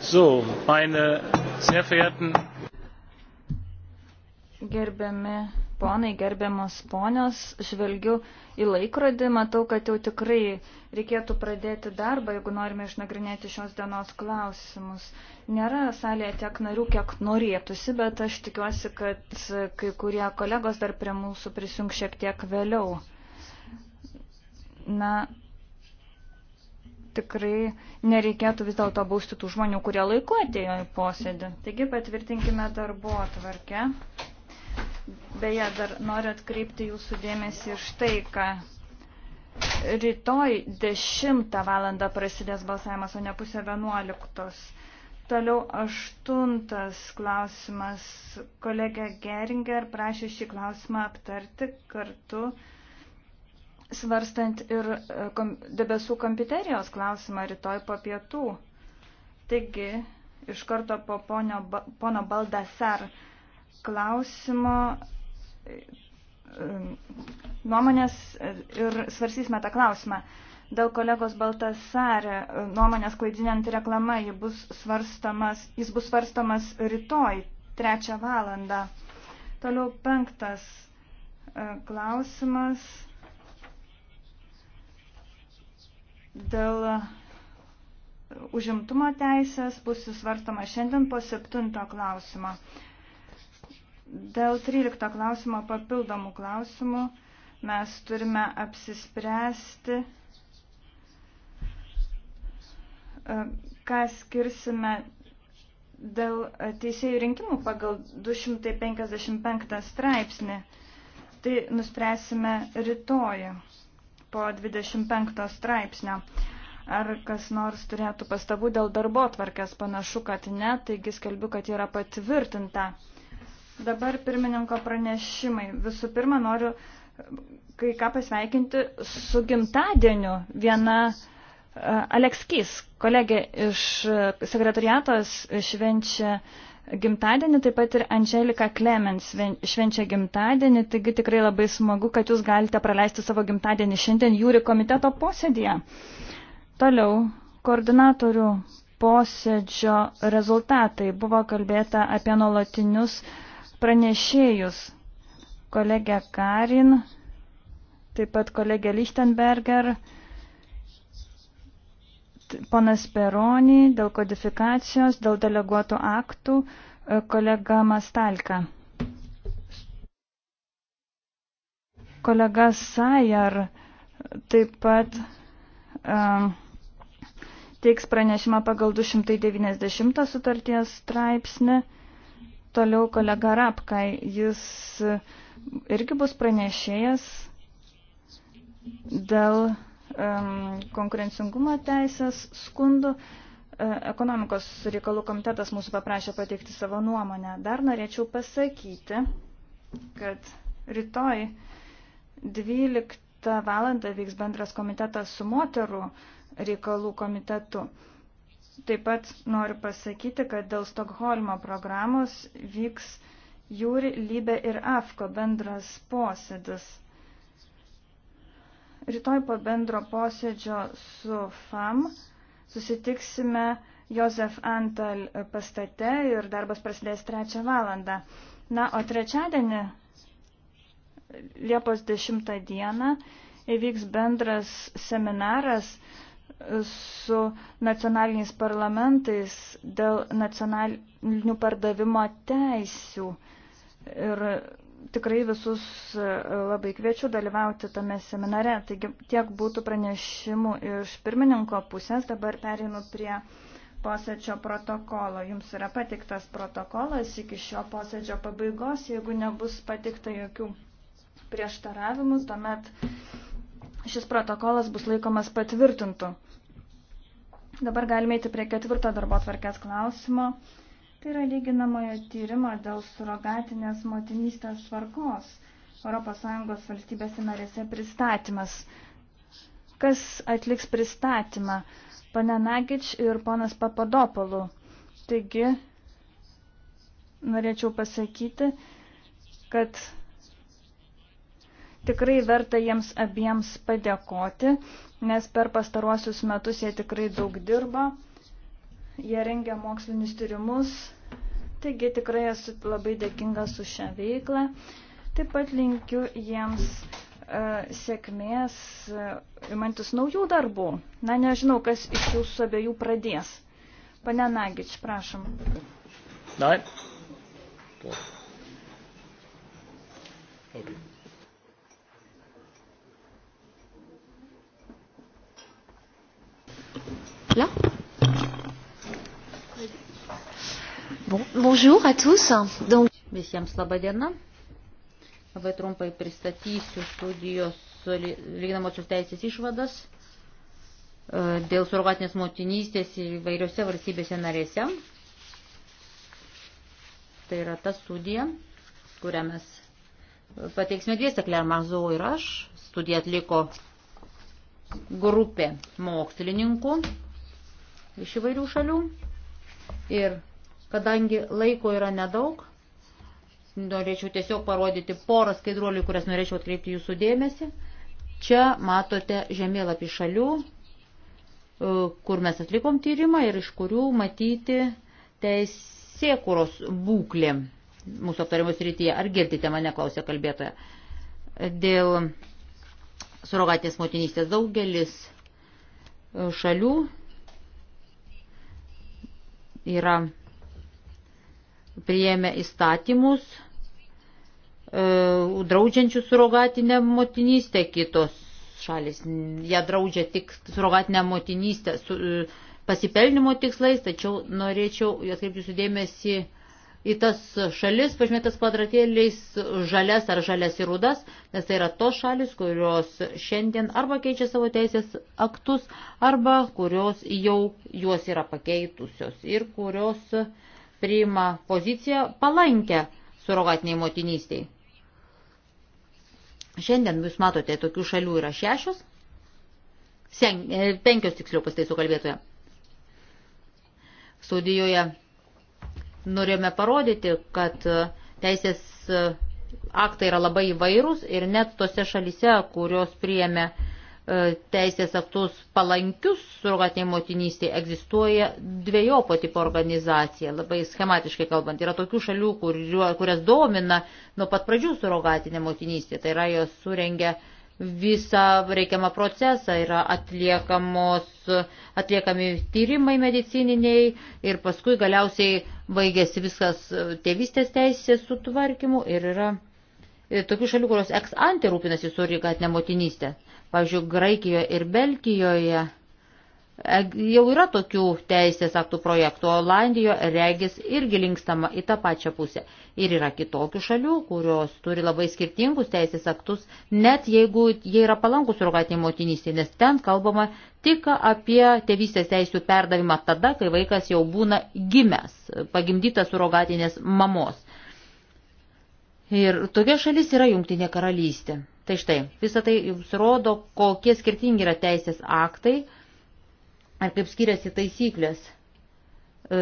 So, meine sehr verehrten Gerbiami ponai, gerbiamos ponios, žvelgiu į laikrodį, matau, kad jau tikrai reikėtų pradėti darbą, jeigu norime išnagrinėti šios dienos klausimus. Nėra salėje tiek narių, kiek norėtųsi, bet aš tikiuosi, kad kai kurie kolegos dar prie mūsų prisijung šiek tiek vėliau. Na, tikrai nereikėtų vis dėlto bausti tų žmonių, kurie laiku atėjo į posėdį. Taigi patvirtinkime darbo atvarkę. Beje, dar noriu atkreipti jūsų dėmesį iš tai, ką rytoj 10 valandą prasidės balsavimas, o ne pusė 11. Toliau aštuntas klausimas. Kolegė Geringer prašė šį klausimą aptarti kartu svarstant ir e, debesų kompiuterijos klausimą rytoj po pietų. Taigi, iš karto po ponio, pono Baldasar klausimo nuomonės ir svarsysime tą klausimą. Dėl kolegos Baltasarė nuomonės klaidinanti reklama bus jis bus svarstamas rytoj, trečią valandą. Toliau penktas e, klausimas dėl užimtumo teisės bus svarstama šiandien po septinto klausimo. Dėl 13 klausimo papildomų klausimų mes turime apsispręsti, e, ką skirsime dėl teisėjų rinkimų pagal 255 straipsnį. Tai nuspręsime rytoj po 25 straipsnio. Ar kas nors turėtų pastabų dėl darbo tvarkės? Panašu, kad ne, taigi skelbiu, kad yra patvirtinta. Dabar pirmininko pranešimai. Visų pirma, noriu kai ką pasveikinti su gimtadieniu. Viena e, Aleks Kys, kolegė iš sekretariatos, švenčia gimtadienį, taip pat ir Angelika Klemens švenčia gimtadienį, taigi tikrai labai smagu, kad jūs galite praleisti savo gimtadienį šiandien jūri komiteto posėdėje. Toliau, koordinatorių posėdžio rezultatai. Buvo kalbėta apie nuolatinius uh, pranešėjus, kolegę Karin, taip pat kolegę Lichtenberger, ponas Peroni dėl kodifikacijos, dėl deleguotų aktų, e, kolega Mastalka. Kolega Sajar taip pat um, teiks pranešimą pagal 290 sutarties straipsnį. Toliau kolega Rapkai, jis irgi bus pranešėjas dėl um, konkurencingumo teisės skundų. E, ekonomikos reikalų komitetas mūsų paprašė pateikti savo nuomonę. Dar norėčiau pasakyti, kad rytoj 12 valandą vyks bendras komitetas su moterų reikalų komitetu. Taip pat noriu pasakyti, kad dėl Stokholmo programos vyks Jūri, Lybė ir Afko bendras posėdis. Rytoj po bendro posėdžio su FAM susitiksime Josef Antal pastate ir darbas prasidės trečią valandą. Na, o trečiadienį, Liepos 10 dieną, įvyks bendras seminaras su nacionaliniais parlamentais dėl nacionalinių pardavimo teisių. Ir tikrai visus e, labai kviečiu dalyvauti tame seminare. Taigi tiek būtų pranešimų iš pirmininko pusės. Dabar perinu prie posėdžio protokolo. Jums yra patiktas protokolas iki šio posėdžio pabaigos. Jeigu nebus patikta jokių prieštaravimų, tuomet šis protokolas bus laikomas patvirtintu. Dabar galime eiti prie ketvirto darbo tvarkės klausimo. Tai yra lyginamojo tyrimo dėl surogatinės motinystės tvarkos ES valstybėse narėse pristatymas. Kas atliks pristatymą? Pane Nagič ir ponas Papadopolų. Taigi, norėčiau pasakyti, kad Tikrai verta jiems abiems padėkoti, nes per pastaruosius metus jie tikrai daug dirba, jie rengia mokslinius tyrimus, taigi tikrai esu labai dėkinga su šią veiklą. Taip pat linkiu jiems e, sėkmės e, imantis naujų darbų. Na, nežinau, kas iš jūsų abiejų pradės. Pane Nagič, prašom. Nein. Okay. Là bon, Bonjour à tous. Donc... Visiems laba diena. Labai trumpai pristatysiu studijos lyginamosios teisės išvadas e, dėl surogatinės motinystės įvairiose valstybėse narėse. Tai yra ta studija, kurią mes pateiksime dviese, Klermazo ir aš. Studiją atliko grupė mokslininkų iš įvairių šalių. Ir kadangi laiko yra nedaug, norėčiau tiesiog parodyti porą skaidruolių, kurias norėčiau atkreipti jūsų dėmesį. Čia matote žemėlapį šalių, e, kur mes atlikom tyrimą ir iš kurių matyti teisėkuros būklė mūsų aptariamos rytyje. Ar girdite mane, klausė kalbėtoja. Dėl surogatės motinystės daugelis e, šalių yra prieėmę įstatymus e, draudžiančių surogatinę motinystę, kitos šalis ją draudžia tik surogatinę motinystę su e, pasipelnimo tikslais, tačiau norėčiau atkreipti sudėmėsi dėmesį į tas šalis pažymėtas kvadratėliais žalias ar žalias ir rudas, nes tai yra tos šalis, kurios šiandien arba keičia savo teisės aktus, arba kurios jau juos yra pakeitusios ir kurios priima poziciją palankę surogatiniai motinystiai. Šiandien jūs matote, tokių šalių yra šešios, sen, e, penkios tiksliau pastaisu kalbėtoje. Saudijoje norėjome parodyti, kad teisės aktai yra labai įvairūs ir net tose šalise, kurios priėmė e, teisės aktus palankius surrogatiniai motinystėje, egzistuoja dviejopo tipo organizacija, labai schematiškai kalbant. Yra tokių šalių, kurias domina nuo pat pradžių surrogatinė motinystė, tai yra jos surengia uh, visą reikiamą procesą, yra atliekami tyrimai medicininiai ir paskui galiausiai baigėsi viskas tėvystės teisės sutvarkymu ir yra e, tokių šalių, kurios ex ante rūpinasi surikatinę motinystę. Pavyzdžiui, Graikijoje ir Belgijoje E, jau yra tokių teisės aktų projektų, Olandijoje regis irgi linkstama į tą pačią pusę. Ir yra kitokių šalių, kurios turi labai skirtingus teisės aktus, net jeigu jie yra palankus surogatiniai motinystė, nes ten kalbama tik apie tėvystės teisų perdavimą tada, kai vaikas jau būna gimęs, pagimdytas surogatinės mamos. Ir tokia šalis yra Jungtinė karalystė. Tai štai, visą tai jums rodo, kokie skirtingi yra teisės aktai ar kaip skiriasi taisyklės. E,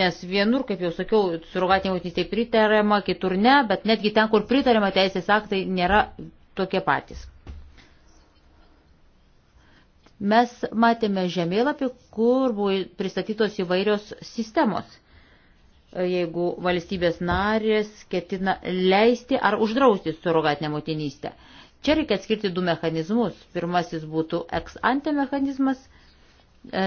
nes vienur, kaip jau sakiau, surogatinė motinystė pritariama, kitur ne, bet netgi ten, kur pritariama teisės aktai, nėra tokie patys. Mes matėme žemėlapį, kur buvo pristatytos įvairios sistemos. E, jeigu valstybės narės ketina leisti ar uždrausti surogatinę motinystę. Čia reikia atskirti du mechanizmus. Pirmasis būtų ex ante mechanizmas. E,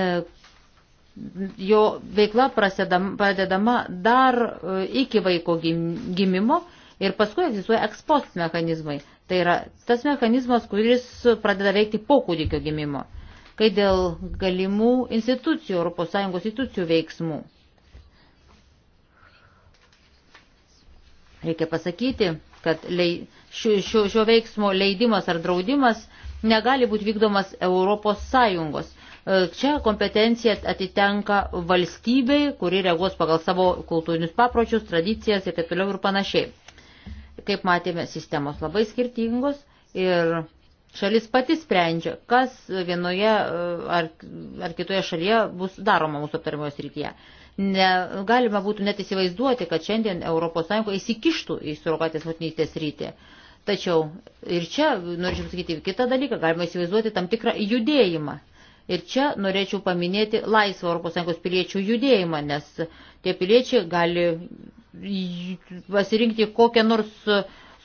jo veikla pradedama dar e, iki vaiko gimimo ir paskui egzistuoja ex post mechanizmai. Tai yra tas mechanizmas, kuris pradeda veikti po kūdikio gimimo, kai dėl galimų institucijų, ES institucijų veiksmų. Reikia pasakyti, kad lei, šio, šio, šio veiksmo leidimas ar draudimas negali būti vykdomas Europos Sąjungos. E, čia kompetencija atitenka valstybei, kuri reaguos pagal savo kultūrinius papročius, tradicijas ir taip toliau ir panašiai. Kaip matėme, sistemos labai skirtingos ir šalis pati sprendžia, kas vienoje e, ar, ar kitoje šalyje bus daroma mūsų aptarimoje srityje. Negalima būtų net įsivaizduoti, kad šiandien ES įsikištų į surokatės motinystės rytį. Tačiau ir čia, norėčiau pasakyti kitą dalyką, galima įsivaizduoti tam tikrą judėjimą. Ir čia norėčiau paminėti laisvą ES piliečių judėjimą, nes tie piliečiai gali pasirinkti kokią nors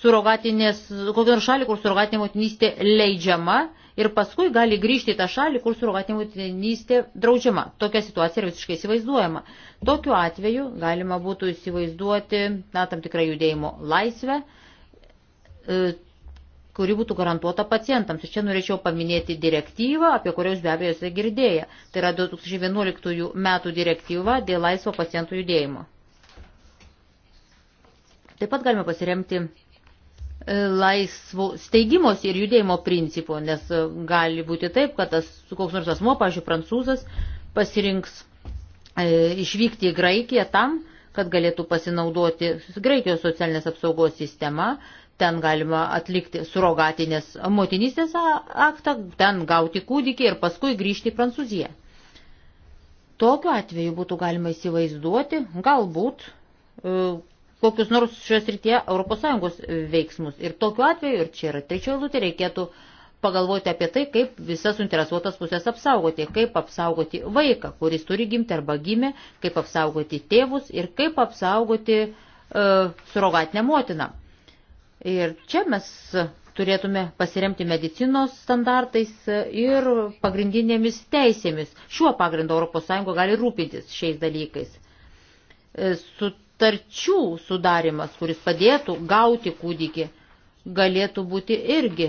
surogatinės, kokią nors šalį, kur surogatinė motinystė leidžiama ir paskui gali grįžti į tą šalį, kur surogatimų tenystė draudžiama. Tokia situacija yra visiškai įsivaizduojama. Tokiu atveju galima būtų įsivaizduoti na, tam tikrą judėjimo laisvę, e, kuri būtų garantuota pacientams. Ir čia norėčiau paminėti direktyvą, apie kurios be abejo esate girdėję. Tai yra 2011 metų direktyva dėl laisvo pacientų judėjimo. Taip pat galime pasiremti laisvų steigimos ir judėjimo principų, nes gali būti taip, kad tas koks nors asmo, pažiūrėjau, prancūzas pasirinks e, išvykti į Graikiją tam, kad galėtų pasinaudoti Graikijos socialinės apsaugos sistema, ten galima atlikti surogatinės motinystės aktą, ten gauti kūdikį ir paskui grįžti į Prancūziją. Tokiu atveju būtų galima įsivaizduoti, galbūt e, kokius nors šios rytie ES e, veiksmus. Ir tokiu atveju, ir čia yra trečioji lūtė, reikėtų pagalvoti apie tai, kaip visas suinteresuotas pusės apsaugoti, kaip apsaugoti vaiką, kuris turi gimti arba gimė, kaip apsaugoti tėvus ir kaip apsaugoti e, surogatinę motiną. Ir čia mes turėtume pasiremti medicinos standartais ir pagrindinėmis teisėmis. Šiuo pagrindu ES gali rūpintis šiais dalykais. E, su sutarčių sudarimas, kuris padėtų gauti kūdikį, galėtų būti irgi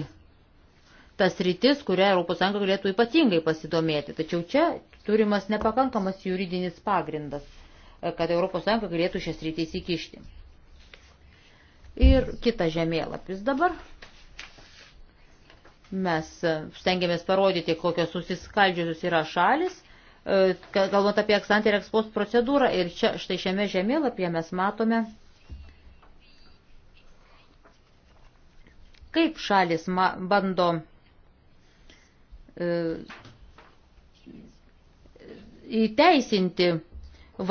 tas rytis, kurią ES galėtų ypatingai pasidomėti. Tačiau čia turimas nepakankamas juridinis pagrindas, e, kad ES galėtų šias rytis įkišti. Ir kitas žemėlapis dabar. Mes e, stengiamės parodyti, kokios susiskaldžiusios yra šalis E, kalbant apie eksantį ir ekspos procedūrą. Ir čia, štai šiame žemėlapyje mes matome, kaip šalis ma bando e, įteisinti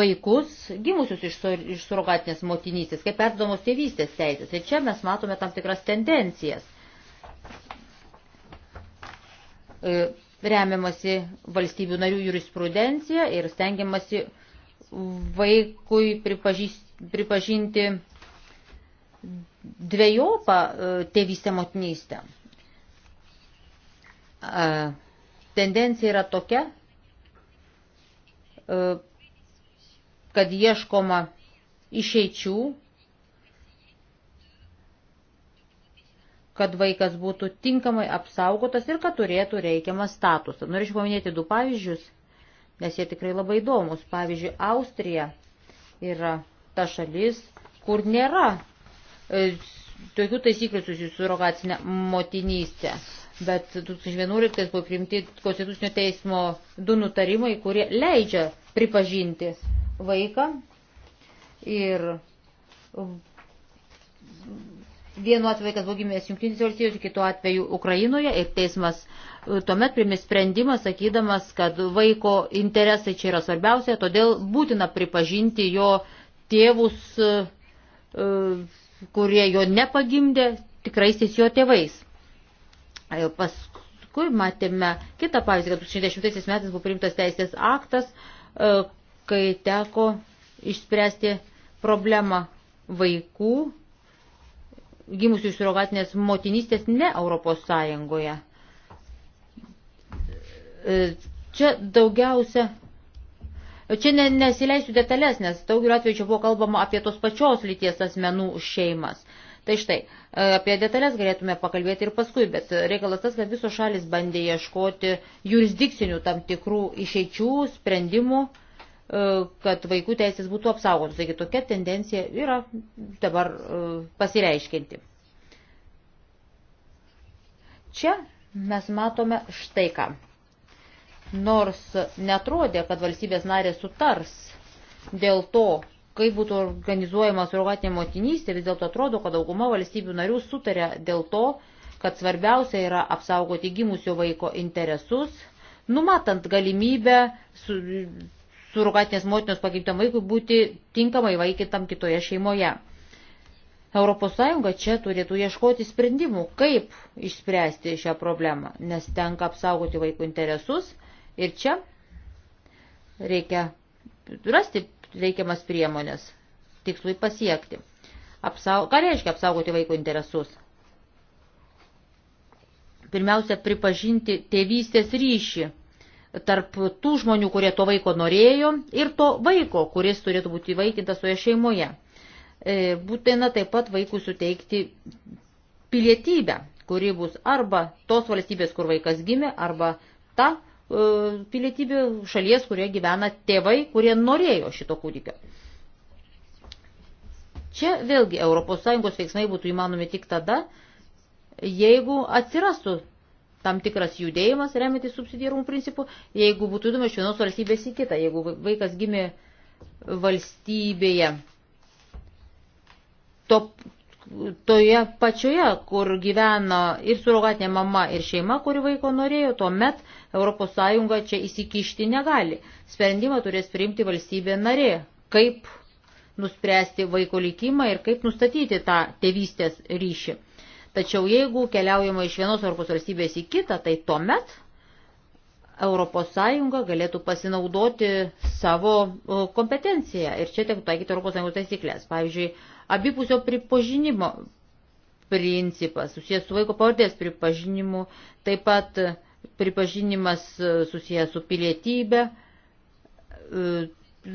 vaikus gimusius iš, iš surogatinės motinystės, kaip perdomos tėvystės teisės. Ir čia mes matome tam tikras tendencijas. E, remiamasi valstybių narių jurisprudencija ir stengiamasi vaikui pripažinti dviejopą e, tėvystę motinystę. Tendencija yra tokia, e, kad ieškoma išeičių kad vaikas būtų tinkamai apsaugotas ir kad turėtų reikiamą statusą. Norėčiau paminėti du pavyzdžius, nes jie tikrai labai įdomus. Pavyzdžiui, Austrija yra ta šalis, kur nėra e, tokių taisyklių susijusių su rogacinė motinystė. Bet 2011 buvo priimti Konstitucinio teismo du nutarimai, kurie leidžia pripažinti vaiką ir vienu atveju vaikas buvo gimęs Junktinėse valstijose, kitu atveju Ukrainoje ir teismas e, tuomet primė sprendimą, sakydamas, kad vaiko interesai čia yra svarbiausia, todėl būtina pripažinti jo tėvus, e, e, kurie jo nepagimdė, tikraisiais jo tėvais. Paskui matėme kitą pavyzdį, kad 2010 metais buvo priimtas teisės aktas, kai teko išspręsti problemą vaikų gimusių iš surogatinės motinystės ne Europos Sąjungoje. E, čia daugiausia, čia ne, nesileisiu detalės, nes daugeliu atveju čia buvo kalbama apie tos pačios lyties asmenų šeimas. Tai štai, e, apie detalės galėtume pakalbėti ir paskui, bet reikalas tas, kad visos šalis bandė ieškoti jurisdikcinių tam tikrų išeičių, sprendimų. E, kad vaikų teisės būtų apsaugotos. Taigi tokia tendencija yra dabar e, pasireiškinti. Čia mes matome štai ką. Nors netrodė, kad valstybės narės sutars dėl to, kaip būtų organizuojama surogatinė motinystė, vis dėlto atrodo, kad dauguma valstybių narių sutarė dėl to, kad svarbiausia yra apsaugoti gimusio vaiko interesus, numatant galimybę surogatinės motinos pagimtam vaikui būti tinkamai vaikintam kitoje šeimoje. ES čia turėtų ieškoti sprendimų, kaip išspręsti šią problemą, nes tenka apsaugoti vaikų interesus ir čia reikia rasti reikiamas priemonės tikslui pasiekti. Apsau... Ką reiškia apsaugoti vaikų interesus? Pirmiausia, pripažinti tėvystės ryšį tarp tų žmonių, kurie to vaiko norėjo ir to vaiko, kuris turėtų būti įvaikintas toje šeimoje. E, būtina taip pat vaikų suteikti pilietybę, kuri bus arba tos valstybės, kur vaikas gimė, arba ta e, pilietybė šalies, kurie gyvena tėvai, kurie norėjo šito kūdikio. Čia vėlgi ES veiksmai būtų įmanomi tik tada, jeigu atsirastų tam tikras judėjimas remiantis subsidiarumų principu, jeigu būtų įdomu iš vienos valstybės į kitą, jeigu vaikas gimė valstybėje, to, toje pačioje, kur gyvena ir surogatinė mama, ir šeima, kuri vaiko norėjo, tuomet ES čia įsikišti negali. Sprendimą turės priimti valstybė narė, kaip nuspręsti vaiko likimą ir kaip nustatyti tą tėvystės ryšį. Tačiau jeigu keliaujama iš vienos Europos valstybės į kitą, tai tuomet ES galėtų pasinaudoti savo kompetenciją ir čia tektų taikyti ES taisyklės. Pavyzdžiui, abipusio pripažinimo principas susijęs su vaiko pavardės pripažinimu, taip pat pripažinimas e, susijęs su pilietybė. E,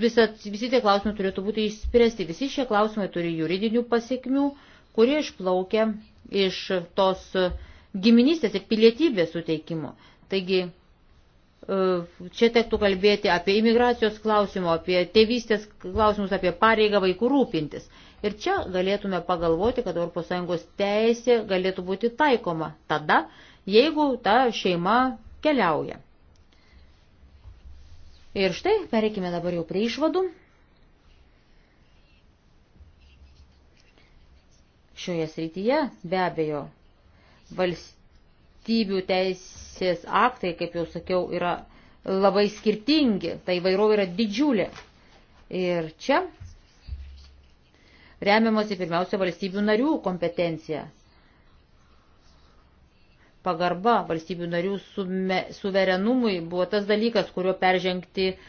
visa, visi tie klausimai turėtų būti išspręsti. Visi šie klausimai turi juridinių pasiekmių, kurie išplaukia iš tos giminystės ir pilietybės suteikimo. Taigi e, čia tektų kalbėti apie imigracijos klausimą, apie tėvystės klausimus, apie pareigą vaikų rūpintis. Ir čia galėtume pagalvoti, kad ES teisė galėtų būti taikoma tada, jeigu ta šeima keliauja. Ir štai, pereikime dabar jau prie išvadų. Šioje srityje be abejo valstybių teisės aktai, kaip jau sakiau, yra labai skirtingi, tai vairovė yra didžiulė. Ir čia remiamasi pirmiausia valstybių narių kompetencija. Pagarba valstybių narių sume, suverenumui buvo tas dalykas, kurio peržengti uh,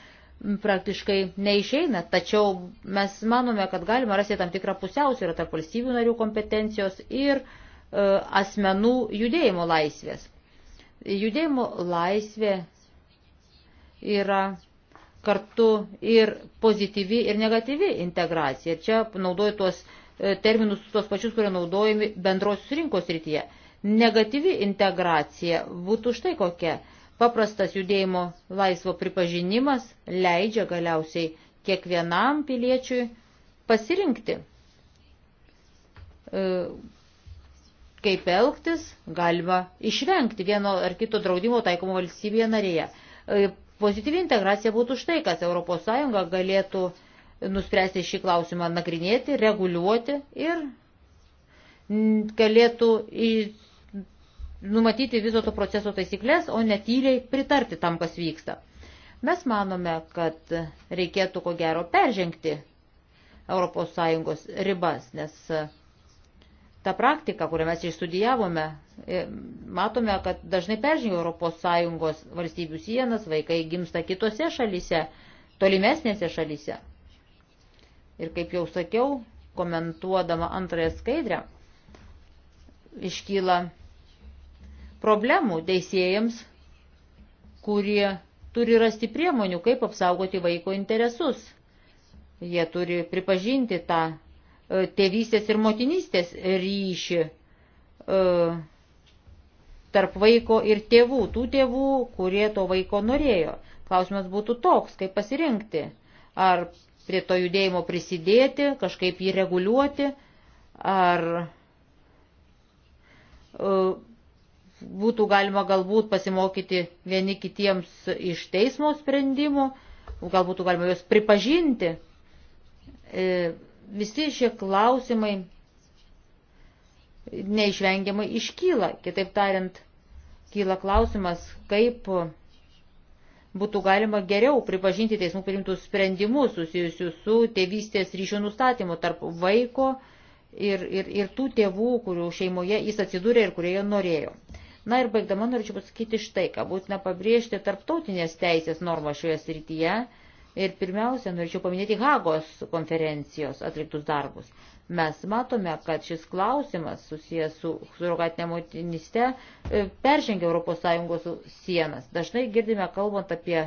praktiškai neišeina, tačiau mes manome, kad galima rasti tam tikrą pusiausvyrą tarp valstybių narių kompetencijos ir e, asmenų judėjimo laisvės. Judėjimo laisvė yra kartu ir pozityvi, ir negatyvi integracija. Ir čia naudoju tuos e, terminus, tuos pačius, kurie naudojami bendrosios rinkos rytyje. Negatyvi integracija būtų štai kokia Paprastas judėjimo laisvo pripažinimas leidžia galiausiai kiekvienam piliečiui pasirinkti, e, kaip elgtis, galima išvengti vieno ar kito draudimo taikomo valstybėje narėje. E, pozityvi integracija būtų štai, kad ES galėtų nuspręsti šį klausimą nagrinėti, reguliuoti ir galėtų numatyti viso to proceso taisyklės, o netyliai pritarti tam, kas vyksta. Mes manome, kad reikėtų ko gero peržengti ES ribas, nes ta praktika, kurią mes išstudijavome, e, matome, kad dažnai peržengia ES valstybių sienas, vaikai gimsta kitose šalyse, tolimesnėse šalyse. Ir kaip jau sakiau, komentuodama antrąją skaidrę, iškyla problemų teisėjams, kurie turi rasti priemonių, kaip apsaugoti vaiko interesus. Jie turi pripažinti tą e, tėvystės ir motinystės ryšį e, tarp vaiko ir tėvų, tų tėvų, kurie to vaiko norėjo. Klausimas būtų toks, kaip pasirinkti. Ar prie to judėjimo prisidėti, kažkaip jį reguliuoti, ar e, būtų galima galbūt pasimokyti vieni kitiems iš teismo sprendimų, galbūt galima juos pripažinti. E, visi šie klausimai neišvengiamai iškyla. Kitaip tariant, kyla klausimas, kaip būtų galima geriau pripažinti teismų priimtus sprendimus susijusius su tėvystės ryšio nustatymu tarp vaiko ir, ir, ir tų tėvų, kurių šeimoje jis atsidūrė ir kurie jo norėjo. Na ir baigdama norėčiau pasakyti štai, ką būtina pabrėžti tarptautinės teisės normos šioje srityje. Ir pirmiausia, norėčiau paminėti Hagos konferencijos atliktus darbus. Mes matome, kad šis klausimas susijęs su surogatinė motiniste peržengia ES sienas. Dažnai girdime kalbant apie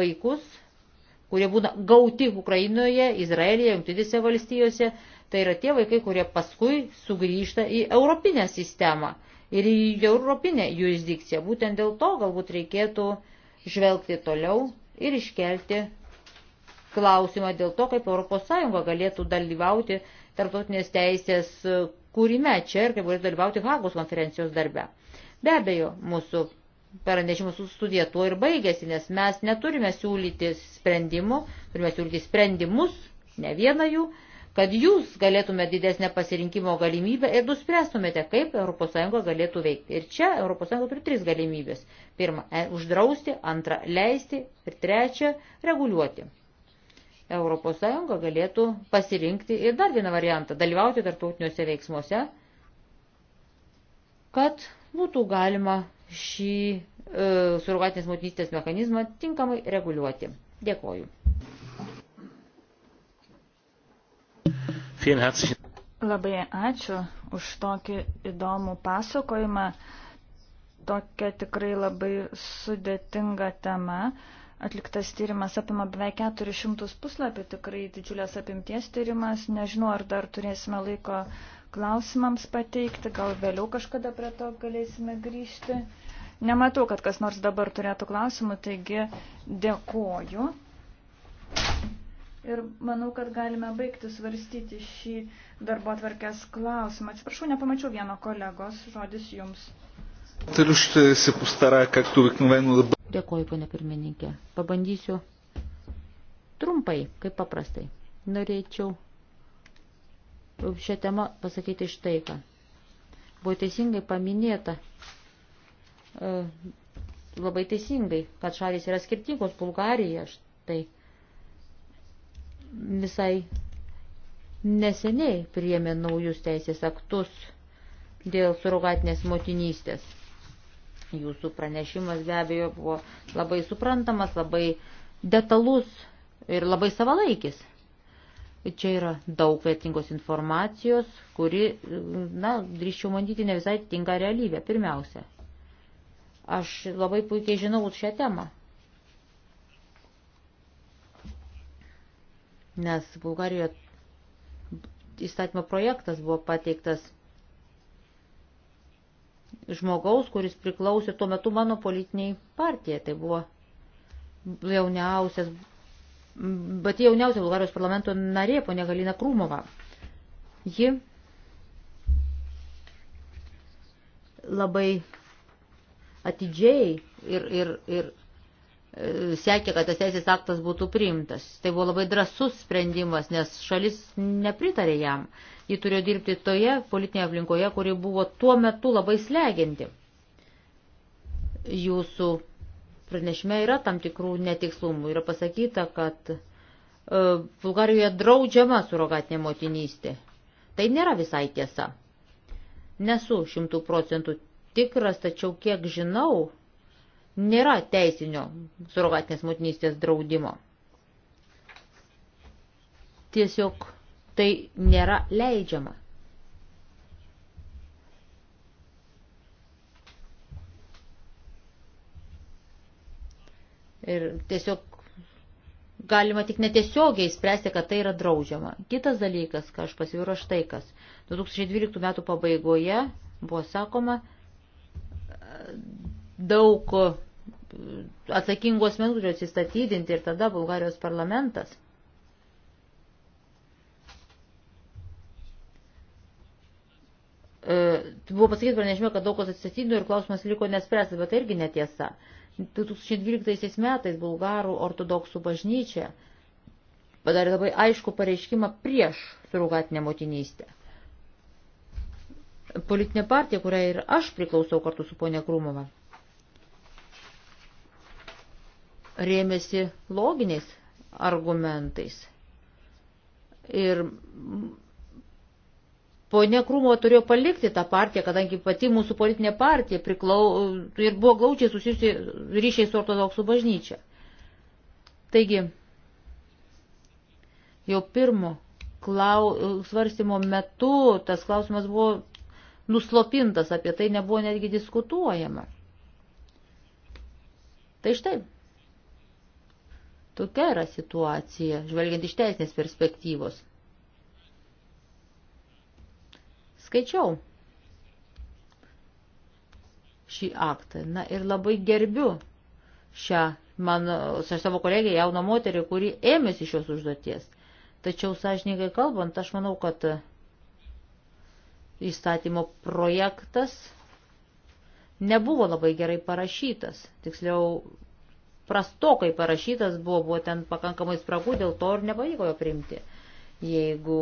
vaikus, kurie būna gauti Ukrainoje, Izraelyje, Jungtinėse valstijose. Tai yra tie vaikai, kurie paskui sugrįžta į europinę sistemą ir į europinę jurisdikciją. Būtent dėl to galbūt reikėtų žvelgti toliau ir iškelti klausimą dėl to, kaip ES galėtų dalyvauti tarptautinės teisės kūrime čia ir kaip galėtų dalyvauti Hagos konferencijos darbe. Be abejo, mūsų pranešimų studija tuo ir baigėsi, nes mes neturime siūlyti sprendimų, turime siūlyti sprendimus, ne vieną jų, kad jūs galėtume didesnę pasirinkimo galimybę ir nuspręstumėte, kaip ES galėtų veikti. Ir čia ES turi tris galimybės. Pirma, e, uždrausti, antra, leisti ir trečia, reguliuoti. ES galėtų pasirinkti ir dar vieną variantą - dalyvauti tarptautiniuose veiksmuose, kad būtų galima šį e, surogatinės motinystės mechanizmą tinkamai reguliuoti. Dėkoju. Labai ačiū už tokį įdomų pasakojimą. Tokia tikrai labai sudėtinga tema. Atliktas tyrimas apima beveik 400 puslapį, tikrai didžiulės apimties tyrimas. Nežinau, ar dar turėsime laiko klausimams pateikti, gal vėliau kažkada prie to galėsime grįžti. Nematau, kad kas nors dabar turėtų klausimų, taigi dėkoju ir manau, kad galime baigti svarstyti šį darbo atvarkės klausimą. Atsiprašau, nepamačiau vieno kolegos, žodis jums. Dėkuoju, ponė pirmininkė. Pabandysiu trumpai, kaip paprastai. Norėčiau šią temą pasakyti štai ką. Buvo teisingai paminėta, e, labai teisingai, kad šalis yra skirtingos, Bulgarija štai visai neseniai priėmė naujus teisės aktus dėl surogatinės motinystės. Jūsų pranešimas be abejo buvo labai suprantamas, labai detalus ir labai savalaikis. Čia yra daug vertingos informacijos, kuri, na, drįščiau manyti, ne visai tinka realybė. Pirmiausia, aš labai puikiai žinau šią temą. nes Bulgarijoje įstatymo projektas buvo pateiktas žmogaus, kuris priklausė tuo metu mano politiniai partijai. Tai buvo jauniausias, bet jauniausia Bulgarijos parlamento narė, ponė Galina Krūmova. Ji labai atidžiai ir, ir, ir sekė, kad tas teisės aktas būtų priimtas. Tai buvo labai drasus sprendimas, nes šalis nepritarė jam. Ji turėjo dirbti toje politinėje aplinkoje, kuri buvo tuo metu labai sleginti. Jūsų pranešime yra tam tikrų netikslumų. Yra pasakyta, kad e, Bulgarijoje draudžiama surogatinė motinystė. Tai nėra visai tiesa. Nesu šimtų procentų tikras, tačiau kiek žinau, nėra teisinio surogatinės motinystės draudimo. Tiesiog tai nėra leidžiama. Ir tiesiog galima tik netiesiogiai spręsti, kad tai yra draudžiama. Kitas dalykas, ką aš pasivyro štai kas. 2012 metų pabaigoje buvo sakoma daug atsakingos menų turėjo atsistatydinti ir tada Bulgarijos parlamentas. E, buvo pasakyti pranešime, kad daug kas atsistatydino ir klausimas liko nespręstas, bet tai irgi netiesa. 2012 metais Bulgarų ortodoksų bažnyčia padarė labai aišku pareiškimą prieš surugatinę motinystę. Politinė partija, kuriai ir aš priklausau kartu su ponia Krūmova, rėmėsi loginiais argumentais. Ir ponia Krūmo turėjo palikti tą partiją, kadangi pati mūsų politinė partija priklau, ir buvo glaučiai susijusi ryšiai su ortodoksų bažnyčia. Taigi, jau pirmo klau, svarstymo metu tas klausimas buvo nuslopintas, apie tai nebuvo netgi diskutuojama. Tai štai, Tokia yra situacija, žvelgiant iš teisinės perspektyvos. Skaičiau šį aktą. Na ir labai gerbiu šią mano, aš savo kolegę jauną moterį, kuri ėmėsi šios užduoties. Tačiau, sąžininkai kalbant, aš manau, kad įstatymo projektas nebuvo labai gerai parašytas. Tiksliau, prastokai parašytas buvo, buvo ten pakankamai spragų, dėl to ir nepavyko jo priimti. Jeigu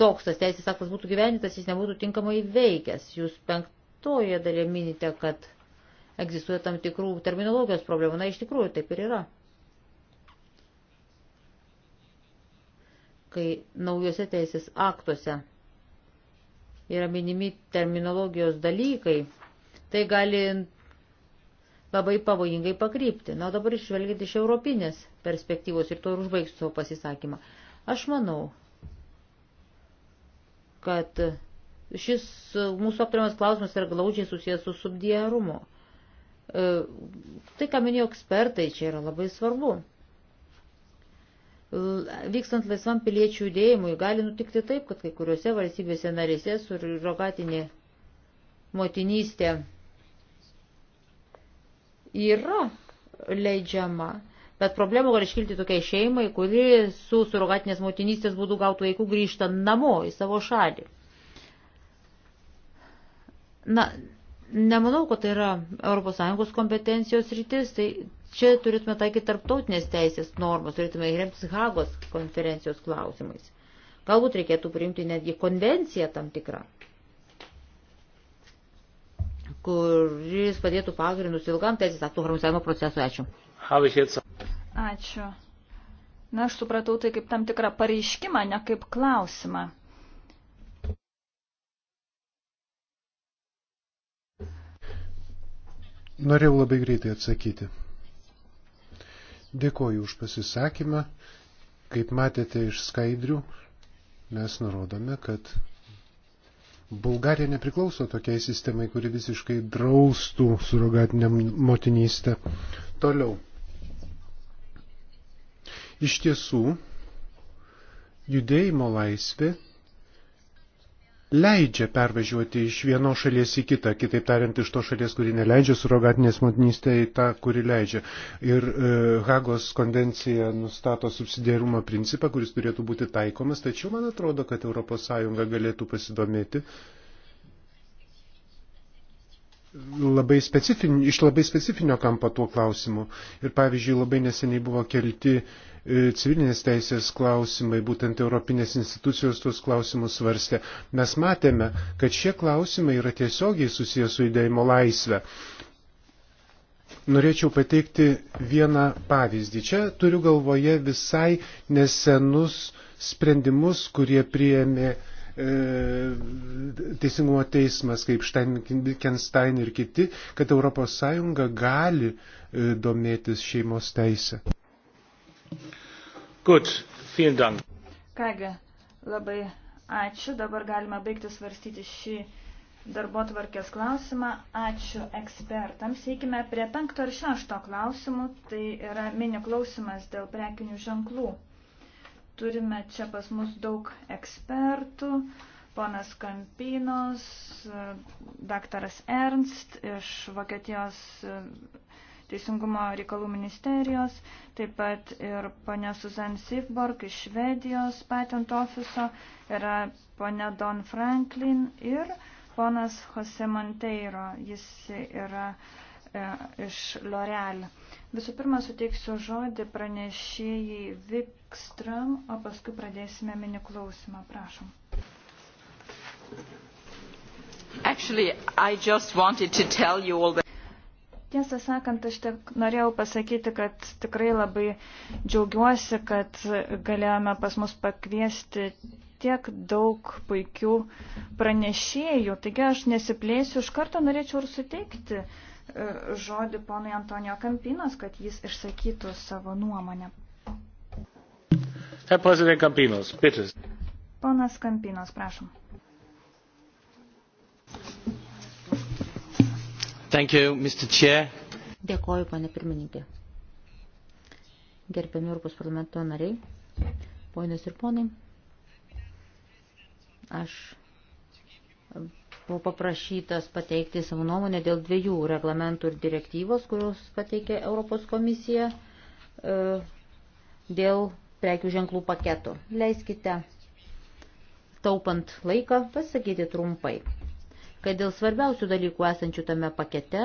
toks tas teisės aktas būtų gyvenintas, jis nebūtų tinkamai veikęs. Jūs penktoje dalyje minite, kad egzistuoja tam tikrų terminologijos problemų. Na, iš tikrųjų, taip ir yra. Kai naujose teisės aktuose yra minimi terminologijos dalykai, tai gali labai pavojingai pakrypti. Na, dabar išvelgiant iš europinės perspektyvos ir to ir užbaigsiu savo pasisakymą. Aš manau, kad šis mūsų aptariamas klausimas yra glaudžiai susijęs su subdiarumu. E, tai, ką minėjo ekspertai, čia yra labai svarbu. Vykstant laisvam piliečių judėjimui, gali nutikti taip, kad kai kuriuose valstybėse narėse surrogatinė motinystė yra leidžiama. Bet problemų gali iškilti tokiai šeimai, kuri su surogatinės motinystės būdu gautų vaikų grįžta namo į savo šalį. Na, nemanau, kad tai yra ES kompetencijos rytis, tai čia turėtume taikyti tarptautinės teisės normas, turėtume remtis Hagos konferencijos klausimais. Galbūt reikėtų priimti netgi konvenciją tam tikrą kuris padėtų pagrindus ilgam teisės aktų harmonizavimo procesui. Ačiū. Ačiū. Na, aš supratau tai kaip tam tikrą pareiškimą, ne kaip klausimą. Norėjau labai greitai atsakyti. Dėkoju už pasisakymą. Kaip matėte iš skaidrių, mes nurodome, kad Bulgarija nepriklauso tokiai sistemai, kuri visiškai draustų surogatiniam motinystę. Toliau. Iš tiesų, judėjimo laisvė leidžia pervažiuoti iš vienos šalies į kitą, kitaip tariant, iš to šalies, kuri neleidžia surogatinės motinystė į tą, kuri leidžia. Ir e, Hagos konvencija nustato subsidiarumo principą, kuris turėtų būti taikomas, tačiau man atrodo, kad ES galėtų pasidomėti labai specifin, iš labai specifinio kampo tuo klausimu. Ir pavyzdžiui, labai neseniai buvo kelti E, civilinės teisės klausimai, būtent Europinės institucijos tuos klausimus svarstė. Mes matėme, kad šie klausimai yra tiesiogiai susijęs su judėjimo laisvė. Norėčiau pateikti vieną pavyzdį. Čia turiu galvoje visai nesenus sprendimus, kurie priėmė e, teisingumo teismas, kaip Steinkenstein ir kiti, kad ES gali e, domėtis šeimos teisę. Gut, vielen Dank. Kągi, labai ačiū. Dabar galime baigti svarstyti šį darbo tvarkės klausimą. Ačiū ekspertams. Eikime prie penkto ir šešto klausimų. Tai yra mini klausimas dėl prekinių ženklų. Turime čia pas mus daug ekspertų. Ponas Kampinos, daktaras Ernst iš Vokietijos Teisingumo reikalų ministerijos, taip pat ir ponia Susan Sifborg iš Švedijos patent ofiso, yra ponia Don Franklin ir ponas Jose Monteiro, jis yra e, iš L'Oreal. Visų pirma, suteiksiu žodį pranešėjai Vikstram, o paskui pradėsime mini klausimą. Prašom. Actually, I just wanted to tell you all that Tiesą sakant, aš tik norėjau pasakyti, kad tikrai labai džiaugiuosi, kad galėjome pas mus pakviesti tiek daug puikių pranešėjų. Taigi aš nesiplėsiu, iš karto norėčiau ir suteikti e, žodį ponui Antonijo Kampinos, kad jis išsakytų savo nuomonę. Herr Präsident Kampinos, bitte. Ponas Kampinos, prašom. Thank you, Mr. Chair. Dėkoju, pane pirmininkė. Gerbiami Europos parlamento nariai, ponios ir ponai, aš buvo paprašytas pateikti savo nuomonę dėl dviejų reglamentų ir direktyvos, kurios pateikė Europos komisija e, dėl prekių ženklų paketo. Leiskite, taupant laiką, pasakyti trumpai kad dėl svarbiausių dalykų esančių tame pakete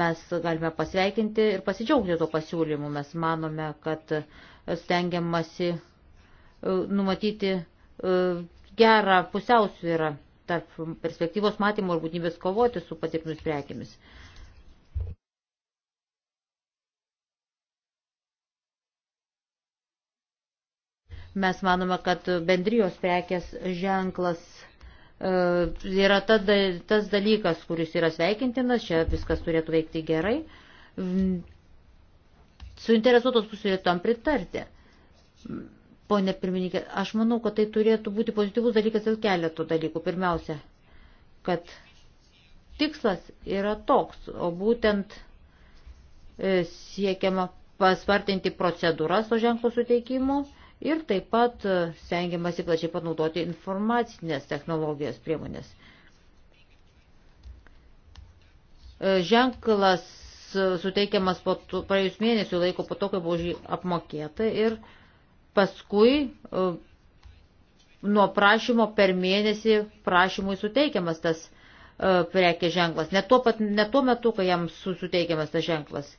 mes galime pasveikinti ir pasidžiaugti tuo pasiūlymu. Mes manome, kad stengiamasi e, numatyti e, gerą pusiausvyrą tarp perspektyvos matymo ir būtinybės kovoti su patirtimis prekiamis. Mes manome, kad bendrijos prekės ženklas E, yra ta, tas dalykas, kuris yra sveikintinas, čia viskas turėtų veikti gerai. Mm, suinteresuotos pusės turėtų tam pritarti. Pone pirmininkė, aš manau, kad tai turėtų būti pozityvus dalykas dėl keletų dalykų. Pirmiausia, kad tikslas yra toks, o būtent e, siekiama paspartinti procedūras to ženklo suteikimu ir taip pat e, stengiamasi plačiai panaudoti informacinės technologijos priemonės. E, ženklas e, suteikiamas po praėjus mėnesių laiko po to, kai buvo apmokėta ir paskui nuo prašymo per mėnesį prašymui suteikiamas tas prekė ženklas. Net tuo, pat, net tuo metu, kai jam suteikiamas tas ženklas.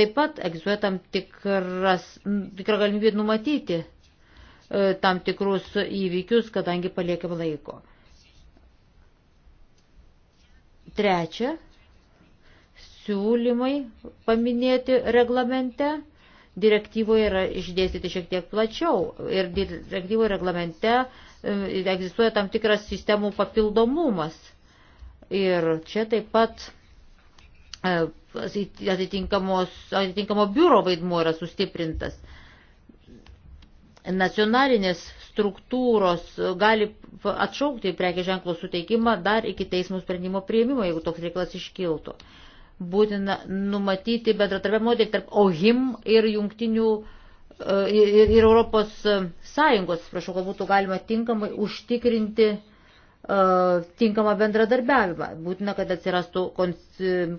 Taip pat egzistuoja tam tikras, tikra galimybė numatyti e, tam tikrus įvykius, kadangi paliekam laiko. Trečia, siūlymai paminėti reglamente. Direktyvoje yra išdėstyti šiek tiek plačiau ir direktyvoje reglamente e, egzistuoja tam tikras sistemų papildomumas. Ir čia taip pat E, atitinkamo biuro vaidmuo yra sustiprintas. Nacionalinės struktūros gali atšaukti prekė ženklo suteikimą dar iki teismų sprendimo prieimimo, jeigu toks reikalas iškiltų. Būtina numatyti bendratarbiavimo modelį tarp OHIM ir jungtinių e, ir, ir Europos Sąjungos, prašau, kad būtų galima tinkamai užtikrinti uh, E, tinkamą bendradarbiavimą. Būtina, kad atsirastų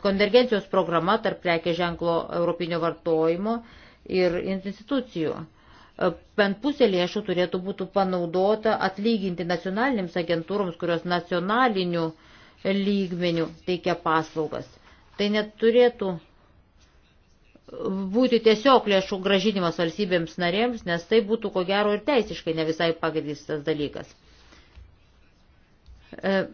konvergencijos programa tarp prekė ženklo europinio vartojimo ir institucijų. E, bent pusė lėšų turėtų būti panaudota atlyginti nacionalinėms agentūroms, kurios nacionaliniu lygmeniu teikia paslaugas. Tai neturėtų būti tiesiog lėšų gražinimas valstybėms narėms, nes tai būtų ko gero ir teisiškai ne visai pagrįstas dalykas. E,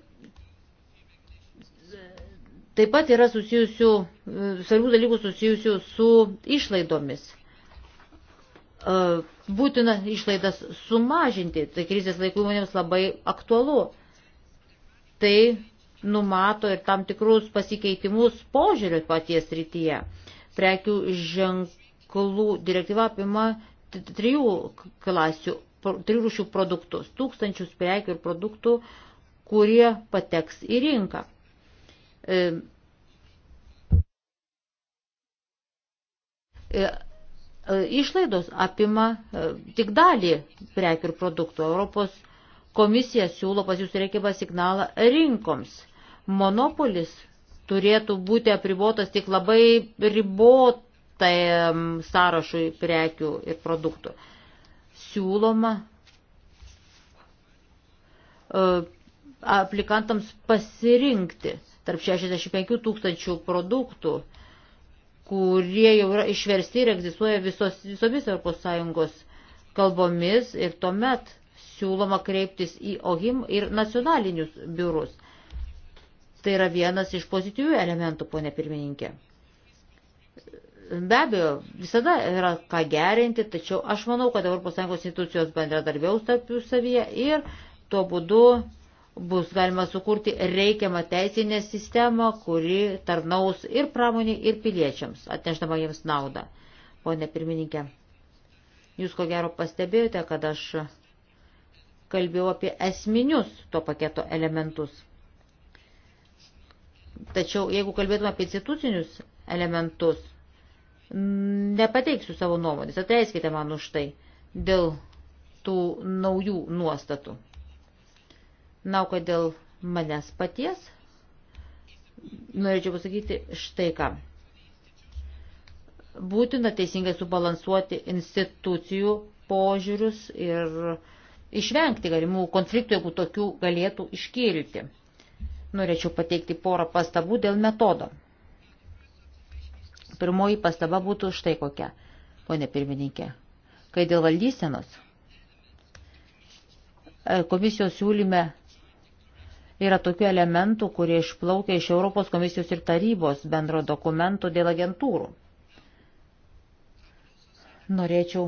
taip pat yra susijusių, e, svarbių dalykų susijusių su išlaidomis. E, būtina išlaidas sumažinti, tai krizės laikų įmonėms labai aktualu. Tai numato ir tam tikrus pasikeitimus požiūrių paties rytyje. Prekių ženklų direktyva apima trijų klasių, trijų rūšių produktus, tūkstančius prekių ir produktų, uh, kurie pateks į rinką. E, e, išlaidos apima e, tik dalį prekių ir produktų. Europos komisija siūlo pas jūs reikimą signalą rinkoms. Monopolis turėtų būti apribotas tik labai ribotai sąrašui prekių ir produktų. Siūloma aplikantams pasirinkti tarp 65 tūkstančių produktų, kurie jau yra išversti ir egzistuoja visos, visomis ES kalbomis ir tuomet siūloma kreiptis į OHIM ir nacionalinius biurus. Tai yra vienas iš pozityvių elementų, ponė pirmininkė. Be abejo, visada yra ką gerinti, tačiau aš manau, kad ES institucijos bendradarbiaus tarp jų savyje ir tuo būdu bus galima sukurti reikiamą teisinę sistemą, kuri tarnaus ir pramoniai, ir piliečiams, atneždama jiems naudą. Pone pirmininkė, jūs ko gero pastebėjote, kad aš kalbėjau apie esminius to paketo elementus. Tačiau jeigu kalbėtume apie institucinius elementus, nepateiksiu savo nuomonės, atleiskite man už tai dėl tų naujų nuostatų. Na, kad dėl manęs paties norėčiau pasakyti štai ką. Būtina teisingai subalansuoti institucijų požiūrius ir išvengti galimų konfliktų, jeigu tokių galėtų iškilti. Norėčiau pateikti porą pastabų dėl metodo. Pirmoji pastaba būtų štai kokia, ponė pirmininkė. Kai dėl valdysenos e, komisijos siūlyme yra tokių elementų, kurie išplaukia iš Europos komisijos ir tarybos bendro dokumento dėl agentūrų. Norėčiau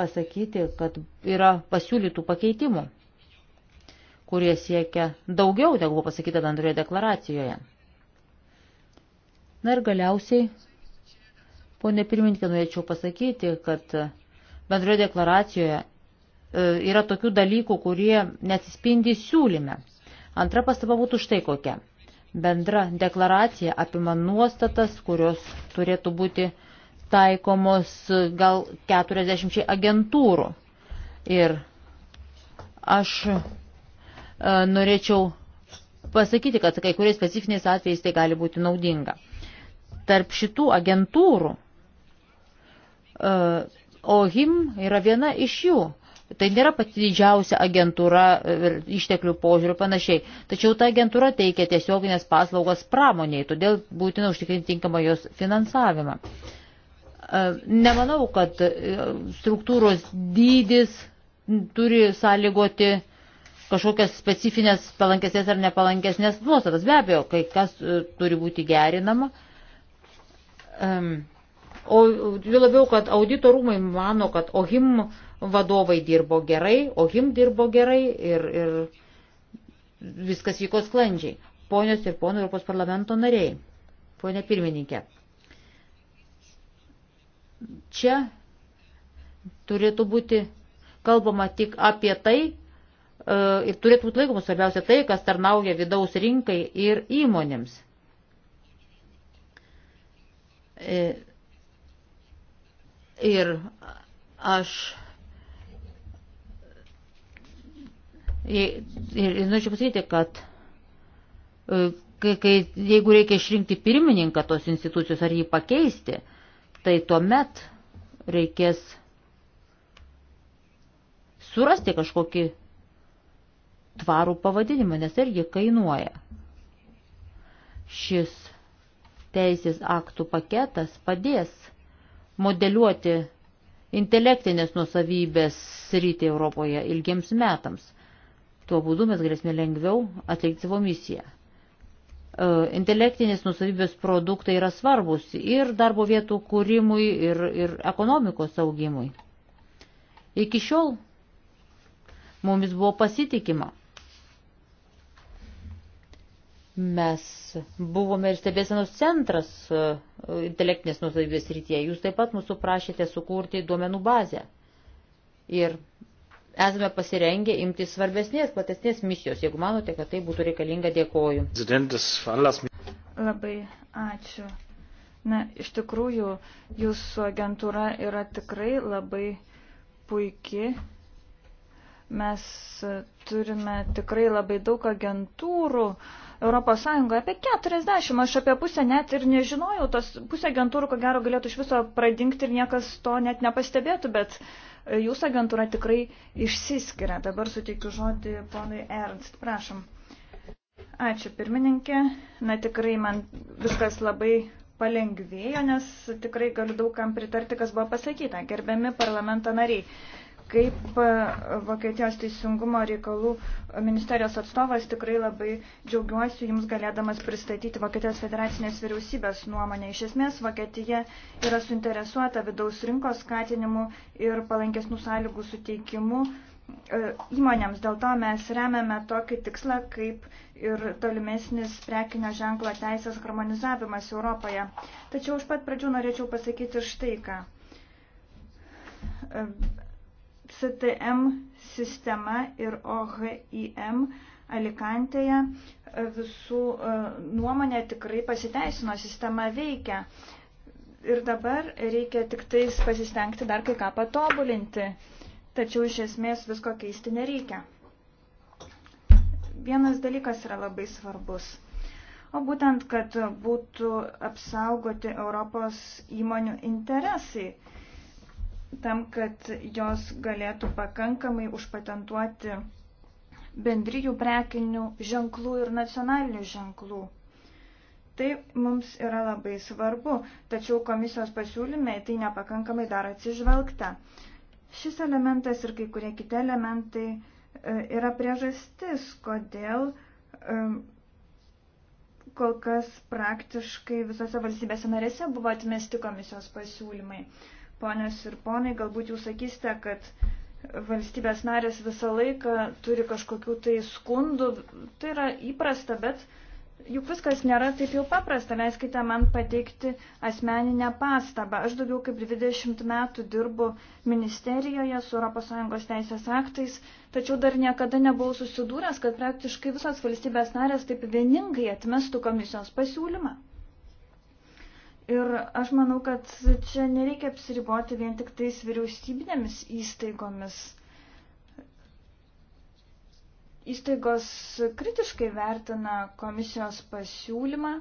pasakyti, kad yra pasiūlytų pakeitimų, kurie siekia daugiau, negu buvo pasakyta bendroje deklaracijoje. Na ir galiausiai, ponė pirmininkė, norėčiau pasakyti, kad bendroje deklaracijoje e, yra tokių dalykų, kurie nesispindi siūlyme. Antra pastaba būtų štai kokia. Bendra deklaracija apima nuostatas, kurios turėtų būti taikomos gal 40 agentūrų. Ir aš e, norėčiau pasakyti, kad kai kuriais specifiniais atvejais tai gali būti naudinga. Tarp šitų agentūrų e, OHIM yra viena iš jų, Tai nėra pati didžiausia agentūra išteklių požiūrių panašiai. Tačiau ta agentūra teikia tiesioginės paslaugas pramoniai, todėl būtina užtikrinti tinkamą jos finansavimą. E, nemanau, kad e, struktūros dydis turi sąlygoti kažkokias specifines palankesnės ar nepalankesnės nuostatas. Be abejo, kai kas e, turi būti gerinama. O labiau, kad audito rūmai mano, kad OHIM vadovai dirbo gerai, o jim dirbo gerai ir, ir viskas vyko sklandžiai. Ponios ir ponų Europos parlamento nariai, ponė pirmininkė, čia turėtų būti kalbama tik apie tai, e, ir turėtų būti laikomas svarbiausia tai, kas tarnauja vidaus rinkai ir įmonėms. E, ir aš Ir, ir norėčiau pasakyti, kad e, kai, kai, jeigu reikia išrinkti pirmininką tos institucijos ar jį pakeisti, tai tuomet reikės surasti kažkokį tvarų pavadinimą, nes tai irgi kainuoja. Šis teisės aktų paketas padės modeliuoti intelektinės nusavybės sritį Europoje ilgiems metams. Tuo būdu mes galėsime lengviau atlikti savo misiją. E, intelektinės nusavybės produktai yra svarbus ir darbo vietų kūrimui, ir, ir ekonomikos augimui. Iki šiol mumis buvo pasitikima. Mes buvome ir stebėsenos centras e, intelektinės nusavybės rytyje. Jūs taip pat mūsų prašėte sukurti duomenų bazę. Ir esame pasirengę imti svarbesnės, platesnės misijos. Jeigu manote, kad tai būtų reikalinga, dėkoju. Labai ačiū. Na, iš tikrųjų, jūsų agentūra yra tikrai labai puikiai Mes turime tikrai labai daug agentūrų ES, apie 40, aš apie pusę net ir nežinojau, tos pusė agentūrų ko gero galėtų iš viso pradingti ir niekas to net nepastebėtų, bet e, jūsų agentūra tikrai išsiskiria. Dabar suteikiu žodį ponui Ernst, prašom. Ačiū pirmininkė, na tikrai man viskas labai palengvėjo, nes tikrai galiu daug kam pritarti, kas buvo pasakyta. Gerbiami parlamento nariai, kaip e, Vokietijos teisingumo reikalų ministerijos atstovas tikrai labai džiaugiuosi jums galėdamas pristatyti Vokietijos federacinės vyriausybės nuomonę. Iš esmės, Vokietija yra suinteresuota vidaus rinkos skatinimu ir palankesnių sąlygų suteikimu e, įmonėms. Dėl to mes remiame tokį tikslą kaip ir tolimesnis prekinio ženklo teisės harmonizavimas Europoje. Tačiau iš pat pradžių norėčiau pasakyti štai ką e, CTM sistema ir OHIM Alikantėje e, visų e, nuomonė tikrai pasiteisino, sistema veikia. Ir dabar reikia tik tais pasistengti dar kai ką patobulinti, tačiau iš esmės visko keisti nereikia. Vienas dalykas yra labai svarbus. O būtent, kad būtų apsaugoti Europos įmonių interesai tam, kad jos galėtų pakankamai užpatentuoti bendrijų prekinių ženklų ir nacionalinių ženklų. Tai mums yra labai svarbu, tačiau komisijos pasiūlyme tai nepakankamai dar atsižvelgta. Šis elementas ir kai kurie kiti elementai e, yra priežastis, kodėl e, kol kas praktiškai visose valstybėse narėse buvo atmesti komisijos pasiūlymai. Ponės ir ponai, galbūt jūs sakysite, kad valstybės narės visą laiką turi kažkokių tai skundų. Tai yra įprasta, bet juk viskas nėra taip jau paprasta. Leiskite man pateikti asmeninę pastabą. Aš daugiau kaip 20 metų dirbu ministerijoje su ES teisės aktais, tačiau dar niekada nebuvau susidūręs, kad praktiškai visos valstybės narės taip vieningai atmestų komisijos pasiūlymą. Ir aš manau, kad čia nereikia apsiriboti vien tik tais vyriausybinėmis įstaigomis. Įstaigos kritiškai vertina komisijos pasiūlymą.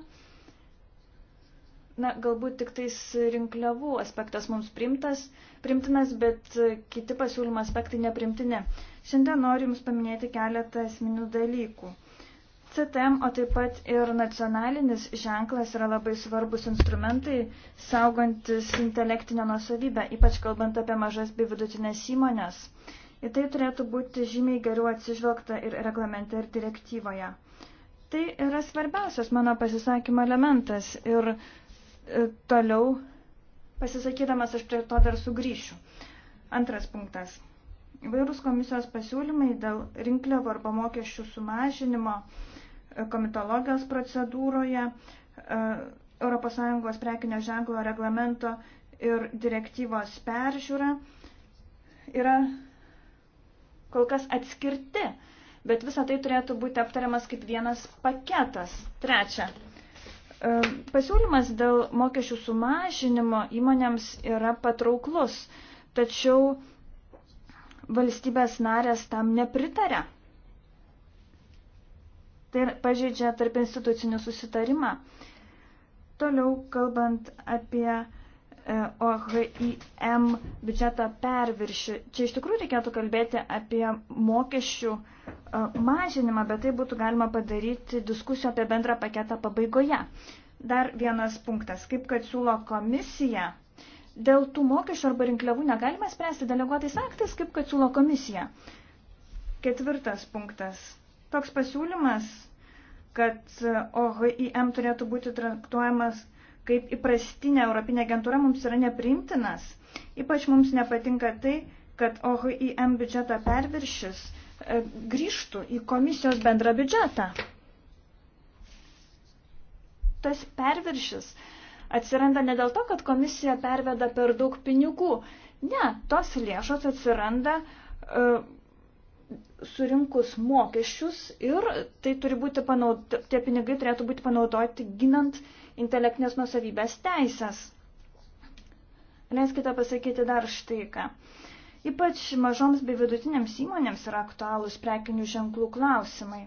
Na, galbūt tik tais rinkliavų aspektas mums primtas, primtinas, bet kiti pasiūlymo aspektai neprimtini. Šiandien noriu Jums paminėti keletą esminių dalykų. CTM, o taip pat ir nacionalinis ženklas yra labai svarbus instrumentai, saugantis intelektinę nusavybę, ypač kalbant apie mažas bei vidutinės įmonės. Į tai turėtų būti žymiai geriau atsižvelgta ir reglamente, ir direktyvoje. Tai yra svarbiausias mano pasisakymo elementas ir e, toliau pasisakydamas aš prie to dar sugrįšiu. Antras punktas. Vairūs komisijos pasiūlymai dėl rinkliavų arba mokesčių sumažinimo komitologijos procedūroje, e, ES prekinio ženklo reglamento ir direktyvos peržiūra yra kol kas atskirti, bet visa tai turėtų būti aptariamas kaip vienas paketas. Trečia, e, pasiūlymas dėl mokesčių sumažinimo įmonėms yra patrauklus, tačiau valstybės narės tam nepritarė. Tai pažeidžia tarp institucinių susitarimą. Toliau, kalbant apie e, OHIM biudžeto perviršį. Čia iš tikrųjų reikėtų kalbėti apie mokesčių e, mažinimą, bet tai būtų galima padaryti diskusijų apie bendrą paketą pabaigoje. Dar vienas punktas, kaip kad siūlo komisija. Dėl tų mokesčių arba rinkliavų negalima spręsti deleguotais aktais, kaip kad siūlo komisija. Ketvirtas punktas Toks pasiūlymas, kad OHIM turėtų būti traktuojamas kaip įprastinė Europinė agentūra, mums yra nepriimtinas. Ypač mums nepatinka tai, kad OHIM biudžeto perviršis e, grįžtų į komisijos bendrą biudžetą. Tas perviršis atsiranda ne dėl to, kad komisija perveda per daug pinigų. Ne, tos lėšos atsiranda uh, surinkus mokesčius ir tai turi būti panaudoti, tie pinigai turėtų būti panaudoti ginant intelektinės nusavybės teisės. Leiskite pasakyti dar štai ką. Ypač mažoms bei vidutinėms įmonėms yra aktualūs prekinių ženklų klausimai.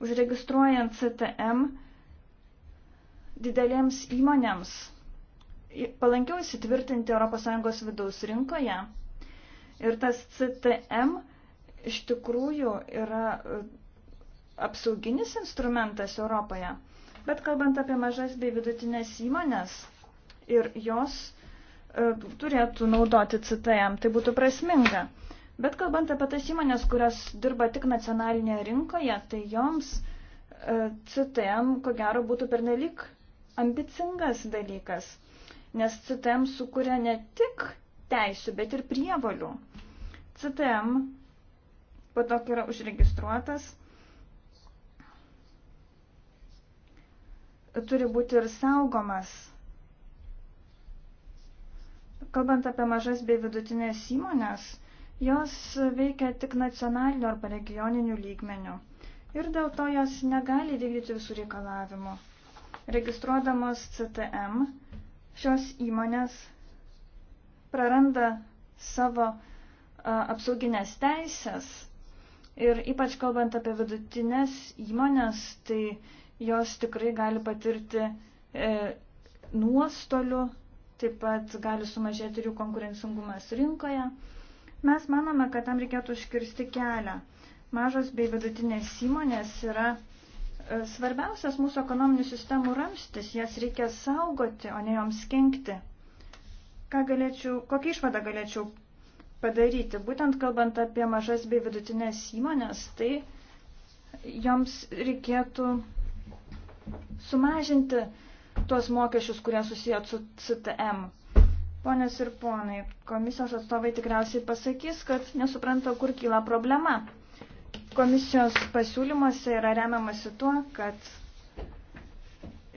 Užregistruojant CTM didelėms įmonėms palankiau įsitvirtinti ES vidaus rinkoje ir tas CTM – iš tikrųjų yra e, apsauginis instrumentas Europoje. Bet kalbant apie mažas bei vidutinės įmonės ir jos e, turėtų naudoti CTM, tai būtų prasminga. Bet kalbant apie tas įmonės, kurios dirba tik nacionalinėje rinkoje, tai joms e, CTM ko gero būtų pernelik ambicingas dalykas, nes CTM sukuria ne tik teisų, bet ir prievalių. CTM po to, kai yra užregistruotas. Turi būti ir saugomas. Kalbant apie mažas bei vidutinės įmonės, jos veikia tik nacionaliniu arba regioniniu lygmeniu ir dėl to jos negali vykdyti visų reikalavimų. Registruodamos CTM, šios įmonės praranda savo a, apsauginės teisės Ir ypač kalbant apie vidutinės įmonės, tai jos tikrai gali patirti e, nuostolių, taip pat gali sumažėti ir jų konkurencingumas rinkoje. Mes manome, kad tam reikėtų užkirsti kelią. Mažos bei vidutinės įmonės yra e, svarbiausias mūsų ekonominių sistemų ramstis, jas reikia saugoti, o ne joms kenkti. Ką galėčiau, kokią išvadą galėčiau padaryti. Būtent kalbant apie mažas bei vidutinės įmonės, tai joms reikėtų sumažinti tuos mokesčius, kurie susiję su CTM. Ponės ir ponai, komisijos atstovai tikriausiai pasakys, kad nesupranta, kur kyla problema. Komisijos pasiūlymuose yra remiamasi tuo, kad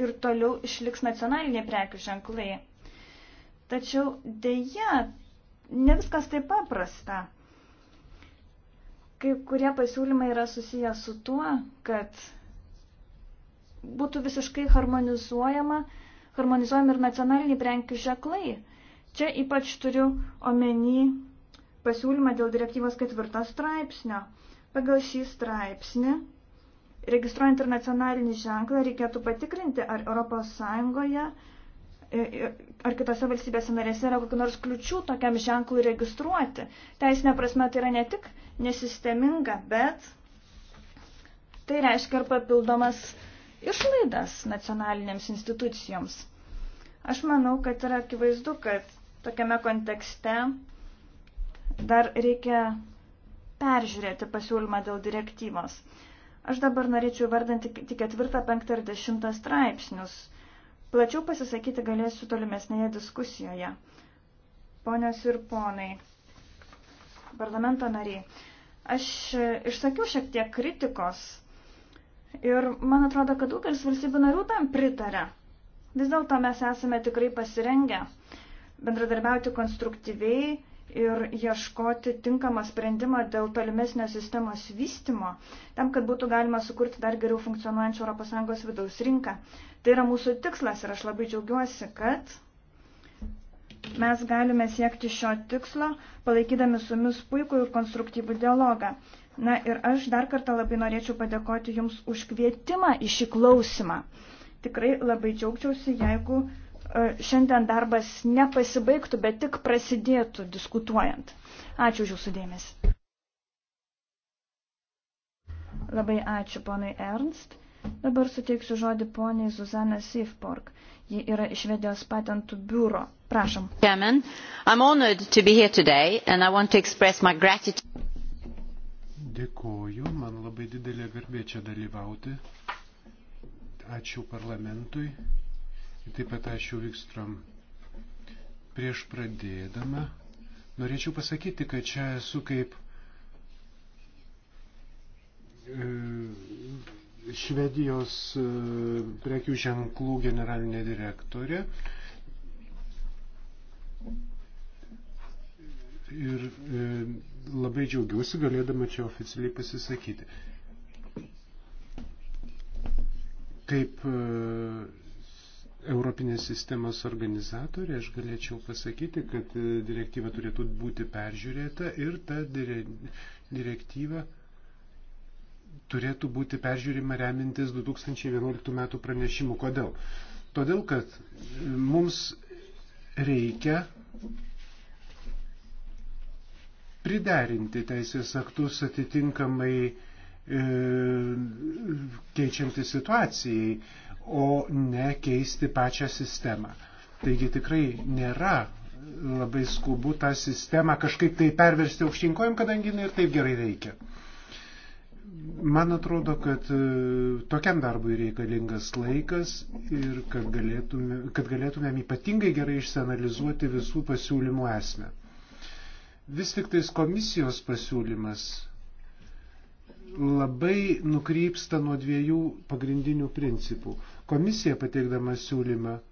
ir toliau išliks nacionaliniai prekių ženklai. Tačiau dėja, ne viskas taip paprasta. Kai kurie pasiūlymai yra susiję su tuo, kad būtų visiškai harmonizuojama, harmonizuojami ir nacionaliniai prekių ženklai. Čia ypač turiu omeny pasiūlymą dėl direktyvos ketvirto straipsnio. Pagal šį straipsnį, registruojant ir nacionalinį ženklą, reikėtų patikrinti, ar ES E, e, ar kitose valstybėse narėse yra kokiu nors kliučių tokiam ženklui registruoti. Teisinė prasme tai yra ne tik nesisteminga, bet tai reiškia ir papildomas išlaidas nacionalinėms institucijoms. Aš manau, kad yra akivaizdu, kad tokiame kontekste dar reikia peržiūrėti pasiūlymą dėl direktyvos. Aš dabar norėčiau vardinti tik ketvirtą, penktą ir dešimtą straipsnius Plačiau pasisakyti galėsiu tolimesnėje diskusijoje. Ponios ir ponai, parlamento nariai, aš išsakiau šiek tiek kritikos ir man atrodo, kad daugelis valstybių narių tam pritarė. Vis dėlto mes esame tikrai pasirengę bendradarbiauti konstruktyviai ir ieškoti tinkamą sprendimą dėl tolimesnio sistemos vystimo, tam, kad būtų galima sukurti dar geriau funkcionuojančią ES vidaus rinką. Tai yra mūsų tikslas ir aš labai džiaugiuosi, kad mes galime siekti šio tikslo, palaikydami su jumis puikų ir konstruktyvų dialogą. Na ir aš dar kartą labai norėčiau padėkoti Jums už kvietimą į šį klausimą. Tikrai labai džiaugčiausi, jeigu E, šiandien darbas nepasibaigtų, bet tik prasidėtų diskutuojant. Ačiū už jūsų dėmesį. Labai ačiū ponai Ernst. Dabar suteiksiu žodį poniai Zuzana Sifpork. Ji yra iš Švedijos patentų biuro. Prašom. Chairman, I'm honored to be here today and I want to express my gratitude. Dėkoju, man labai didelė garbė čia dalyvauti. Ačiū parlamentui Taip pat ačiū Vikstrom. Prieš pradėdama norėčiau pasakyti, kad čia esu kaip e, Švedijos e, prekių ženklų generalinė direktorė. Ir e, labai džiaugiuosi galėdama čia oficialiai pasisakyti. Kaip Europinės sistemos organizatorė, aš galėčiau pasakyti, kad e, direktyva turėtų būti peržiūrėta ir ta dire, direktyva turėtų būti peržiūrima remintis 2011 metų pranešimu. Kodėl? Todėl, kad e, mums reikia priderinti teisės aktus atitinkamai e, keičianti situacijai. E, o ne keisti pačią sistemą. Taigi tikrai nėra labai skubu tą sistemą kažkaip tai perversti aukštinkojim, kadangi jinai ir taip gerai veikia. Man atrodo, kad e, tokiam darbui reikalingas laikas ir kad galėtumėm, kad galėtumėm ypatingai gerai išsianalizuoti visų pasiūlymų esmę. Vis tik tais komisijos pasiūlymas labai nukrypsta nuo dviejų pagrindinių principų komisija pateikdama siūlymą e,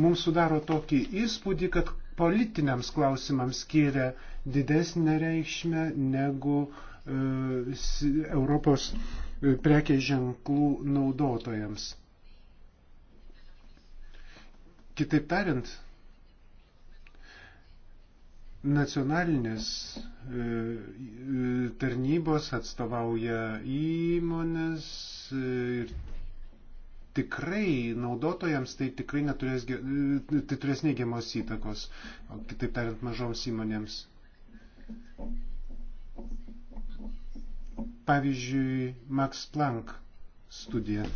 mums sudaro tokį įspūdį, kad politiniams klausimams skiria didesnę reikšmę negu e, Europos e, prekės ženklų naudotojams. Kitaip tariant, nacionalinės tarnybos atstovauja įmonės ir tikrai naudotojams tai tikrai neturės, tai turės neigiamos įtakos, o kitaip tariant mažoms įmonėms. Pavyzdžiui, Max Planck studija.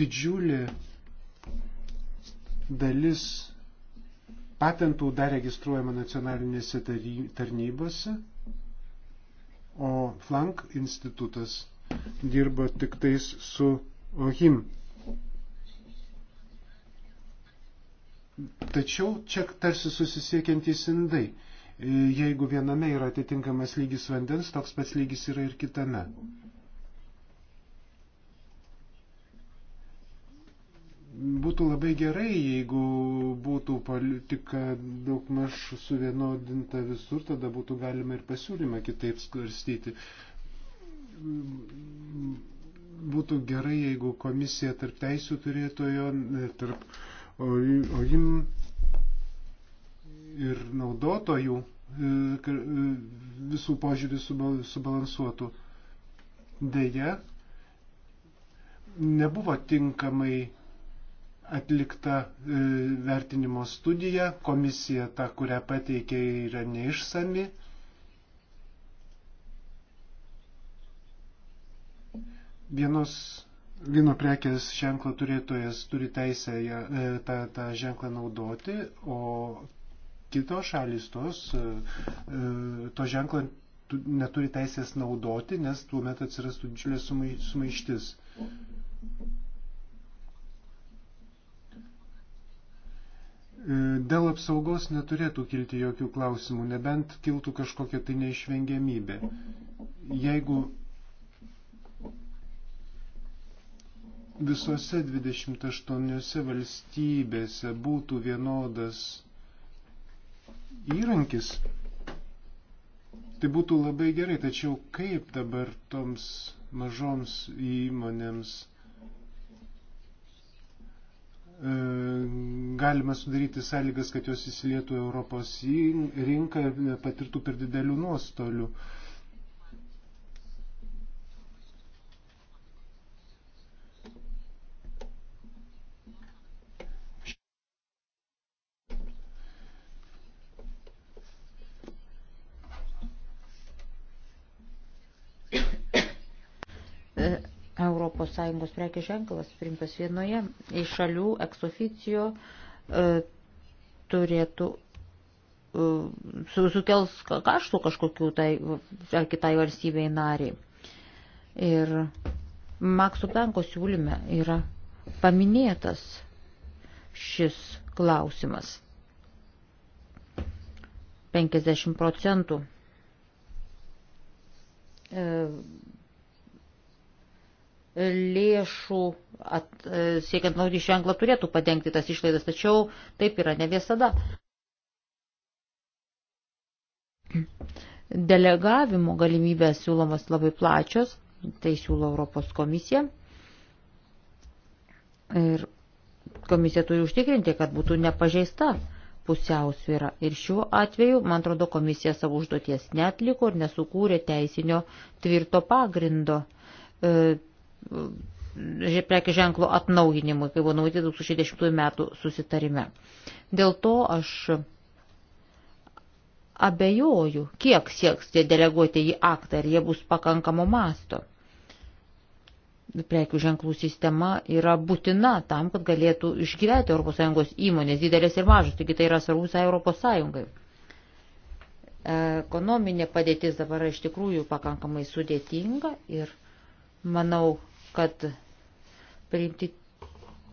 Didžiulė dalis patentų dar registruojama nacionalinėse tarnybose o Flank institutas dirba tik tais su OHIM. Tačiau čia tarsi susisiekiantys indai. Jeigu viename yra atitinkamas lygis vandens, toks pats lygis yra ir kitame. Būtų labai gerai, jeigu būtų politika daug maž suvienodinta visur, tada būtų galima ir pasiūlymą kitaip skarstyti. Būtų gerai, jeigu komisija tarp teisų turėtojo, tarp OIM ir naudotojų e, e, visų požiūrį subalansuotų. Deja, nebuvo tinkamai atlikta e, vertinimo studija, komisija ta, kurią pateikė, yra neišsami. Vienos, vieno prekės ženklo turėtojas turi teisę ją, e, tą, tą ženklą naudoti, o kitos šalis tos e, to ženklo neturi teisės naudoti, nes tuomet atsirastų didžiulė sumaištis. Dėl apsaugos neturėtų kilti jokių klausimų, nebent kiltų kažkokia tai neišvengiamybė. Jeigu visose 28 valstybėse būtų vienodas įrankis, tai būtų labai gerai. Tačiau kaip dabar toms mažoms įmonėms E, galima sudaryti sąlygas, kad jos įsilietų Europos rinką ir patirtų per didelių nuostolių. E, ES prekių ženklas priimtas vienoje iš šalių eksoficijo e, turėtų e, su, sukels kaštų kažkokių tai ar kitai valstybei nariai. Ir Makso Planko siūlyme yra paminėtas šis klausimas. 50 procentų e, lėšų at, e, siekiant naudį ženklą turėtų padengti tas išlaidas, tačiau taip yra ne visada. Delegavimo galimybės siūlomas labai plačios, tai siūlo Europos komisija. Ir komisija turi užtikrinti, kad būtų nepažeista pusiausvyrą. Ir šiuo atveju, man atrodo, komisija savo užduoties netliko ir nesukūrė teisinio tvirto pagrindo e, E, e, prekių ženklo atnaujinimui, kai buvo numatyta 2010 metų susitarime. Dėl to aš abejoju, kiek sieks tie deleguoti į aktą, ar jie bus pakankamo masto. Prekių ženklų sistema yra būtina tam, kad galėtų išgyventi ES įmonės, didelės ir mažos, taigi tai yra svarbus ES. Ekonominė padėtis dabar iš tikrųjų pakankamai sudėtinga ir Manau, kad priimti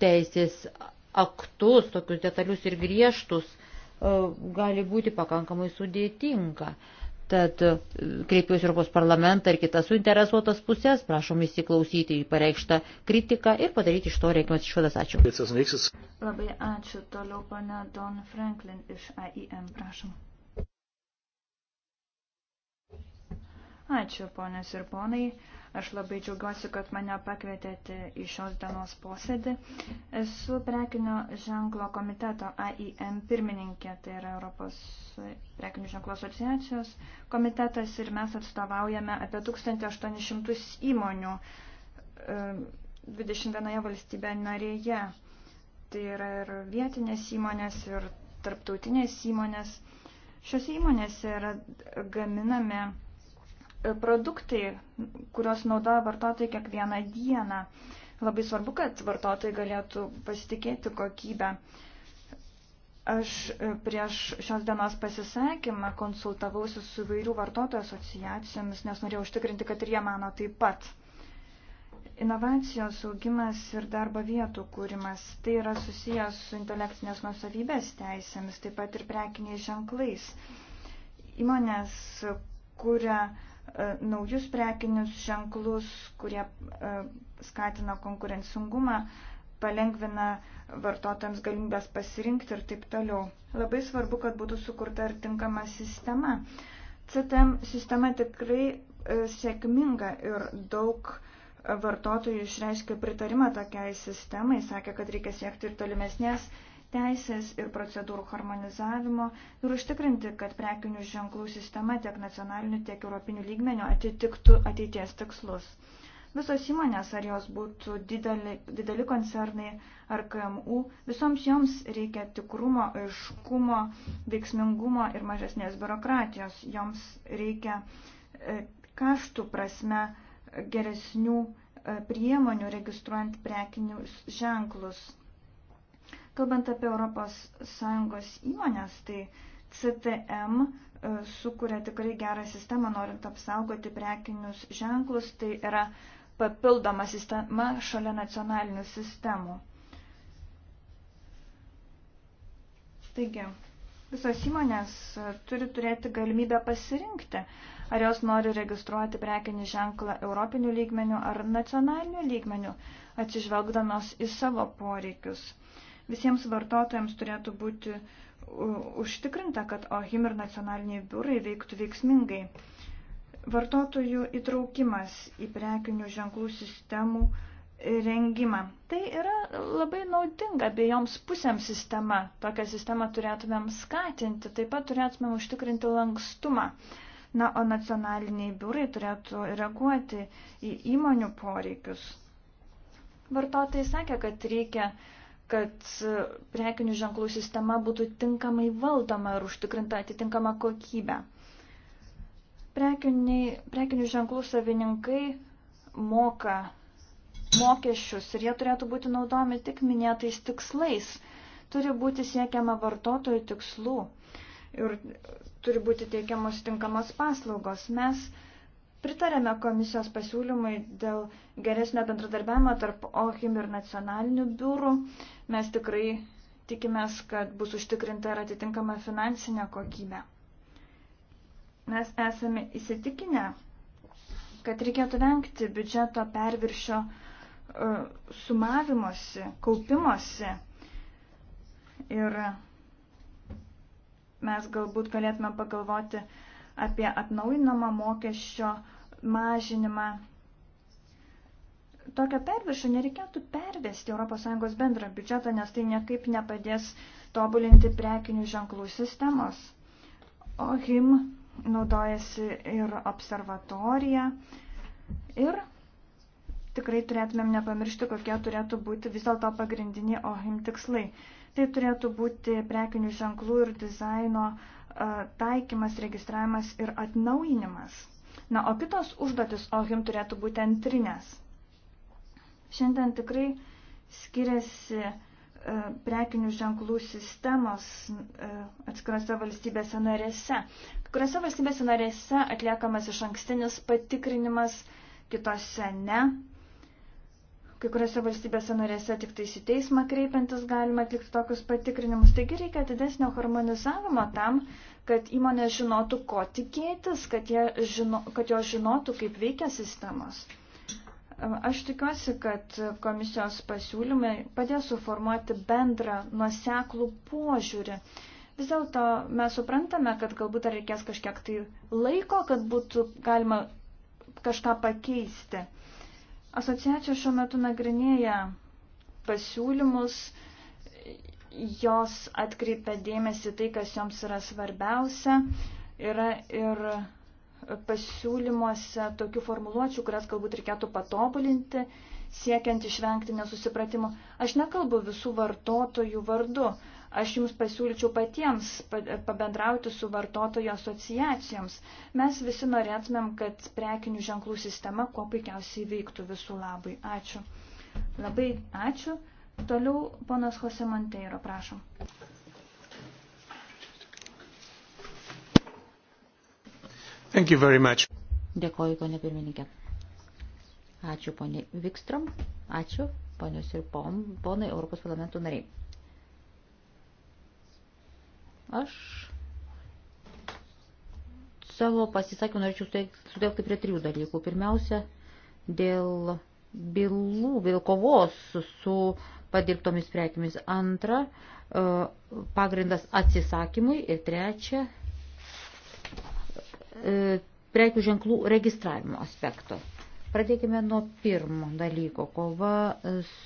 teisės aktus, tokius detalius ir griežtus, e, gali būti pakankamai sudėtinga. Tad e, kreipiuosi Europos parlamentą ir kitas suinteresuotas pusės, prašom įsiklausyti į pareikštą kritiką ir padaryti iš to reikiamas išvadas. Ačiū. Labai ačiū. Toliau pana Don Franklin iš AIM, prašom. Ačiū, ponės ir ponai. Uh, Aš labai džiaugiuosi, kad mane pakvietėte į šios dienos posėdį. Esu prekinio ženklo komiteto AIM pirmininkė, tai yra Europos prekinio ženklo asociacijos komitetas ir mes atstovaujame apie 1800 įmonių 21 e, valstybė narėje. Tai yra ir vietinės įmonės, ir tarptautinės įmonės. Šiuose įmonėse yra gaminami produktai, kuriuos naudoja vartotojai kiekvieną dieną. Labai svarbu, kad vartotojai galėtų pasitikėti kokybę. Aš e, prieš šios dienos pasisakymą konsultavausi su įvairių vartotojų asociacijomis, nes norėjau užtikrinti, kad ir jie mano taip pat. Inovacijos augimas ir darbo vietų kūrimas - tai yra susijęs su intelektinės nusavybės teisėmis, taip pat ir prekiniais ženklais. Įmonės kuria E, naujus prekinius ženklus, kurie e, skatina konkurencingumą, palengvina vartotojams galimybės pasirinkti ir taip toliau. Labai svarbu, kad būtų sukurta ir tinkama sistema. CTM sistema tikrai e, sėkminga ir daug vartotojų išreiškia pritarimą tokiai sistemai, sakė, kad reikia siekti ir tolimesnės teisės ir procedūrų harmonizavimo ir užtikrinti, kad prekinių ženklų sistema tiek nacionaliniu, tiek europiniu lygmeniu atitiktų ateities tikslus. Visos įmonės, ar jos būtų dideli, dideli koncernai ar KMU, visoms joms reikia tikrumo, aiškumo, veiksmingumo ir mažesnės biurokratijos. Joms reikia e, kaštų prasme geresnių e, priemonių registruojant prekinius ženklus. Kalbant apie ES įmonės, tai CTM e, sukuria tikrai gerą sistemą, norint apsaugoti prekinius ženklus, tai yra papildoma sistema šalia nacionalinių sistemų. Taigi, visos įmonės e, turi turėti galimybę pasirinkti, ar jos nori registruoti prekinį ženklą europinių lygmenių ar nacionalinių lygmenių, atsižvelgdamos į savo poreikius visiems vartotojams turėtų būti užtikrinta, kad OHIM ir nacionaliniai biurai veiktų veiksmingai. Vartotojų įtraukimas į prekinių ženklų sistemų rengimą. Tai yra labai naudinga abiejoms pusėms sistema. Tokią sistemą turėtumėm skatinti, taip pat turėtumėm užtikrinti lankstumą. Na, o nacionaliniai biurai turėtų reaguoti į įmonių poreikius. Vartotojai sakė, kad reikia uh, kad prekinių ženklų sistema būtų tinkamai valdoma ir užtikrinta atitinkama kokybė. Prekiniai, prekinių ženklų savininkai moka mokesčius ir jie turėtų būti naudomi tik minėtais tikslais. Turi būti siekiama vartotojų tikslų ir turi būti teikiamos tinkamos paslaugos. Mes uh, Pritarėme komisijos pasiūlymui dėl geresnio bendradarbiavimo tarp OHIM ir nacionalinių biurų. Mes tikrai tikimės, kad bus užtikrinta ir atitinkama finansinė kokybė. Mes esame įsitikinę, kad reikėtų vengti biudžeto perviršio e, sumavimosi, kaupimosi. Ir mes galbūt galėtume pagalvoti apie atnaujinamą mokesčio uh, mažinimą. Tokio perviršio nereikėtų pervesti ES bendrą biudžetą, nes tai niekaip nepadės tobulinti prekinių ženklų sistemos. OHIM naudojasi ir observatorija. Ir tikrai turėtumėm nepamiršti, kokie turėtų būti vis dėlto pagrindiniai OHIM tikslai. Tai turėtų būti prekinių ženklų ir dizaino e, taikymas, registravimas ir atnaujinimas. Na, o kitos užduotis OHIM turėtų būti antrinės. Šiandien tikrai skiriasi e, prekinių ženklų sistemos e, atskirose valstybėse narėse. Kai kuriuose valstybėse narėse atliekamas iš ankstinis patikrinimas, kitose ne. Kai kuriuose valstybėse narėse tik tai į teismą kreipiantis galima atlikti tokius patikrinimus. Taigi reikia didesnio harmonizavimo tam, kad įmonė žinotų, ko tikėtis, kad, žino, kad jos žinotų, kaip veikia sistemos. Aš tikiuosi, kad komisijos pasiūlymai padės suformuoti bendrą nuoseklų požiūrį. Vis dėlto mes suprantame, kad galbūt dar reikės kažkiek tai laiko, kad būtų galima kažką pakeisti. Asociacija šiuo metu nagrinėja pasiūlymus, uh, jos atkreipia dėmesį tai, kas joms yra svarbiausia. Yra ir pasiūlymuose tokių formuluočių, kurias galbūt reikėtų patobulinti, siekiant išvengti nesusipratimo. Aš nekalbu visų vartotojų vardu. Aš jums pasiūlyčiau patiems pabendrauti su vartotojų asociacijoms. Mes visi norėtumėm, kad prekinių ženklų sistema kuo puikiausiai veiktų visų labai. Ačiū. Labai ačiū. Toliau ponas Jose Monteiro, prašom. Thank you very much. Dėkoju, ponė pirmininkė. Ačiū, ponė Vikstrom. Ačiū, ponios ir pon, ponai Europos parlamento nariai. Aš savo pasisakymą norėčiau sutelkti prie trijų dalykų. Pirmiausia, dėl bylų, dėl kovos su padirbtomis prekiamis. Antra, e, pagrindas atsisakymui. Ir trečia, e, prekių ženklų registravimo aspekto. Pradėkime nuo pirmo dalyko - kova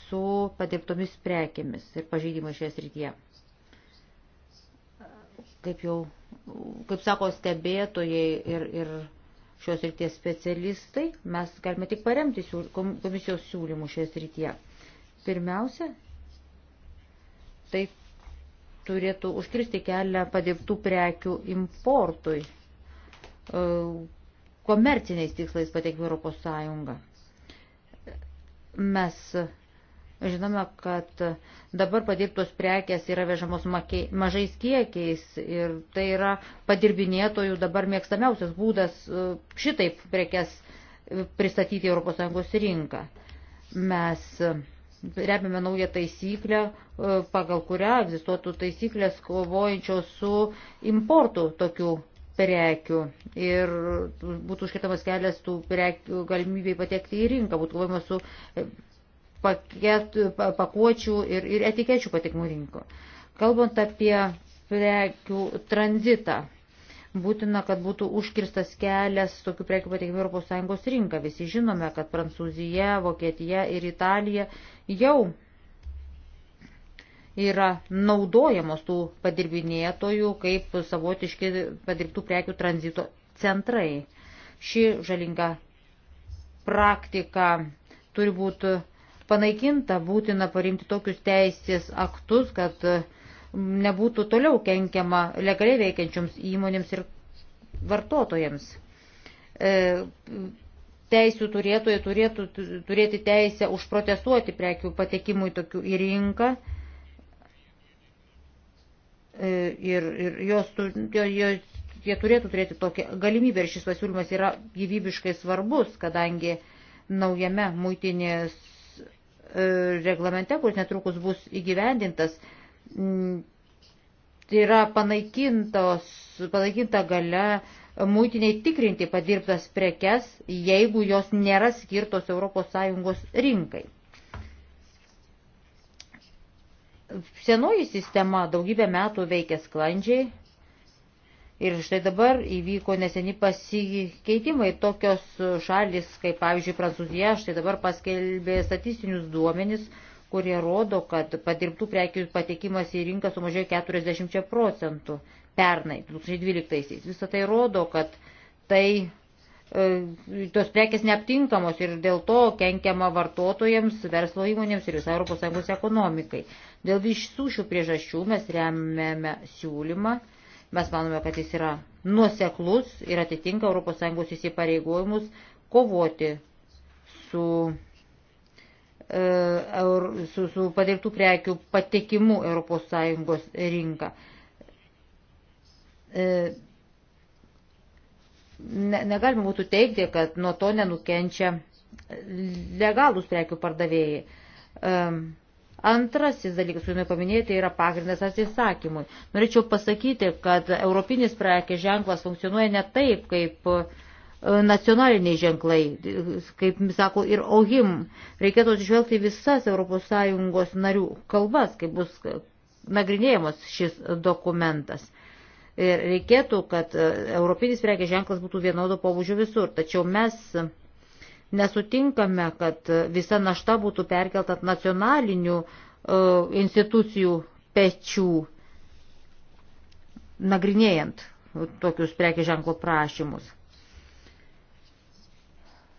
su padirbtomis prekiamis ir pažeidimo šioje srityje. Kaip jau, kaip sako stebėtojai ir, ir šios ryties specialistai, mes galime tik paremti komisijos siūlymų šioje srityje. Pirmiausia, tai turėtų užkirsti kelią padirbtų prekių importui, e, komerciniais tikslais patekti Europos Sąjungą. Mes žinome, kad dabar padirbtos prekės yra vežamos mažais kiekiais ir tai yra padirbinėtojų dabar mėgstamiausias būdas e, šitaip prekes pristatyti Europos Sąjungos rinką. Mes remiame naują taisyklę, e, pagal kurią egzistuotų taisyklės kovojančios su importu tokių prekių ir būtų užkitamas kelias tų prekių galimybėj patekti į rinką, būtų kovojama su e, paket, pakuočių ir, ir etikečių patekimų rinko. Kalbant apie prekių tranzitą, Būtina, kad būtų užkirstas kelias tokių prekių patekimų ES rinką. Visi žinome, kad Prancūzija, Vokietija ir Italija jau yra naudojamos tų padirbinėtojų kaip savotiški padirbtų prekių tranzito centrai. Ši žalinga praktika turi būti panaikinta, būtina parimti tokius teisės aktus, kad nebūtų toliau kenkiama legaliai veikiančioms įmonėms ir vartotojams. E, teisių turėtojai turėtų turėti teisę užprotestuoti prekių patekimui tokių į rinką e, ir, ir jos, jos, jie turėtų turėti tokią galimybę ir šis pasiūlymas yra gyvybiškai svarbus, kadangi naujame muitinės e, reglamente, kuris netrukus bus įgyvendintas, Mm, yra panaikinta gale muitiniai tikrinti padirbtas prekes, jeigu jos nėra skirtos ES rinkai. Senoji sistema daugybę metų veikia sklandžiai ir štai dabar įvyko neseni pasikeitimai. Tokios šalis, kaip pavyzdžiui Prancūzija, štai dabar paskelbė statistinius duomenis, kurie rodo, kad padirbtų prekių patekimas į rinką sumažėjo 40 procentų pernai, 2012-aisiais. Visą tai rodo, kad tai e, tos prekės neaptinkamos ir dėl to kenkiama vartotojams, verslo įmonėms ir visai ES ekonomikai. Dėl visų šių priežasčių mes remiame siūlymą, mes manome, kad jis yra nuoseklus ir atitinka ES įsipareigojimus kovoti su E, su, su padirbtų prekių patekimu ES rinką. E, ne, negalima būtų teikti, kad nuo to nenukenčia legalūs prekių pardavėjai. E, antrasis dalykas, kurį paminėti, yra pagrindas atsisakymui. Norėčiau pasakyti, kad europinis prekės ženklas funkcionuoja ne taip, kaip uh, nacionaliniai ženklai, kaip sako ir OHIM. Reikėtų atsižvelgti visas ES narių kalbas, kaip bus nagrinėjamas šis dokumentas. Ir reikėtų, kad europinis prekės ženklas būtų vienodo pobūdžio visur. Tačiau mes nesutinkame, kad visa našta būtų perkelta nacionalinių e, institucijų pečių, nagrinėjant tokius prekės ženklo prašymus.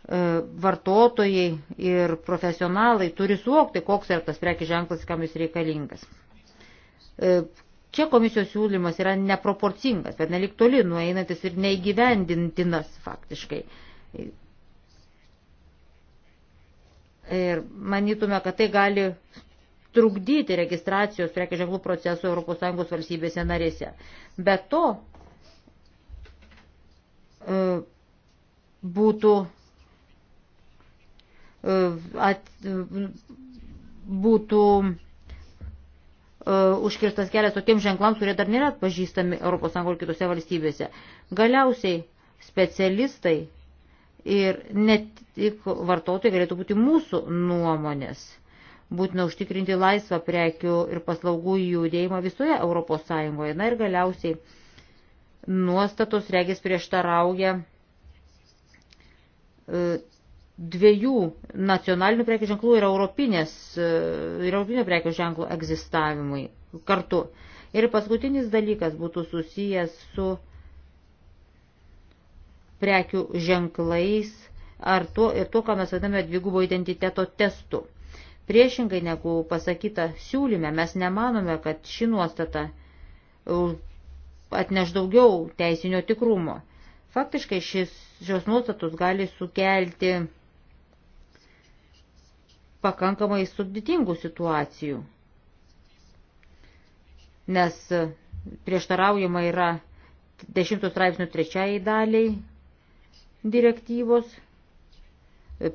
E, vartotojai ir profesionalai turi suvokti, koks yra tas prekių ženklas, kam jis reikalingas. E, čia komisijos siūlymas yra neproporcingas, bet nelik toli nueinantis ir neįgyvendintinas faktiškai. Ir manytume, kad tai gali trukdyti registracijos prekių ženklų procesų ES valstybėse narėse. Be to e, būtų Uh, at, uh, būtų uh, užkirstas kelias tokiems ženklams, kurie dar nėra pažįstami ES ir kitose valstybėse. Galiausiai specialistai ir ne tik vartotojai galėtų būti mūsų nuomonės. Būtina užtikrinti laisvą prekių ir paslaugų judėjimą visoje ES. Na ir galiausiai nuostatos regis prieštarauja dviejų nacionalinių prekių ženklų ir, europinės, e, ir europinio prekių ženklo egzistavimui kartu. Ir paskutinis dalykas būtų susijęs su prekių ženklais ar tuo, ir tuo, ką mes vadiname dvigubo identiteto testu. Priešingai negu pasakyta siūlyme, mes nemanome, kad ši nuostata e, atneš daugiau teisinio tikrumo. Faktiškai šis, šios nuostatus gali sukelti pakankamai sudėtingų situacijų, nes prieštaraujama yra 10 straipsnių trečiai daliai direktyvos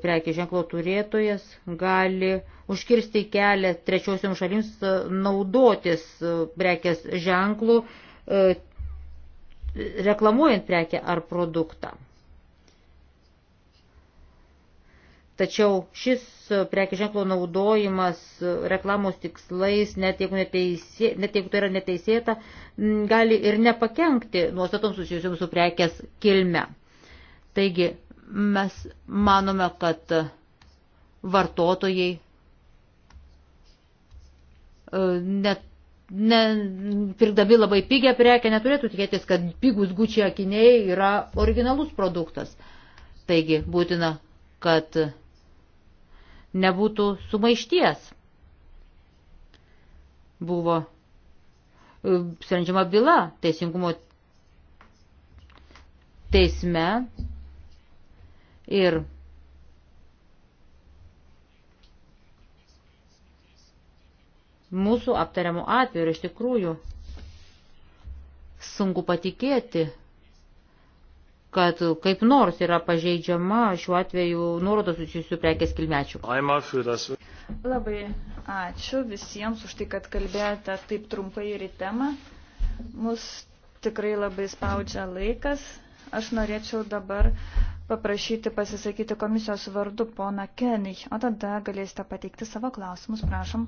prekė ženklo turėtojas gali užkirsti kelią trečiosiam šalims e, naudotis e, prekės ženklų, e, reklamuojant prekę ar produktą. Tačiau šis e, prekių ženklo naudojimas e, reklamos tikslais, net jeigu, neteisė, net jeigu tai yra neteisėta, gali ir nepakenkti nuostatoms susijusiams su prekės kilme. Taigi mes manome, kad vartotojai e, net, ne, pirkdami labai pigią prekę neturėtų tikėtis, kad pigus gučiai akiniai yra originalus produktas. Taigi būtina, kad nebūtų sumaišties. Buvo e, sprendžiama byla teisingumo teisme ir mūsų aptariamų atveju ir iš tikrųjų sunku patikėti, kad kaip nors yra pažeidžiama šiuo atveju nuorodos susijusių prekės kilmečių. Labai ačiū visiems už tai, kad kalbėjote taip trumpai ir į temą. Mus tikrai labai spaudžia laikas. Aš norėčiau dabar paprašyti pasisakyti komisijos vardu pona Kenich, o tada galėsite pateikti savo klausimus, prašom.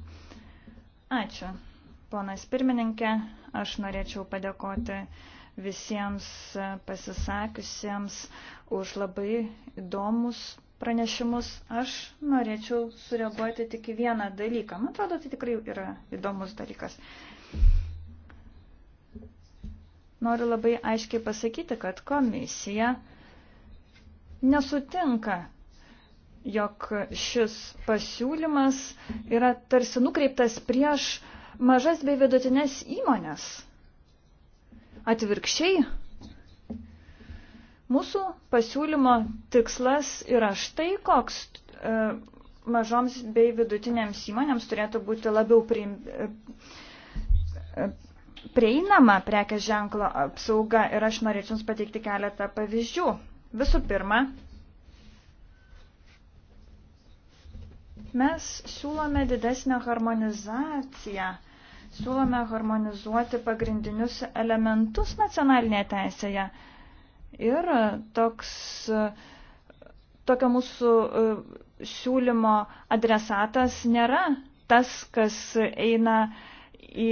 Ačiū. Ponas pirmininkė, aš norėčiau padėkoti visiems e, pasisakiusiems už labai įdomus pranešimus. Aš norėčiau sureaguoti tik į vieną dalyką. Man atrodo, tai tikrai yra įdomus dalykas. Noriu labai aiškiai pasakyti, kad komisija nesutinka, jog šis pasiūlymas yra tarsi nukreiptas prieš mažas bei vidutinės įmonės Atvirkščiai, mūsų pasiūlymo tikslas yra štai, koks e, mažoms bei vidutinėms įmonėms turėtų būti labiau priim, e, e, prieinama prekės ženklo apsauga ir aš norėčiau Jums pateikti keletą pavyzdžių. Visų pirma, mes siūlome didesnę harmonizaciją siūlome harmonizuoti pagrindinius elementus nacionalinėje teisėje. Ir e, toks, e, tokio mūsų e, siūlymo adresatas nėra tas, kas eina į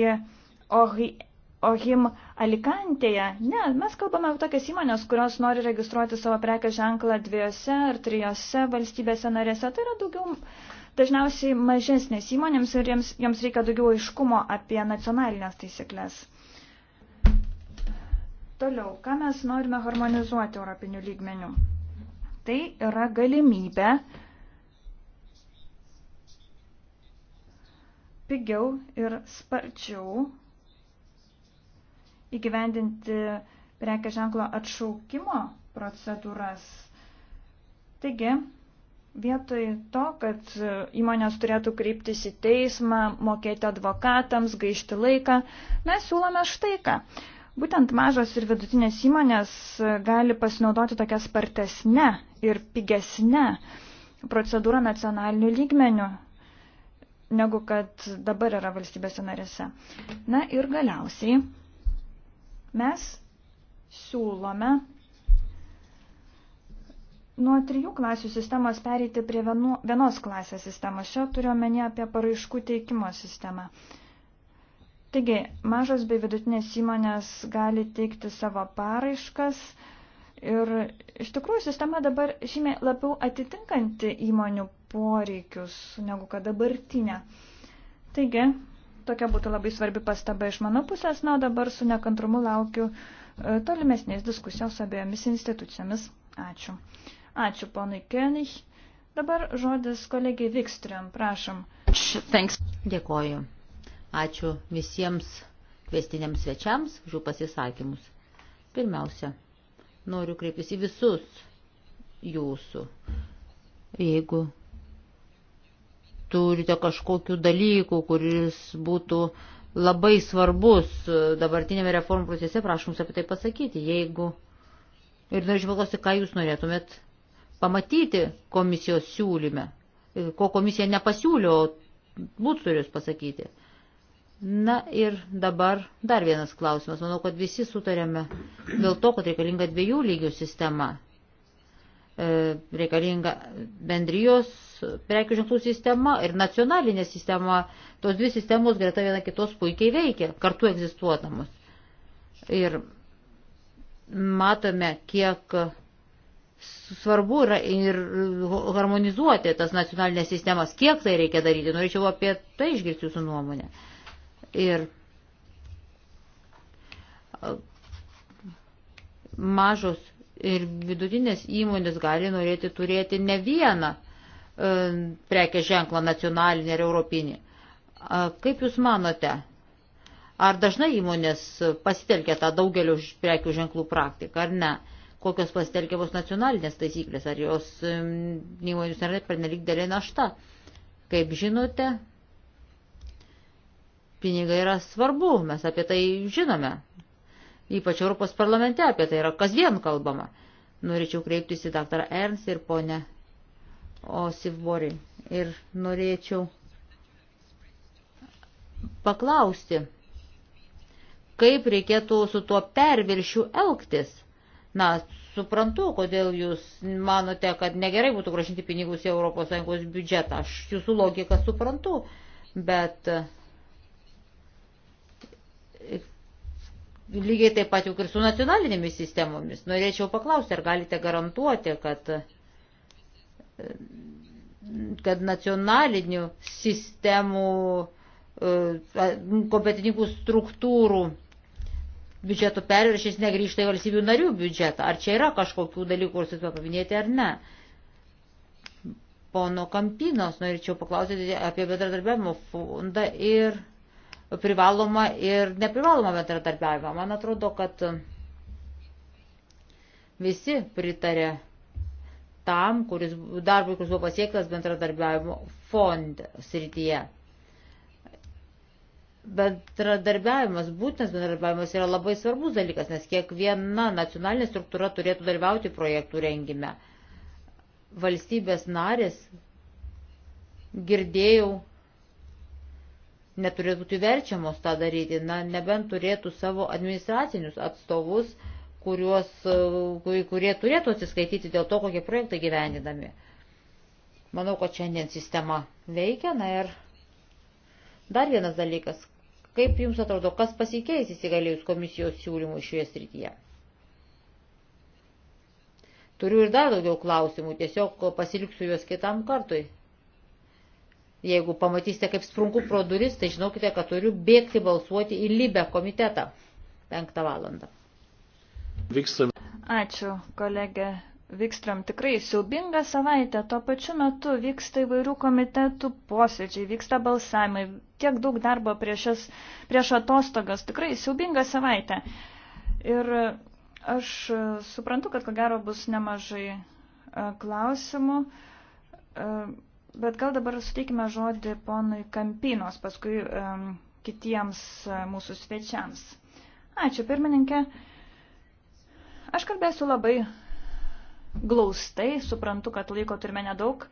OHIM Alikantėje. Ne, mes kalbame apie tokias įmonės, kurios nori registruoti savo prekės ženklą dviejose ar trijose valstybėse narėse. Tai yra daugiau dažniausiai mažesnės įmonėms ir jiems, jiems reikia daugiau aiškumo apie nacionalinės taisyklės. Toliau, ką mes norime harmonizuoti europinių lygmenių? Tai yra galimybė pigiau ir sparčiau įgyvendinti prekė ženklo atšaukimo procedūras. Taigi, Vietoj to, kad įmonės turėtų kreiptis į teismą, mokėti advokatams, gaišti laiką, mes siūlome štai ką. Būtent mažos ir vidutinės įmonės gali pasinaudoti tokią spartesnę ir pigesnę procedūrą nacionaliniu lygmeniu, negu kad dabar yra valstybėse narėse. Na ir galiausiai mes siūlome nuo trijų klasių sistemos pereiti prie vienu, vienos klasės sistemos. Šio turiu omeny apie paraiškų teikimo sistemą. Taigi, mažos bei vidutinės įmonės gali teikti savo paraiškas ir iš tikrųjų sistema dabar žymiai labiau atitinkanti įmonių poreikius negu kad dabartinė. Taigi, tokia būtų labai svarbi pastaba iš mano pusės, na, o dabar su nekantrumu laukiu e, tolimesnės diskusijos abiejomis institucijomis. Ačiū. Ačiū ponui Kenich. Dabar žodis kolegiai Vikstrium, prašom. Thanks. Dėkoju. Ačiū visiems kvestiniams svečiams už jų pasisakymus. Pirmiausia, noriu kreiptis į visus jūsų. Jeigu turite kažkokių dalykų, kuris būtų labai svarbus dabartinėme reformų procese, prašom jums apie tai pasakyti. Jeigu ir norėčiau paklausti, ką jūs norėtumėt pamatyti komisijos siūlyme, ko komisija nepasiūlė, o būturius pasakyti. Na ir dabar dar vienas klausimas. Manau, kad visi sutarėme dėl to, kad reikalinga dviejų lygių sistema. E, reikalinga bendrijos prekių ženklų sistema ir nacionalinė sistema. Tos dvi sistemos greta viena kitos puikiai veikia, kartu egzistuodamos. Ir matome, kiek svarbu yra ir harmonizuoti tas nacionalinės sistemas, kiek tai reikia daryti. Norėčiau apie tai išgirsti jūsų nuomonę. Ir mažos ir vidutinės įmonės gali norėti turėti ne vieną e, prekės ženklą nacionalinį ir europinį. Kaip Jūs manote, ar dažnai įmonės pasitelkia tą daugelio prekių ženklų praktiką, ar ne? kokios pasitelkiamos nacionalinės taisyklės, ar jos įmonių nėra pernelik dėlė našta. Kaip žinote, pinigai yra svarbu, mes apie tai žinome. Ypač Europos parlamente apie tai yra kasdien kalbama. Norėčiau kreiptis į daktarą Ernst ir ponę Osivori. Ir norėčiau paklausti, kaip reikėtų su tuo perviršiu elgtis Na, suprantu, kodėl jūs manote, kad negerai būtų gražinti pinigus į ES biudžetą. Aš jūsų logiką suprantu, bet e, lygiai taip pat juk ir su nacionalinėmis sistemomis. Norėčiau paklausti, ar galite garantuoti, kad e, kad nacionalinių sistemų e, kompetitinkų struktūrų biudžeto perviršys negrįžta į valstybių narių biudžetą. Ar čia yra kažkokių dalykų, kur turėtume paminėti ar ne? Pono Kampinos norėčiau paklausyti apie bendradarbiavimo fondą ir privalomą ir neprivalomą bendradarbiavimą. Man atrodo, kad visi pritarė tam, kuris darbui, kuris buvo pasiektas bendradarbiavimo fond srityje bendradarbiavimas, būtinas bendradarbiavimas yra labai svarbus dalykas, nes kiekviena nacionalinė struktūra turėtų dalyvauti projektų rengime. Valstybės narės, girdėjau, neturėtų būti verčiamos tą daryti, na, nebent turėtų savo administracinius atstovus, kuriuos, kurie turėtų atsiskaityti dėl to, kokie projektai gyvendinami. Manau, kad šiandien sistema veikia, na ir dar vienas dalykas, Kaip Jums atrodo, kas pasikeis įsigalėjus komisijos siūlymų šioje srityje? Turiu ir dar daugiau klausimų, tiesiog pasiliksiu juos kitam kartui. Jeigu pamatysite, kaip sprunku pro duris, tai žinokite, kad turiu bėgti balsuoti į Libę komitetą penktą valandą. Vykstam. Ačiū, kolegė Vikstram tikrai siaubinga savaitė, tuo pačiu metu vyksta įvairių komitetų posėdžiai, vyksta balsavimai, tiek daug darbo prieš, šias, prieš atostogas, tikrai siaubinga savaitė. Ir e, aš e, suprantu, kad ko gero bus nemažai e, klausimų, bet gal dabar suteikime žodį ponui Kampinos, paskui kitiems mūsų svečiams. Ačiū, pirmininkė. Aš kalbėsiu labai glaustai, suprantu, kad laiko turime nedaug.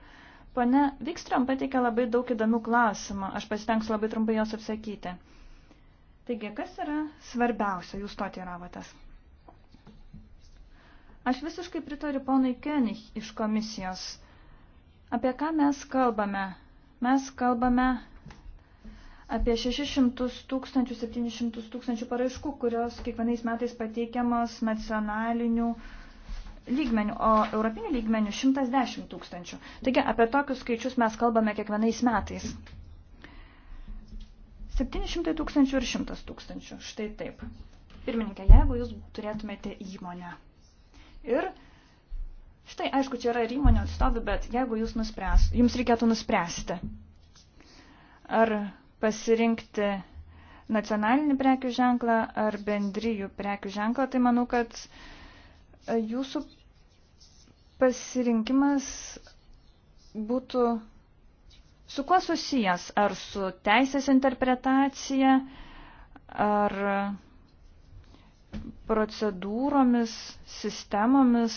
Pane Vikstrom pateikė labai daug įdomių klausimų, aš pasitengsiu labai trumpai jos atsakyti. Taigi, kas yra svarbiausia, jūs to teiravotės? Aš visiškai pritariu ponui Kenich iš komisijos. Apie ką mes kalbame? Mes kalbame apie 600 tūkstančių, 700 tūkstančių paraiškų, kurios kiekvienais metais pateikiamos nacionalinių uh, lygmenių, o europinių lygmenių 110 tūkstančių. Taigi apie tokius skaičius mes kalbame kiekvienais metais. 700 tūkstančių ir 100 tūkstančių. Štai taip. Pirmininkė, jeigu jūs turėtumėte įmonę. Ir štai, aišku, čia yra ir įmonių atstovai, bet jeigu jūs nuspręs, jums reikėtų nuspręsti, ar pasirinkti nacionalinį prekių ženklą ar bendryjų prekių ženklą, tai manau, kad uh, Jūsų pasirinkimas būtų su kuo susijęs? Ar su teisės interpretacija, ar procedūromis, sistemomis?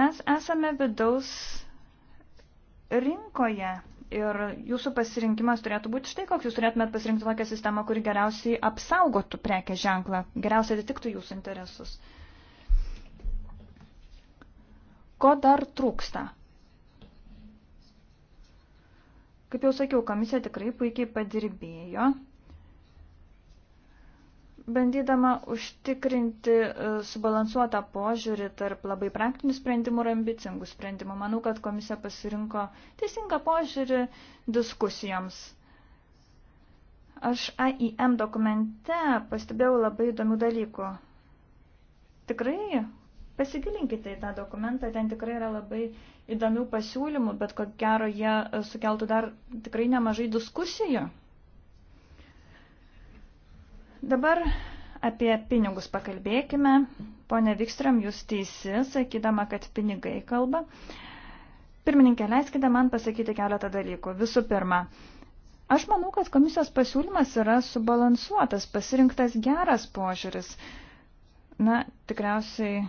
Mes esame vidaus rinkoje ir jūsų pasirinkimas turėtų būti štai koks. Jūs turėtumėt pasirinkti tokią sistemą, kuri geriausiai apsaugotų prekės ženklą, geriausiai atitiktų jūsų interesus. Ko dar trūksta? Kaip jau sakiau, komisija tikrai puikiai padirbėjo, bandydama užtikrinti e, subalansuotą požiūrį tarp labai praktinių sprendimų ir ambicingų sprendimų. Manau, kad komisija pasirinko teisingą požiūrį diskusijoms. Aš AIM dokumente pastebėjau labai įdomių dalykų. Tikrai Pasigilinkite į tą dokumentą, ten tikrai yra labai įdomių pasiūlymų, bet ko gero jie e, sukeltų dar tikrai nemažai diskusijų. Dabar apie pinigus pakalbėkime. Pone Vikstram, jūs teisi, sakydama, kad pinigai kalba. Pirmininkė, leiskite man pasakyti keletą dalykų. Visų pirma, aš manau, kad komisijos pasiūlymas yra subalansuotas, pasirinktas geras požiūris. Na, tikriausiai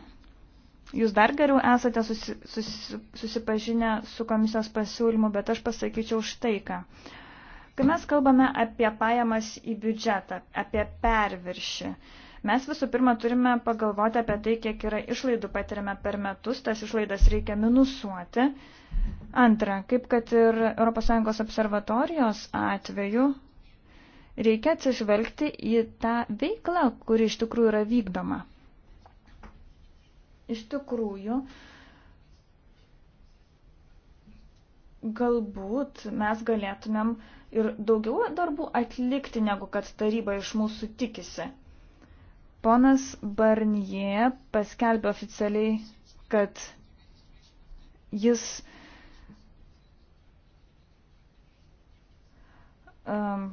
Jūs dar geriau esate susi, susi, susipažinę su komisijos pasiūlymu, bet aš pasakyčiau štai ką. Kai mes kalbame apie pajamas į biudžetą, apie perviršį, mes visų pirma turime pagalvoti apie tai, kiek yra išlaidų patiriame per metus, tas išlaidas reikia minusuoti. Antra, kaip kad ir ES observatorijos atveju, reikia atsižvelgti į tą veiklą, kuri iš tikrųjų yra vykdoma. Iš tikrųjų, galbūt mes galėtumėm ir daugiau darbų atlikti, negu kad taryba iš mūsų tikisi. Ponas Barnie paskelbė oficialiai, kad jis um,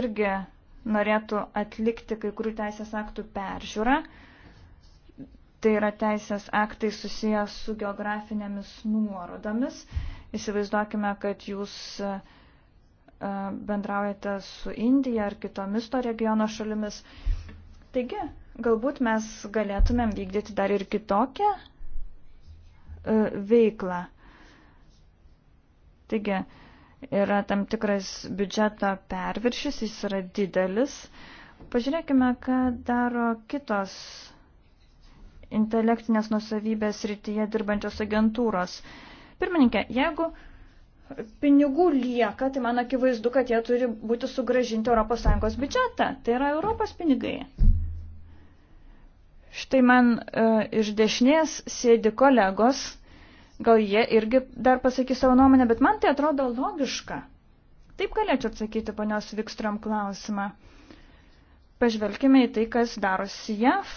irgi norėtų atlikti kai kurių teisės aktų peržiūrą. Uh, Tai yra teisės aktai susijęs su geografinėmis nuorodomis. Įsivaizduokime, kad jūs e, e, bendraujate su Indija ar kitomis to regiono šalimis. Taigi, galbūt mes galėtumėm vykdyti dar ir kitokią e, veiklą. Taigi, yra tam tikras biudžeto perviršis, jis yra didelis. Pažiūrėkime, ką daro kitos intelektinės nusavybės rytyje dirbančios agentūros. Pirmininkė, jeigu pinigų lieka, tai man akivaizdu, kad jie turi būti sugražinti ES biudžetą. Tai yra Europos pinigai. Štai man e, iš dešinės sėdi kolegos, gal jie irgi dar pasakys savo nuomonę, bet man tai atrodo logiška. Taip galėčiau atsakyti ponios Vikstrom klausimą. Pažvelkime į tai, kas darosi JAV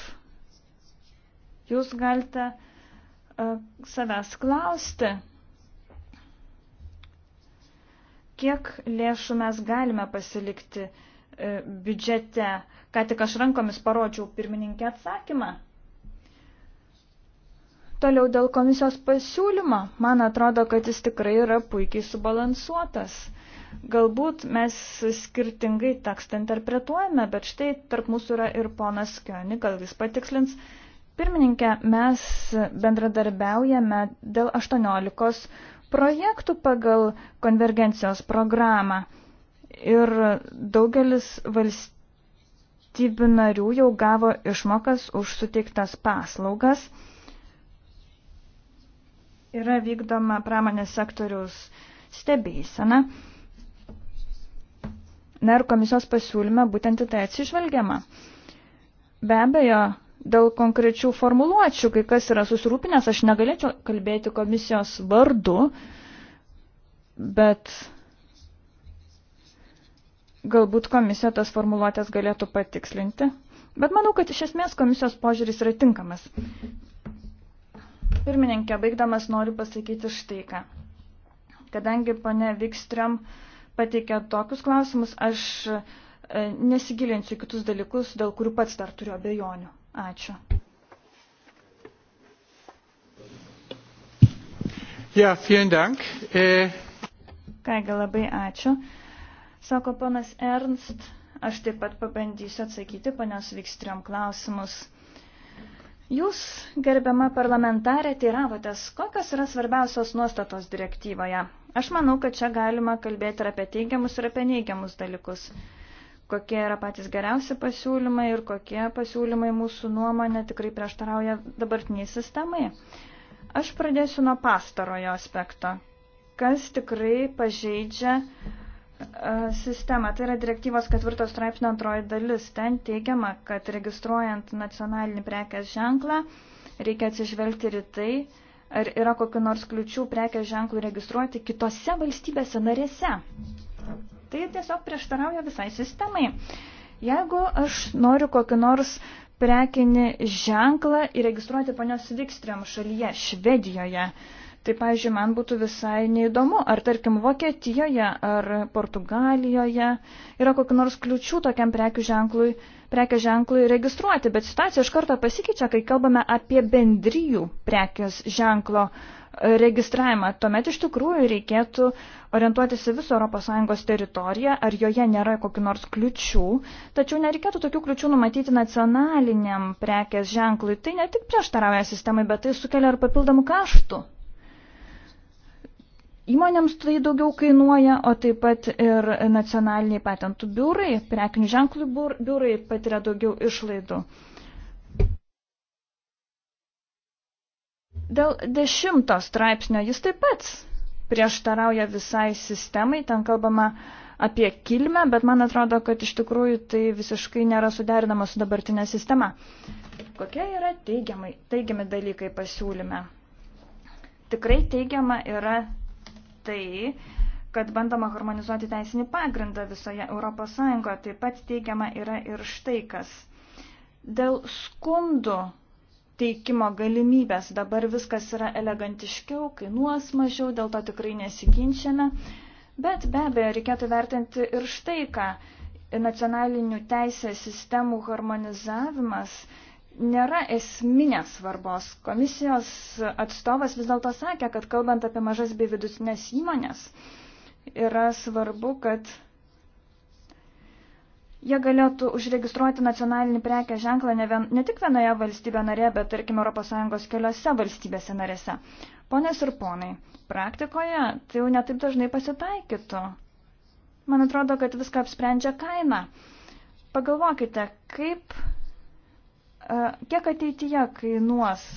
Jūs galite uh, savęs klausti, kiek lėšų mes galime pasilikti uh, biudžete. Ką tik aš rankomis parodžiau pirmininkė atsakymą. Toliau dėl komisijos pasiūlymo, man atrodo, kad jis tikrai yra puikiai subalansuotas. Galbūt mes skirtingai tekstą interpretuojame, bet štai tarp mūsų yra ir ponas Kioni, gal jis patikslins, Pirmininkė, mes bendradarbiaujame dėl 18 projektų pagal konvergencijos programą. Ir daugelis valstybių narių jau gavo išmokas už suteiktas paslaugas. Yra vykdoma pramonės sektoriaus stebėsena. Na ir komisijos pasiūlyme būtent į tai atsižvelgiama. Be abejo, dėl konkrečių formuluočių, kai kas yra susirūpinęs, aš negalėčiau kalbėti komisijos vardu, bet galbūt komisija tas formuluotės galėtų patikslinti. Bet manau, kad iš esmės komisijos požiūris yra tinkamas. Pirmininkė, baigdamas noriu pasakyti štai ką. Kadangi pane Vikström pateikė tokius klausimus, aš e, nesigilinsiu kitus dalykus, dėl kurių pats dar turiu abejonių. Ačiū. Ja, vielen Dank. E... Kągi labai ačiū. Sako panas Ernst, aš taip pat pabandysiu atsakyti panios Vikstriom klausimus. Jūs, gerbiama parlamentarė, teiravotės, kokios yra svarbiausios nuostatos direktyvoje. Aš manau, kad čia galima kalbėti ir apie teigiamus, ir apie neigiamus dalykus kokie yra patys geriausi pasiūlymai ir kokie pasiūlymai mūsų nuomonė tikrai prieštarauja dabartiniai sistemai. Aš pradėsiu nuo pastarojo aspekto, kas tikrai pažeidžia e, sistemą. Tai yra direktyvos ketvirtos straipsnio antroji dalis. Ten teigiama, kad registruojant nacionalinį prekės ženklą reikia atsižvelgti ir tai, ar yra kokiu nors kliučių prekės ženklų registruoti kitose valstybėse narėse. Tai tiesiog prieštarauja visai sistemai. Jeigu aš noriu kokį nors prekinį ženklą įregistruoti ponios Vikstriam šalyje, Švedijoje, tai, pavyzdžiui, man būtų visai neįdomu, ar tarkim Vokietijoje ar Portugalijoje yra kokiu nors kliučių tokiam prekių ženklui, prekio ženklui registruoti, bet situacija iš karto pasikeičia, kai kalbame apie bendryjų prekės ženklo uh, registravimą. Tuomet iš tikrųjų reikėtų orientuotis į visą ES teritoriją, ar joje nėra kokiu nors kliučių, tačiau nereikėtų tokių kliučių numatyti nacionaliniam prekės ženklui. Tai ne tik prieštarauja sistemai, bet tai sukelia ir papildomų kaštų. Įmonėms tai daugiau kainuoja, o taip pat ir nacionaliniai patentų biurai, prekinių ženklų biurai patiria daugiau išlaidų. Dėl dešimto straipsnio jis taip pat prieštarauja visai sistemai, ten kalbama apie kilmę, bet man atrodo, kad iš tikrųjų tai visiškai nėra suderinama su dabartinė sistema. Kokie yra teigiamai, teigiami dalykai pasiūlyme? Tikrai teigiama yra tai, kad bandoma harmonizuoti teisinį pagrindą visoje ES, taip pat teigiama yra ir štai kas. Dėl skundų teikimo galimybės. Dabar viskas yra elegantiškiau, kainuos mažiau, dėl to tikrai nesiginčiame. Bet be abejo, reikėtų vertinti ir štai ką. Nacionalinių teisės sistemų harmonizavimas nėra esminės svarbos. Komisijos atstovas vis dėlto sakė, kad kalbant apie mažas bei vidutinės įmonės, yra svarbu, kad jie galėtų užregistruoti nacionalinį prekę ženklą ne, vien, ne tik vienoje valstybė narėje, bet tarkim ES keliose valstybėse narėse. Ponės ir ponai, praktikoje tai jau netaip dažnai pasitaikytų. Man atrodo, kad viską apsprendžia kaina. Pagalvokite, kaip, e, kiek ateityje kainuos e,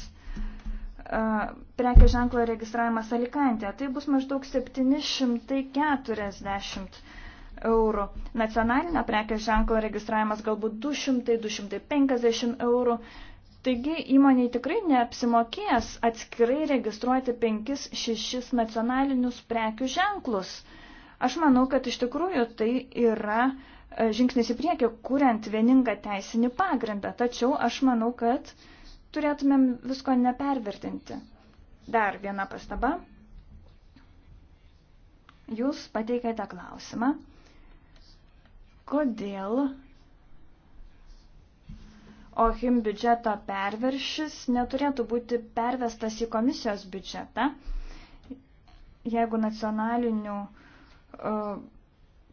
prekė ženklo registravimas Alikantė. Tai bus maždaug 740 eurų. Nacionalinio prekės ženklo registravimas galbūt 200-250 eurų. Taigi įmoniai tikrai neapsimokės atskirai registruoti 5-6 nacionalinius prekių ženklus. Aš manau, kad iš tikrųjų tai yra e, žingsnis į priekį, kuriant vieningą teisinį pagrindą. Tačiau aš manau, kad turėtumėm visko nepervertinti. Dar viena pastaba. Jūs pateikėte klausimą kodėl OHIM biudžeto perviršis neturėtų būti pervestas į komisijos biudžetą, jeigu nacionalinių uh,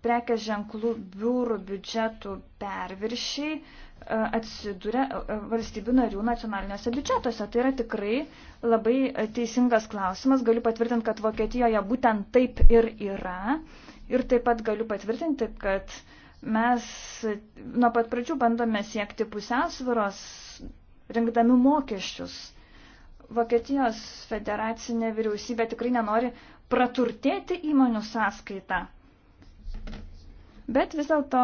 prekės ženklų biurų biudžetų perviršiai e, atsiduria e, valstybių narių nacionaliniuose biudžetuose. Tai yra tikrai labai teisingas klausimas. Galiu patvirtinti, kad Vokietijoje būtent taip ir yra. Ir taip pat galiu patvirtinti, kad uh, Mes nuo pat pradžių bandome siekti pusiausviros, rinkdami mokesčius. Vokietijos federacinė vyriausybė tikrai nenori praturtėti įmonių sąskaitą. Bet vis dėlto,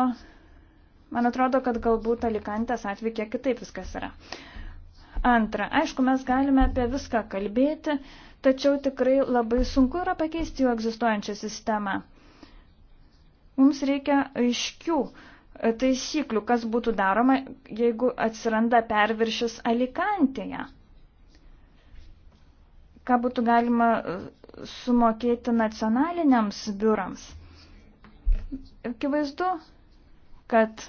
man atrodo, kad galbūt Alikantės atveju kiek kitaip viskas yra. Antra, aišku, mes galime apie viską kalbėti, tačiau tikrai labai sunku yra pakeisti jų egzistuojančią sistemą. Mums reikia aiškių e, taisyklių, kas būtų daroma, jeigu atsiranda perviršis Alikantėje. Ką būtų galima e, sumokėti nacionaliniams biurams. Akivaizdu, kad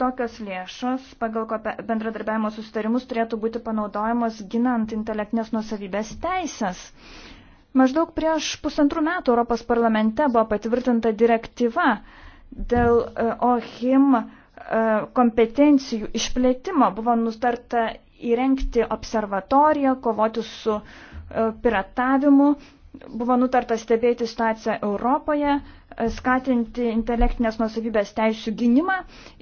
tokios lėšos pagal bendradarbiavimo sustarimus turėtų būti panaudojamos ginant intelektinės nusavybės teisės. Uh, Maždaug prieš pusantrų metų Europos parlamente buvo patvirtinta direktyva dėl e, OHIM e, kompetencijų išplėtimo. Buvo nustarta įrengti observatoriją, kovoti su e, piratavimu, buvo nutarta stebėti situaciją Europoje, skatinti intelektinės nusavybės teisų gynimą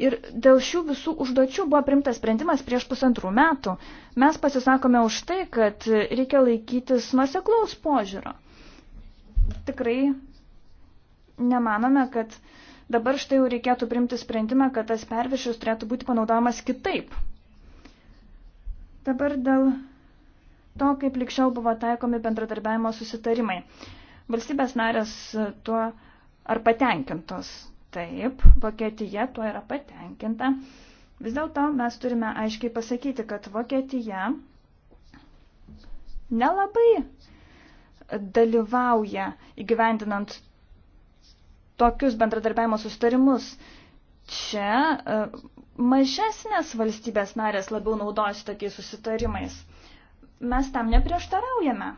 ir dėl šių visų užduočių buvo primtas sprendimas prieš pusantrų metų. Mes pasisakome už tai, kad reikia laikytis nuseklaus požiūro. Tikrai nemanome, kad dabar štai jau reikėtų primti sprendimą, kad tas perviršius turėtų būti panaudojamas kitaip. Dabar dėl to, kaip likščiau buvo taikomi bendradarbiavimo susitarimai. Valstybės narės tuo uh, Ar patenkintos? Taip, Vokietija tuo yra patenkinta. Vis dėlto mes turime aiškiai pasakyti, kad Vokietija nelabai dalyvauja įgyvendinant tokius bendradarbiavimo sustarimus. Čia e, mažesnės valstybės narės labiau naudojasi tokiais susitarimais. Mes tam neprieštaraujame.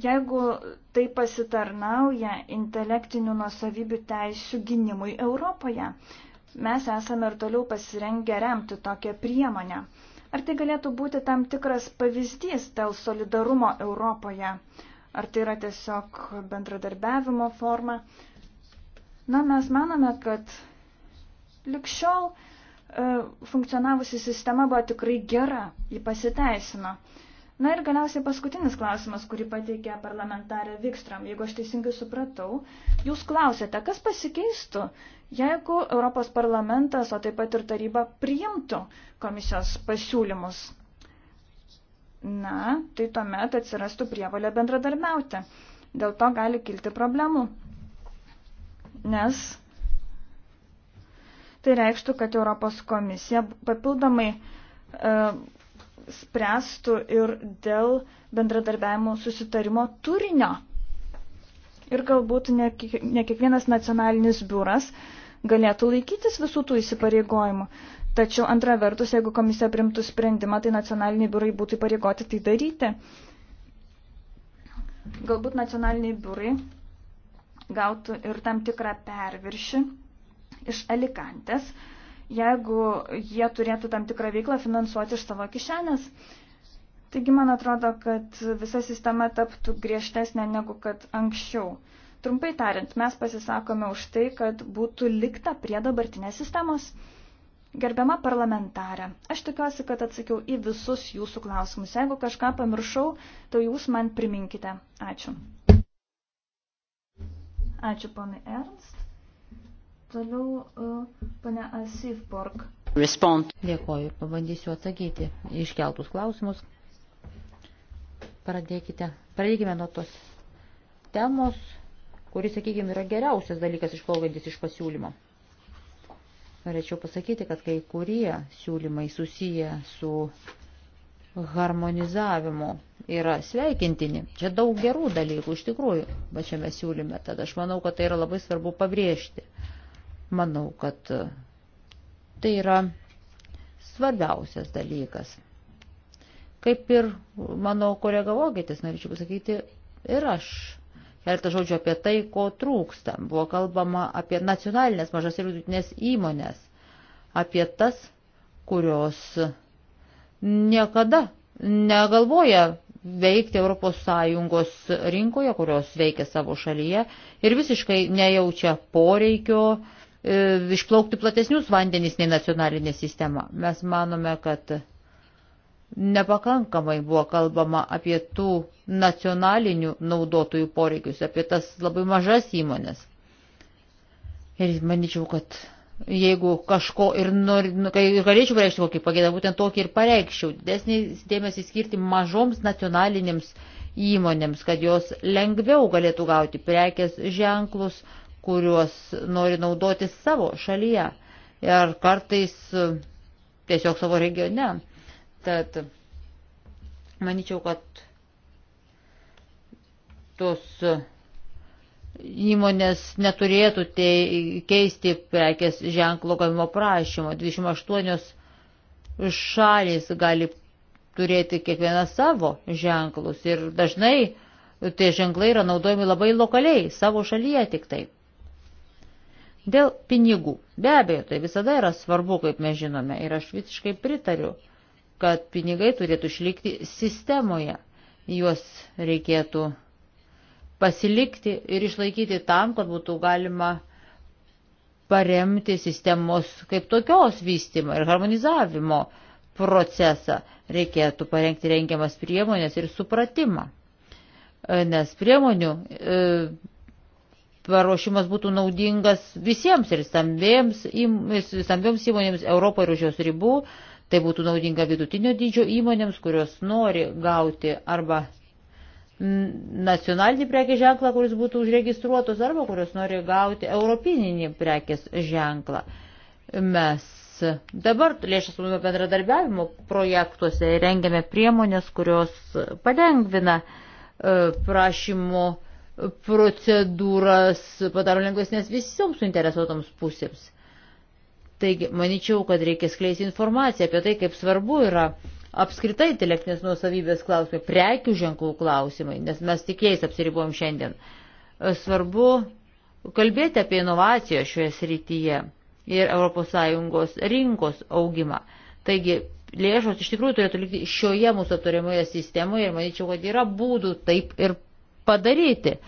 Jeigu tai pasitarnauja intelektinių nusavybių teisų gynimui Europoje, mes esame ir toliau pasirengę remti tokią priemonę. Ar tai galėtų būti tam tikras pavyzdys dėl solidarumo Europoje? Ar tai yra tiesiog bendradarbiavimo forma? Na, mes manome, kad likščiol e, funkcionavusi sistema buvo tikrai gera, ji pasiteisino. E, Na ir galiausiai paskutinis klausimas, kurį pateikė parlamentarė Vikstram. Jeigu aš teisingai supratau, jūs klausėte, kas pasikeistų, jeigu Europos parlamentas, o taip pat ir taryba priimtų komisijos pasiūlymus. Na, tai tuomet atsirastų prievalė bendradarbiauti. Dėl to gali kilti problemų. Nes tai reikštų, kad Europos komisija papildomai e, spręstų ir dėl bendradarbiavimo susitarimo turinio. Ir galbūt ne, ne kiekvienas nacionalinis biuras galėtų laikytis visų tų įsipareigojimų. Tačiau antra vertus, jeigu komisija primtų sprendimą, tai nacionaliniai biurai būtų įpareigoti tai daryti. Galbūt nacionaliniai biurai gautų ir tam tikrą perviršį iš Alikantės, jeigu jie turėtų tam tikrą veiklą finansuoti iš savo kišenės. Taigi man atrodo, kad visa sistema taptų griežtesnė negu kad anksčiau. Trumpai tariant, mes pasisakome už tai, kad būtų likta prie dabartinės sistemos. Gerbiama parlamentarė, aš tikiuosi, kad atsakiau į visus jūsų klausimus. Jeigu kažką pamiršau, tai jūs man priminkite. Ačiū. Ačiū, ponai Ernst. Toliau uh, e, pane Asifborg. Respond. Dėkoju, pabandysiu atsakyti iškeltus klausimus. Pradėkite. Pradėkime nuo tos temos, kuris, sakykime, yra geriausias dalykas išplaukantis iš pasiūlymo. Norėčiau pasakyti, kad kai kurie siūlymai susiję su harmonizavimu yra sveikintini. Čia daug gerų dalykų iš tikrųjų pačiame siūlyme. Tad aš manau, kad tai yra labai svarbu pabrėžti. Uh, Manau, kad tai yra svarbiausias dalykas. Kaip ir mano kolega Vokietis, norėčiau pasakyti, ir aš keletą žodžių apie tai, ko trūksta. Buvo kalbama apie nacionalinės mažas ir vidutinės įmonės, apie tas, kurios niekada negalvoja veikti ES rinkoje, kurios veikia savo šalyje ir visiškai nejaučia poreikio uh, E, išplaukti platesnius vandenys nei nacionalinė sistema. Mes manome, kad nepakankamai buvo kalbama apie tų nacionalinių naudotojų poreikius, apie tas labai mažas įmonės. Ir manyčiau, kad jeigu kažko ir nori, nu, kai galėčiau pareikšti kokį pagėdą, būtent tokį ir pareikščiau, desnį dėmesį skirti mažoms nacionalinėms įmonėms, kad jos lengviau galėtų gauti prekės ženklus, kuriuos nori naudoti savo šalyje ir kartais e, tiesiog savo regione. Tad manyčiau, kad tos e, įmonės neturėtų keisti prekės ženklo gavimo prašymo. 28 šalis gali turėti kiekvieną savo ženklus ir dažnai tie ženklai yra naudojami labai lokaliai, savo šalyje tik taip. Dėl pinigų. Be abejo, tai visada yra svarbu, kaip mes žinome, ir aš visiškai pritariu, kad pinigai turėtų išlikti sistemoje. Juos reikėtų pasilikti ir išlaikyti tam, kad būtų galima paremti sistemos kaip tokios vystymą ir harmonizavimo procesą. Reikėtų parengti rengiamas priemonės ir supratimą. Nes priemonių e, paruošimas būtų naudingas visiems ir stambiems, stambiems įmonėms Europoje ir už jos ribų. Tai būtų naudinga vidutinio dydžio įmonėms, kurios nori gauti arba nacionalinį prekės ženklą, kuris būtų užregistruotos, arba kurios nori gauti europinį prekės ženklą. Mes dabar lėšas mūsų bendradarbiavimo projektuose rengiame priemonės, kurios padengvina e, prašymų procedūras padaro lengvesnės visoms suinteresuotoms pusėms. Taigi, manyčiau, kad reikia skleisti informaciją apie tai, kaip svarbu yra apskritai intelektinės nuosavybės klausimai, prekių ženklų klausimai, nes mes tik jais apsiribuom šiandien. Svarbu kalbėti apie inovaciją šioje srityje ir ES rinkos augimą. Taigi, lėšos iš tikrųjų turėtų likti šioje mūsų aptariamoje sistemoje ir manyčiau, kad yra būdų taip ir padaryti.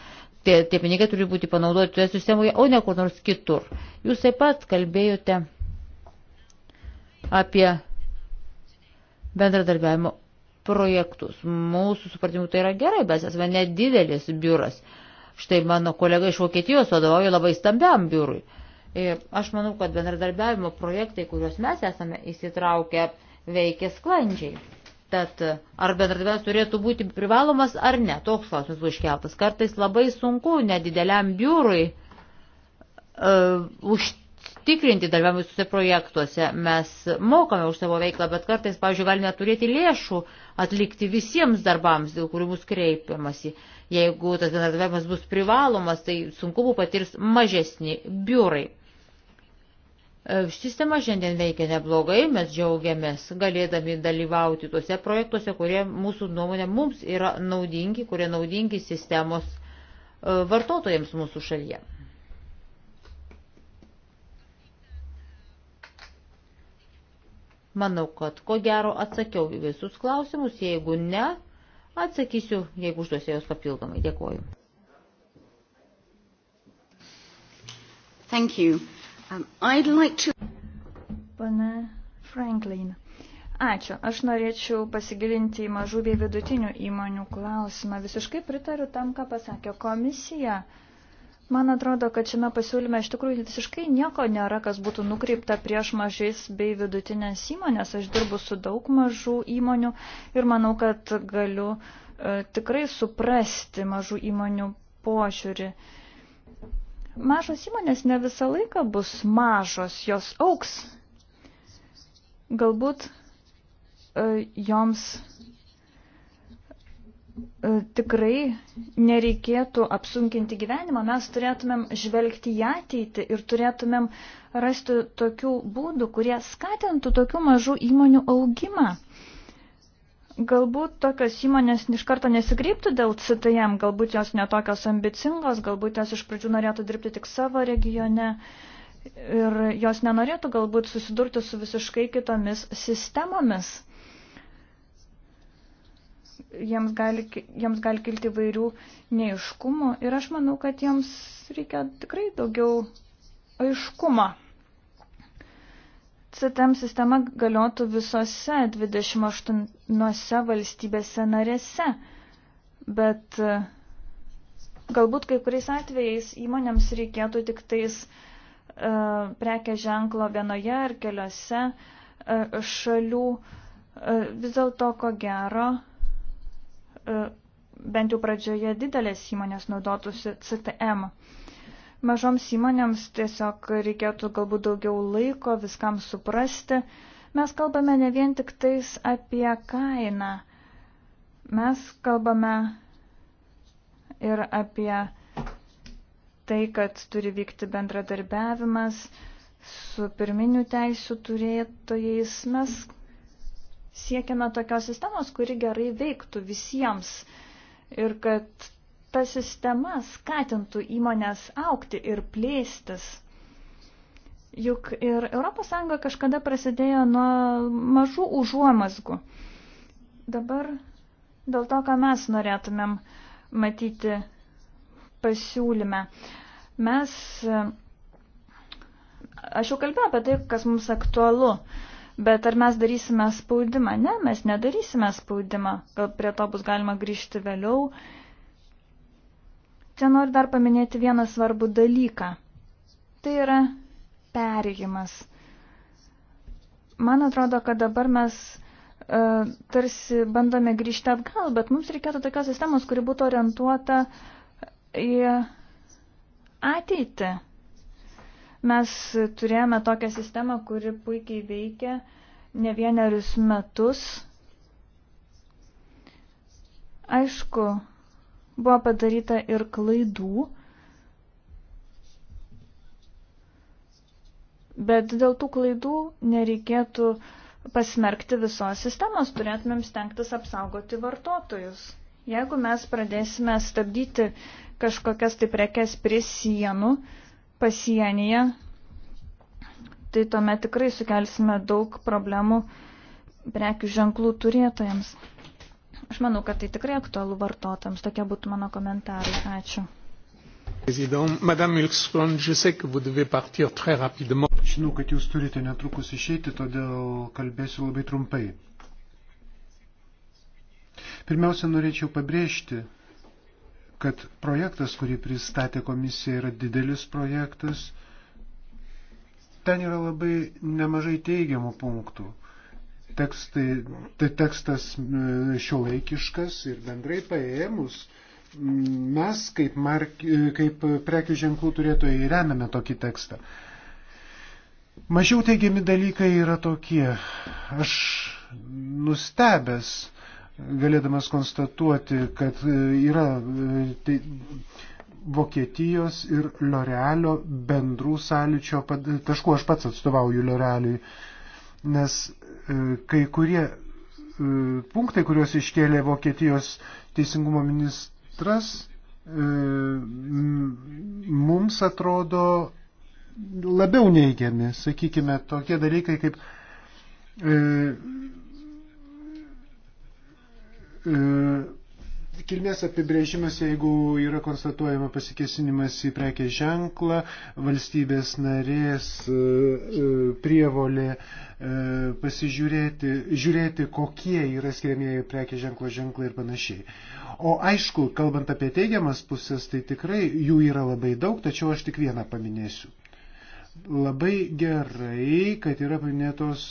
Tie, tie pinigai turi būti panaudoti toje sistemoje, o ne kur nors kitur. Jūs taip pat kalbėjote apie bendradarbiavimo projektus. Mūsų supratimu tai yra gerai, bet esame nedidelis biuras. Štai mano kolega iš Vokietijos vadovauja labai stambiam biurui. Ir aš manau, kad bendradarbiavimo projektai, kuriuos mes esame įsitraukę, veikia sklandžiai. Tad ar bendradarbiavimas turėtų būti privalomas ar ne, toks klausimas buvo iškeltas. Kartais labai sunku nedideliam biurui uh, užtikrinti dalyvavimą visuose projektuose. Mes mokame už savo veiklą, bet kartais, pavyzdžiui, galime turėti lėšų atlikti visiems darbams, dėl kurių bus kreipiamasi. Jeigu tas bendradarbiavimas bus privalomas, tai sunkumų patirs mažesni biurai. E, sistema šiandien veikia neblogai, mes džiaugiamės galėdami dalyvauti tuose projektuose, kurie mūsų nuomonė mums yra naudingi, kurie naudingi sistemos e, vartotojams mūsų šalyje. Manau, kad ko gero atsakiau visus klausimus, jeigu ne, atsakysiu, jeigu užduosiu jos papildomai. Dėkuoju. Thank you. Um, I'd like to... Pane Franklin. Ačiū. Aš norėčiau pasigilinti į mažų bei vidutinių įmonių klausimą. Visiškai pritariu tam, ką pasakė komisija. Man atrodo, kad šiame pasiūlyme iš tikrųjų visiškai nieko nėra, kas būtų nukreipta prieš mažais bei vidutinės įmonės. Aš dirbu su daug mažų įmonių ir manau, kad galiu e, tikrai suprasti mažų įmonių požiūrį. E, Mažos įmonės ne visą laiką bus mažos, jos auks. Galbūt e, joms e, tikrai nereikėtų apsunkinti gyvenimą, mes turėtumėm žvelgti į ateitį ir turėtumėm rasti tokių būdų, kurie skatintų tokių mažų įmonių augimą. Galbūt tokios įmonės iš karto nesigreiptų dėl CTM, galbūt jos netokios ambicingos, galbūt jos iš pradžių norėtų dirbti tik savo regione ir jos nenorėtų galbūt susidurti su visiškai kitomis sistemomis. Jiems gali, jiems gali kilti vairių neiškumų ir aš manau, kad jiems reikia tikrai daugiau aiškumo. CTM sistema galiotų visose 28 valstybėse narėse, bet e, galbūt kai kuriais atvejais įmonėms reikėtų tik tais uh, e, prekė ženklo vienoje ar keliose uh, šalių. Uh, vis dėlto, ko gero, bent jau pradžioje didelės įmonės naudotųsi CTM. Uh, Mažoms įmonėms tiesiog reikėtų galbūt daugiau laiko viskam suprasti. Mes kalbame ne vien tik tais apie kainą. Mes kalbame ir apie tai, kad turi vykti bendradarbiavimas su pirminių teisų turėtojais. Mes siekiame tokios sistemos, kuri gerai veiktų visiems ir kad ta sistema skatintų įmonės aukti ir plėstis. Juk ir ES kažkada prasidėjo nuo mažų užuomasgų. Dabar dėl to, ką mes norėtumėm matyti pasiūlyme. Mes, aš jau kalbėjau apie tai, kas mums aktualu, bet ar mes darysime spaudimą? Ne, mes nedarysime spaudimą. Gal prie to bus galima grįžti vėliau Čia noriu dar paminėti vieną svarbų dalyką. Tai yra perėjimas. Man atrodo, kad dabar mes uh, tarsi bandome grįžti atgal, bet mums reikėtų tokios sistemos, kuri būtų orientuota į ateitį. Mes turėjome tokią sistemą, kuri puikiai veikia ne vienerius metus. Aišku, Buvo padaryta ir klaidų, bet dėl tų klaidų nereikėtų pasmerkti visos sistemos, turėtumėm stengtis apsaugoti vartotojus. Jeigu mes pradėsime stabdyti kažkokias tai prekes prie sienų, pasienyje, tai tuomet tikrai sukelsime daug problemų prekių ženklų turėtojams. Aš manau, kad tai tikrai aktualu vartotams. Tokie būtų mano komentarai. Ačiū. Žinau, kad jūs turite netrukus išeiti, todėl kalbėsiu labai trumpai. Pirmiausia, norėčiau pabrėžti, kad projektas, kurį pristatė komisija, yra didelis projektas. Ten yra labai nemažai teigiamų punktų tekstai, tai tekstas e, šio laikiškas ir bendrai paėmus. Mes kaip, mark, e, kaip prekių ženklų turėtojai remiame tokį tekstą. Mažiau teigiami dalykai yra tokie. Aš nustebęs, galėdamas konstatuoti, kad e, yra tai, Vokietijos ir Lorealio bendrų sąlyčio taškų. Aš pats atstovauju Lorealiui, nes E, kai kurie e, punktai, kuriuos iškėlė Vokietijos teisingumo ministras, e, mums atrodo labiau neigiami, sakykime, tokie dalykai kaip e, e, Kilmės apibrėžimas, jeigu yra konstatuojama pasikesinimas į prekės ženklą, valstybės narės e, e, prievolė e, pasižiūrėti, žiūrėti, kokie yra skiriamieji prekės ženklo ženklai ir panašiai. O aišku, kalbant apie teigiamas pusės, tai tikrai jų yra labai daug, tačiau aš tik vieną paminėsiu. Labai gerai, kad yra paminėtos,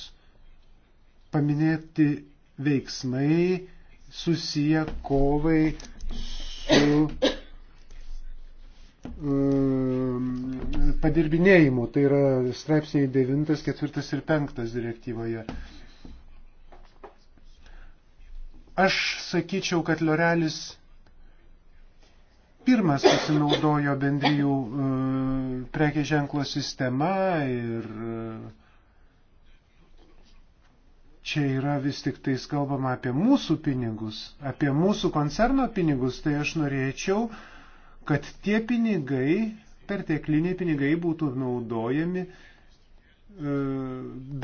paminėti veiksmai, susiję kovai su um, padirbinėjimu. Tai yra straipsniai 9, 4 ir 5 direktyvoje. Aš sakyčiau, kad Lorelis pirmas pasinaudojo bendrijų uh, prekė ženklo sistema ir uh, čia yra vis tik tais kalbama apie mūsų pinigus, apie mūsų koncerno pinigus, tai aš norėčiau, kad tie pinigai, pertekliniai pinigai būtų naudojami e,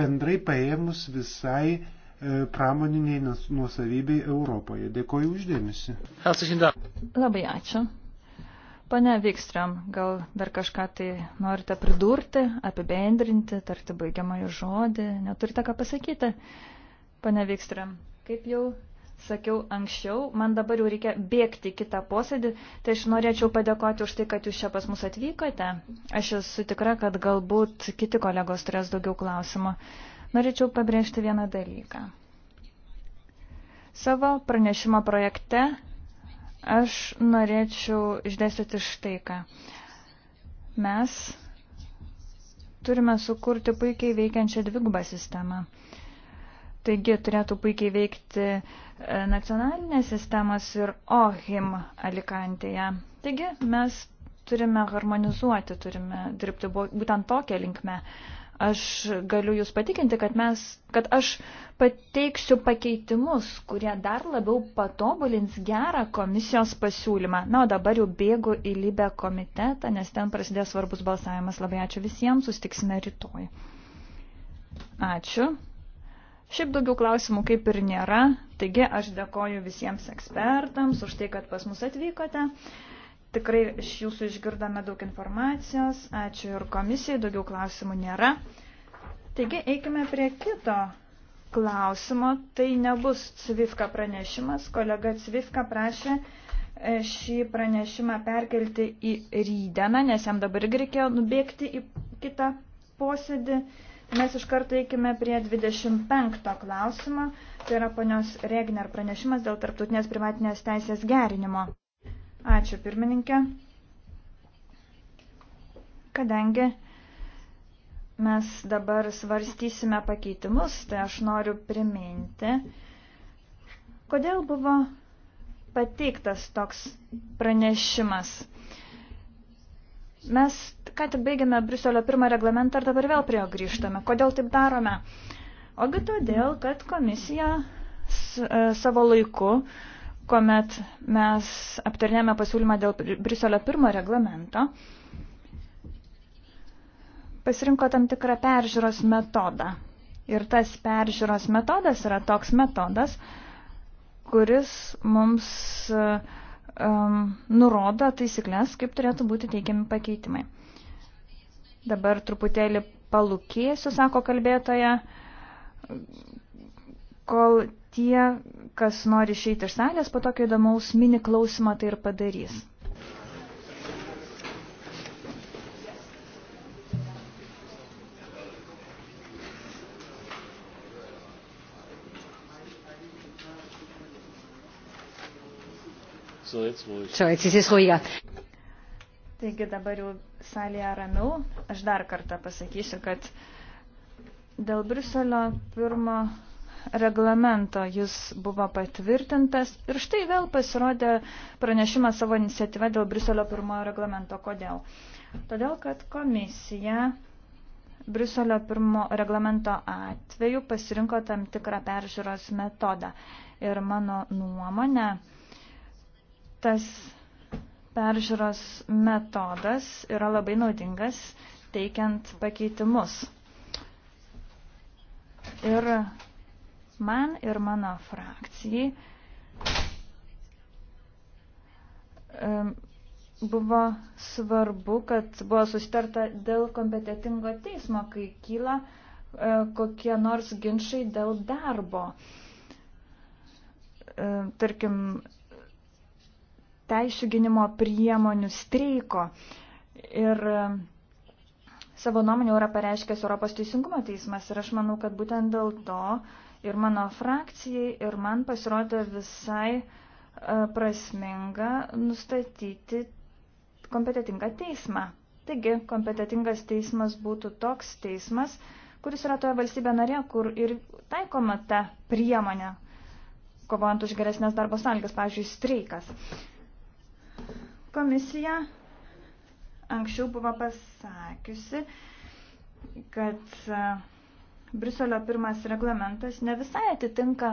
bendrai paėmus visai e, pramoniniai nuosavybei Europoje. Dėkoju uždėmesi. Labai ačiū. Pane Vikstram, gal dar kažką tai norite pridurti, apibendrinti, tarti baigiamąjį žodį, neturite ką pasakyti? Pane Vikstram, kaip jau sakiau anksčiau, man dabar jau reikia bėgti kitą posėdį, tai aš norėčiau padėkoti už tai, kad jūs čia pas mus atvykote. Aš esu tikra, kad galbūt kiti kolegos turės daugiau klausimų. Norėčiau pabrėžti vieną dalyką. Savo pranešimo projekte Aš norėčiau išdėstyti štai ką. Mes turime sukurti puikiai veikiančią dvigubą sistemą. Taigi turėtų puikiai veikti e, nacionalinės sistemos ir OHIM Alikantėje. Taigi mes turime harmonizuoti, turime dirbti būtent tokią linkmę. Aš galiu Jūs patikinti, kad, mes, kad aš pateiksiu pakeitimus, kurie dar labiau patobulins gerą komisijos pasiūlymą. Na, o dabar jau bėgu į Libę komitetą, nes ten prasidės svarbus balsavimas. Labai ačiū visiems, sustiksime rytoj. Ačiū. Šiaip daugiau klausimų kaip ir nėra, taigi aš dėkoju visiems ekspertams už tai, kad pas mus atvykote. Tikrai iš jūsų išgirdome daug informacijos. Ačiū ir komisijai, daugiau klausimų nėra. Taigi eikime prie kito klausimo. Tai nebus Cvifka pranešimas. Kolega Cvifka prašė e, šį pranešimą perkelti į rydeną, nes jam dabar irgi reikėjo nubėgti į kitą posėdį. Mes iš karto eikime prie 25 klausimo, tai yra ponios Regner pranešimas dėl tarptautinės privatinės teisės gerinimo. Ačiū pirmininkė. Kadangi mes dabar svarstysime pakeitimus, tai aš noriu priminti, kodėl buvo pateiktas toks pranešimas. Mes ką tik baigėme Briuselio pirmą reglamentą ir dabar vėl prie jo grįžtame. Kodėl taip darome? Ogi todėl, kad komisija e, savo laiku uh, kuomet mes aptarnėme pasiūlymą dėl Briselio pirmo reglamento, pasirinko tam tikrą peržiūros metodą. Ir tas peržiūros metodas yra toks metodas, kuris mums um, nurodo taisyklės, kaip turėtų būti teikiami pakeitimai. Dabar truputėlį palūkėsiu, sako kalbėtoja, kol tie, kas nori išeiti iš salės, po tokio įdomaus mini klausimą tai ir padarys. So, jetzt ruhig. So, jetzt ist es ruhiger. Taigi dabar jau salėje ramiau. Aš dar kartą pasakysiu, kad dėl Bruselio pirmo reglamento. Jis buvo patvirtintas ir štai vėl pasirodė pranešimas savo iniciatyvą dėl Briuselio pirmojo reglamento. Kodėl? Todėl, kad komisija Briuselio pirmo reglamento atveju pasirinko tam tikrą peržiūros metodą. Ir mano nuomonė, tas peržiūros metodas yra labai naudingas teikiant pakeitimus. Ir Man ir mano frakcijai buvo svarbu, kad buvo sustarta dėl kompetitingo teismo, kai kyla e, kokie nors ginčiai dėl darbo. E, tarkim, teisų gynimo priemonių streiko. Ir e, savo nuomonę yra pareiškęs Europos teisingumo teismas. Ir aš manau, kad būtent dėl to ir mano frakcijai, ir man pasirodė visai e, prasminga nustatyti kompetitingą teismą. Taigi, kompetitingas teismas būtų toks teismas, kuris yra toje valstybė narė, kur ir taikoma ta priemonė, kovojant už geresnės darbo sąlygas, pavyzdžiui, streikas. Komisija anksčiau buvo pasakiusi, kad uh, Briuselio pirmas reglamentas ne visai atitinka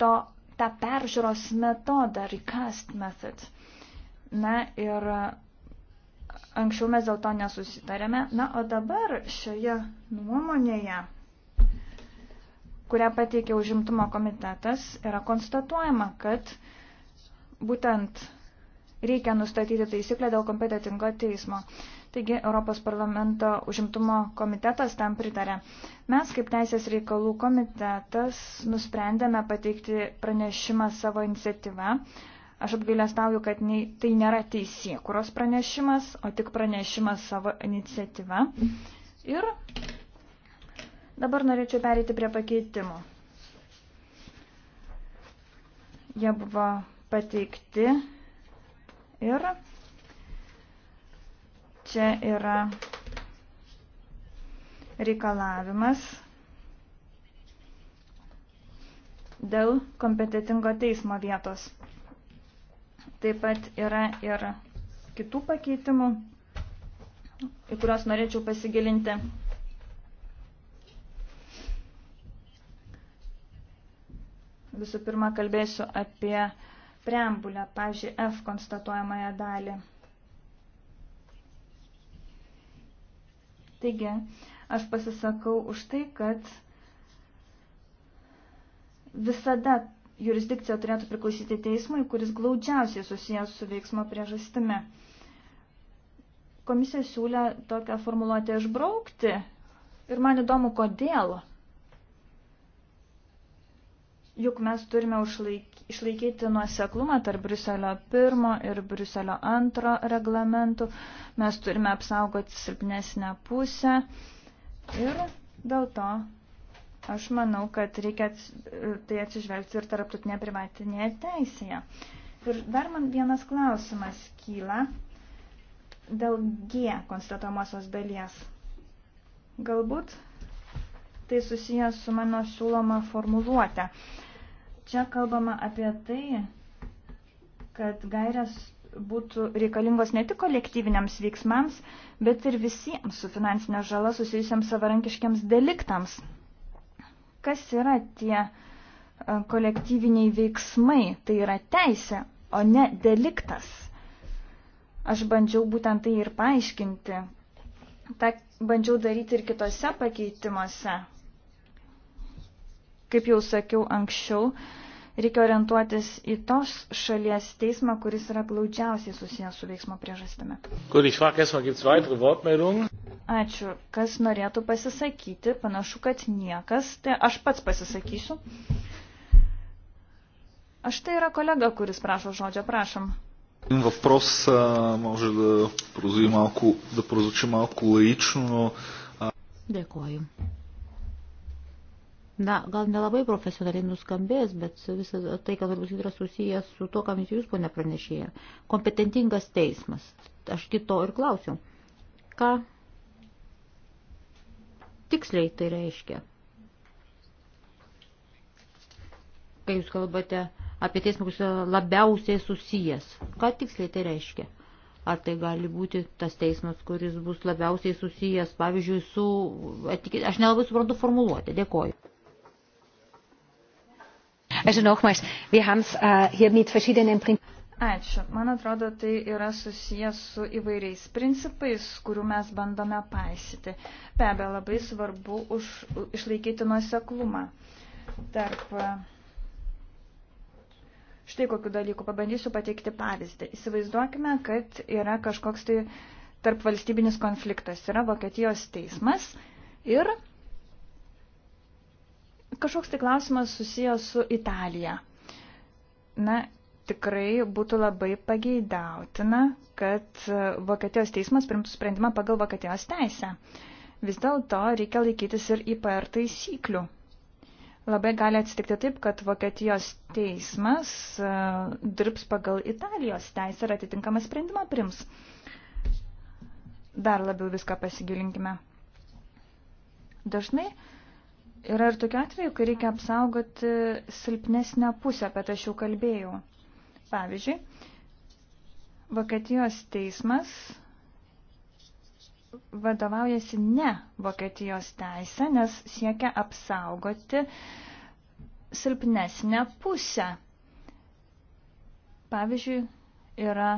to, tą peržiūros metodą, recast method. Na ir anksčiau mes dėl to nesusitarėme. Na, o dabar šioje nuomonėje, kurią pateikė užimtumo komitetas, yra konstatuojama, kad būtent reikia nustatyti taisyklę dėl kompetitingo teismo. Uh, Taigi Europos parlamento užimtumo komitetas tam pritarė. Mes kaip Teisės reikalų komitetas nusprendėme pateikti pranešimą savo iniciatyvą. Aš apgailestauju, kad tai nėra teisėkuros pranešimas, o tik pranešimas savo iniciatyva. Ir dabar norėčiau pereiti prie pakeitimų. Jie buvo pateikti ir Čia yra reikalavimas dėl kompetitingo teismo vietos. Taip pat yra ir kitų pakeitimų, į kuriuos norėčiau pasigilinti. Visų pirma, kalbėsiu apie preambulę, pavyzdžiui, F konstatuojamąją dalį. Taigi, aš pasisakau už tai, kad visada jurisdikcija turėtų priklausyti teismui, kuris glaudžiausiai susijęs su veiksmo priežastimi. Komisija siūlė tokią formuluotę išbraukti ir man įdomu, kodėl. Juk mes turime užlaik, išlaikyti nuoseklumą tarp Bruselio pirmo ir Bruselio antro reglamentų. Mes turime apsaugoti silpnesnę pusę. Ir dėl to aš manau, kad reikia tai atsižvelgti ir tarptautinė privatinėje teisėje. Ir dar man vienas klausimas kyla dėl G konstatomosios dalies. Galbūt tai susijęs su mano siūloma formuluote. Uh, Čia kalbama apie tai, kad gairias būtų reikalingos ne tik kolektyviniams veiksmams, bet ir visiems su finansinė žala susijusiams savarankiškiams deliktams. Kas yra tie e, kolektyviniai veiksmai? Tai yra teisė, o ne deliktas. Aš bandžiau būtent tai ir paaiškinti. Ta bandžiau daryti ir kitose pakeitimuose. Kaip jau sakiau anksčiau, reikia orientuotis į tos šalies teismą, kuris yra glaudžiausiai susijęs su veiksmo priežastimi. Ačiū. Kas norėtų pasisakyti? Panašu, kad niekas. Tai aš pats pasisakysiu. Aš tai yra kolega, kuris prašo žodžio, prašom. Един въпрос а, може да прозвучи малко, да прозвучи малко лаично, но... А... Дякую. Na, gal nelabai profesionaliai nuskambės, bet visą tai, kas bus yra susijęs su to, kam jūs ponė pranešėja. Kompetentingas teismas. Aš kito ir klausiu. Ką tiksliai tai reiškia? Kai jūs kalbate apie teismą, kuris labiausiai susijęs. Ką tiksliai tai reiškia? Ar tai gali būti tas teismas, kuris bus labiausiai susijęs, pavyzdžiui, su... Aš nelabai suprantu formuluoti. Dėkoju. Also nochmals, wir haben es äh, hier mit verschiedenen Prinzipien. Ačiū. Man atrodo, tai yra susijęs su įvairiais principais, kurių mes bandome paisyti. Be abejo, labai svarbu už, išlaikyti nuoseklumą tarp e, štai kokiu dalyku. Pabandysiu pateikti pavyzdį. Įsivaizduokime, kad yra kažkoks tai tarp valstybinis konfliktas. Yra Vokietijos teismas ir Kažkoks tai klausimas susijęs su Italija. Na, tikrai būtų labai pageidautina, kad e, Vokietijos teismas primtų sprendimą pagal Vokietijos teisę. Vis dėlto reikia laikytis ir IPR taisyklių. Labai gali atsitikti taip, kad Vokietijos teismas uh, dirbs pagal Italijos teisę ir atitinkamą sprendimą prims. Dar labiau viską pasigilinkime. Dažnai uh, Yra ir tokiu atveju, kai reikia apsaugoti silpnesnę pusę, apie tai aš jau kalbėjau. Pavyzdžiui, Vokietijos teismas vadovaujasi ne Vokietijos teisė, nes siekia apsaugoti silpnesnę pusę. Pavyzdžiui, yra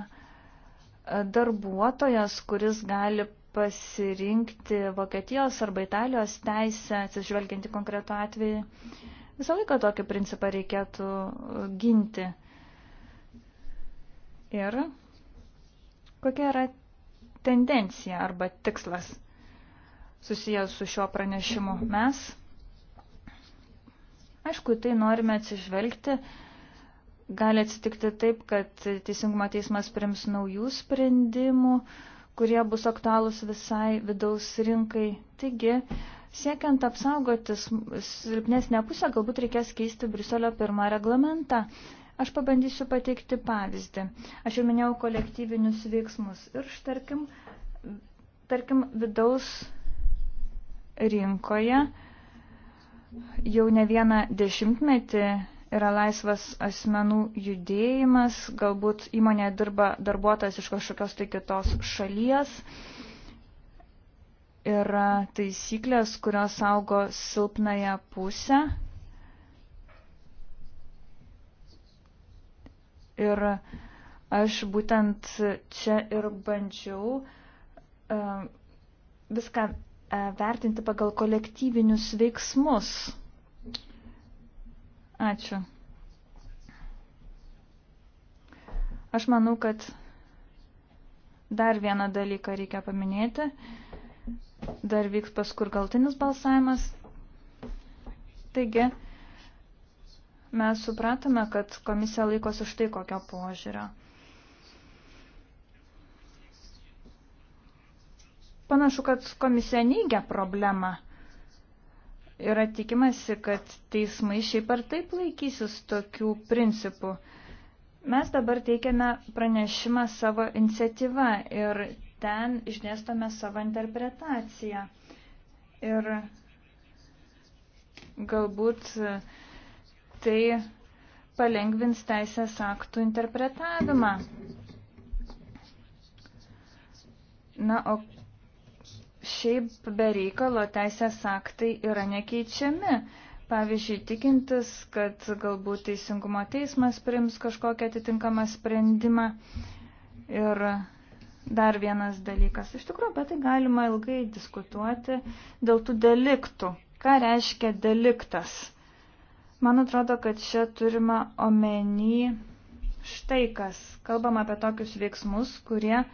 darbuotojas, kuris gali pasirinkti Vokietijos arba Italijos teisę, atsižvelgiant į konkretų atvejį. Visą laiką tokį principą reikėtų ginti. Ir kokia yra tendencija arba tikslas susijęs su šiuo pranešimu? Mes, aišku, tai norime atsižvelgti, gali atsitikti taip, kad Teisingumo teismas prims naujų sprendimų, uh, kurie bus aktualūs visai vidaus rinkai. Taigi, siekiant apsaugoti silpnesnę pusę, galbūt reikės keisti Briuselio pirmą reglamentą. Aš pabandysiu pateikti pavyzdį. Aš jau minėjau kolektyvinius veiksmus ir tarkim, tarkim vidaus rinkoje jau ne vieną dešimtmetį yra laisvas asmenų judėjimas, galbūt įmonėje dirba darbuotojas iš kažkokios tai kitos šalies. Yra taisyklės, kurios saugo silpnąją pusę. Ir aš būtent čia ir bandžiau e, viską e, vertinti pagal kolektyvinius veiksmus. Ačiū. Aš manau, kad dar vieną dalyką reikia paminėti. Dar vyks paskur galtinis balsavimas. Taigi, mes supratome, kad komisija laikosi štai kokio požiūrio. Panašu, kad komisija neigia problemą yra tikimasi, kad teismai šiaip ar taip laikysis tokių principų. Mes dabar teikiame pranešimą savo iniciatyvą ir ten išdėstome savo interpretaciją. Ir galbūt tai palengvins teisės aktų interpretavimą. Na, o šiaip be reikalo teisės aktai yra nekeičiami. Pavyzdžiui, tikintis, kad galbūt teisingumo teismas priims kažkokią atitinkamą sprendimą. Ir dar vienas dalykas. Iš tikrųjų, bet tai galima ilgai diskutuoti dėl tų deliktų. Ką reiškia deliktas? Man atrodo, kad čia turima omeny štai kas. Kalbam apie tokius veiksmus, kurie uh,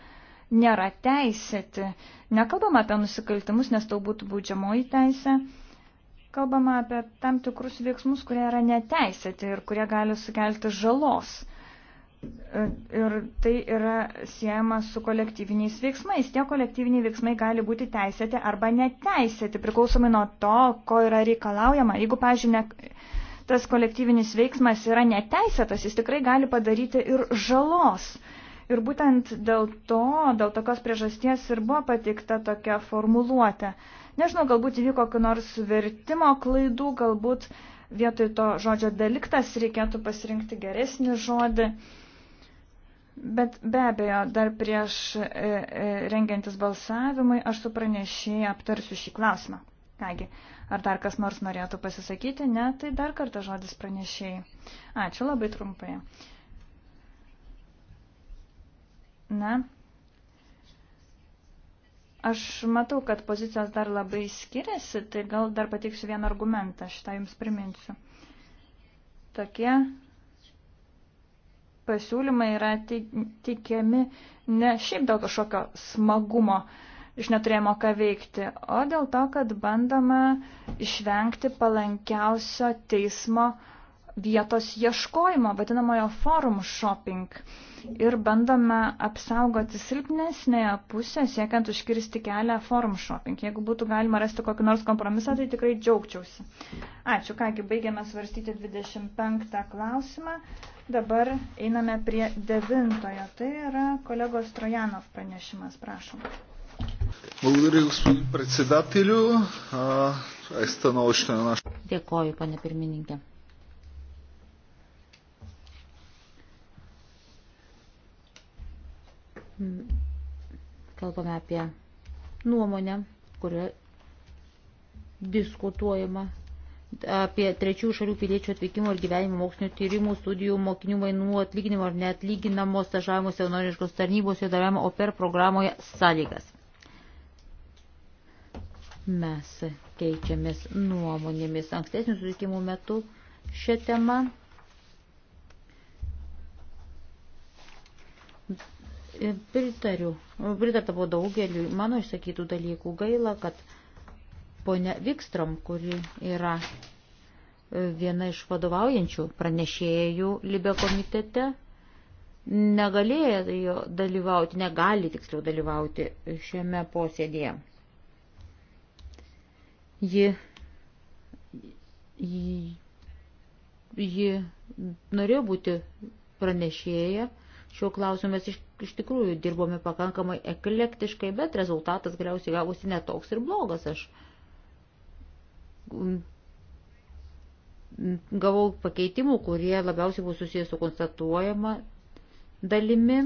nėra teisėti. Nekalbama apie nusikaltimus, nes tau būtų būdžiamoji teisė. Kalbama apie tam tikrus veiksmus, kurie yra neteisėti ir kurie gali sukelti žalos. Ir tai yra siejama su kolektyviniais veiksmais. Tie kolektyviniai veiksmai gali būti teisėti arba neteisėti, priklausomai nuo to, ko yra reikalaujama. Jeigu, pažiūrėjau, tas kolektyvinis veiksmas yra neteisėtas, jis tikrai gali padaryti ir žalos. Ir būtent dėl to, dėl tokios priežasties ir buvo patikta tokia formuluotė. Nežinau, galbūt įvyko kokiu nors vertimo klaidų, galbūt vietoj to žodžio deliktas reikėtų pasirinkti geresnį žodį. Bet be abejo, dar prieš e, e, rengiantis balsavimui aš su pranešėjai aptarsiu šį klausimą. Kągi, ar dar kas nors norėtų pasisakyti? Ne, tai dar kartą žodis pranešėjai. Ačiū labai trumpai. Na, aš matau, kad pozicijos dar labai skiriasi, tai gal dar pateiksiu vieną argumentą, šitą jums priminsiu. Tokie pasiūlymai yra teikiami ne šiaip dėl kažkokio smagumo iš neturėjimo ką veikti, o dėl to, kad bandoma išvengti palankiausio teismo uh, vietos ieškojimo, vadinamojo forum shopping. Ir bandome apsaugoti silpnesnėje pusėje, siekiant užkirsti kelią forum shopping. Jeigu būtų galima rasti kokį nors kompromisą, tai tikrai džiaugčiausi. Ačiū, kągi, baigiame svarstyti 25 klausimą. Dabar einame prie devintojo. Tai yra kolegos Trojanov pranešimas, prašom. Благодаря, господин председателю. Е становище на нашата. Дякую, пане пирмininkė. Kalbame apie nuomonę, kurioje diskutuojama apie trečių šalių piliečių atvykimo ir gyvenimo mokslinio tyrimų, studijų, mokinių mainų atlyginimo ar neatlyginamo stažavimo savanoriškos tarnybos įdavimo OPER programoje sąlygas. Mes keičiamės nuomonėmis ankstesnių susitikimų metu šią temą. Pritariu. Pritarta buvo daugeliu mano išsakytų dalykų. Gaila, kad ponia Vikstrom, kuri yra e, viena iš vadovaujančių pranešėjų Libė komitete, negalėjo dalyvauti, negali tiksliau dalyvauti šiame posėdėje. Ji, ji, ji norėjo būti pranešėja Šiuo klausimu mes iš, iš tikrųjų dirbome pakankamai eklektiškai, bet rezultatas galiausiai gavosi netoks ir blogas. Aš gavau pakeitimų, kurie labiausiai buvo susijęs su konstatuojama dalimi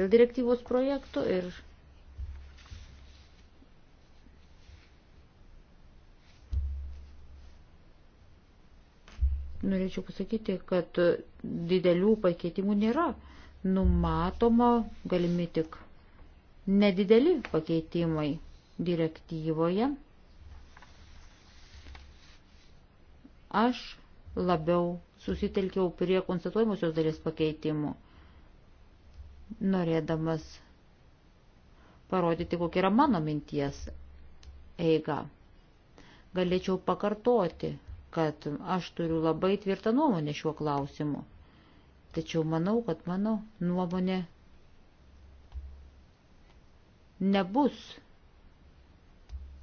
dėl direktyvos projektų ir norėčiau pasakyti, kad didelių pakeitimų nėra numatoma galimi tik nedideli pakeitimai direktyvoje. Aš labiau susitelkiau prie konstatuojamosios dalies pakeitimų, norėdamas parodyti, kokia yra mano minties eiga. Galėčiau pakartoti, kad aš turiu labai tvirtą nuomonę šiuo klausimu. Tačiau manau, kad mano nuomonė nebus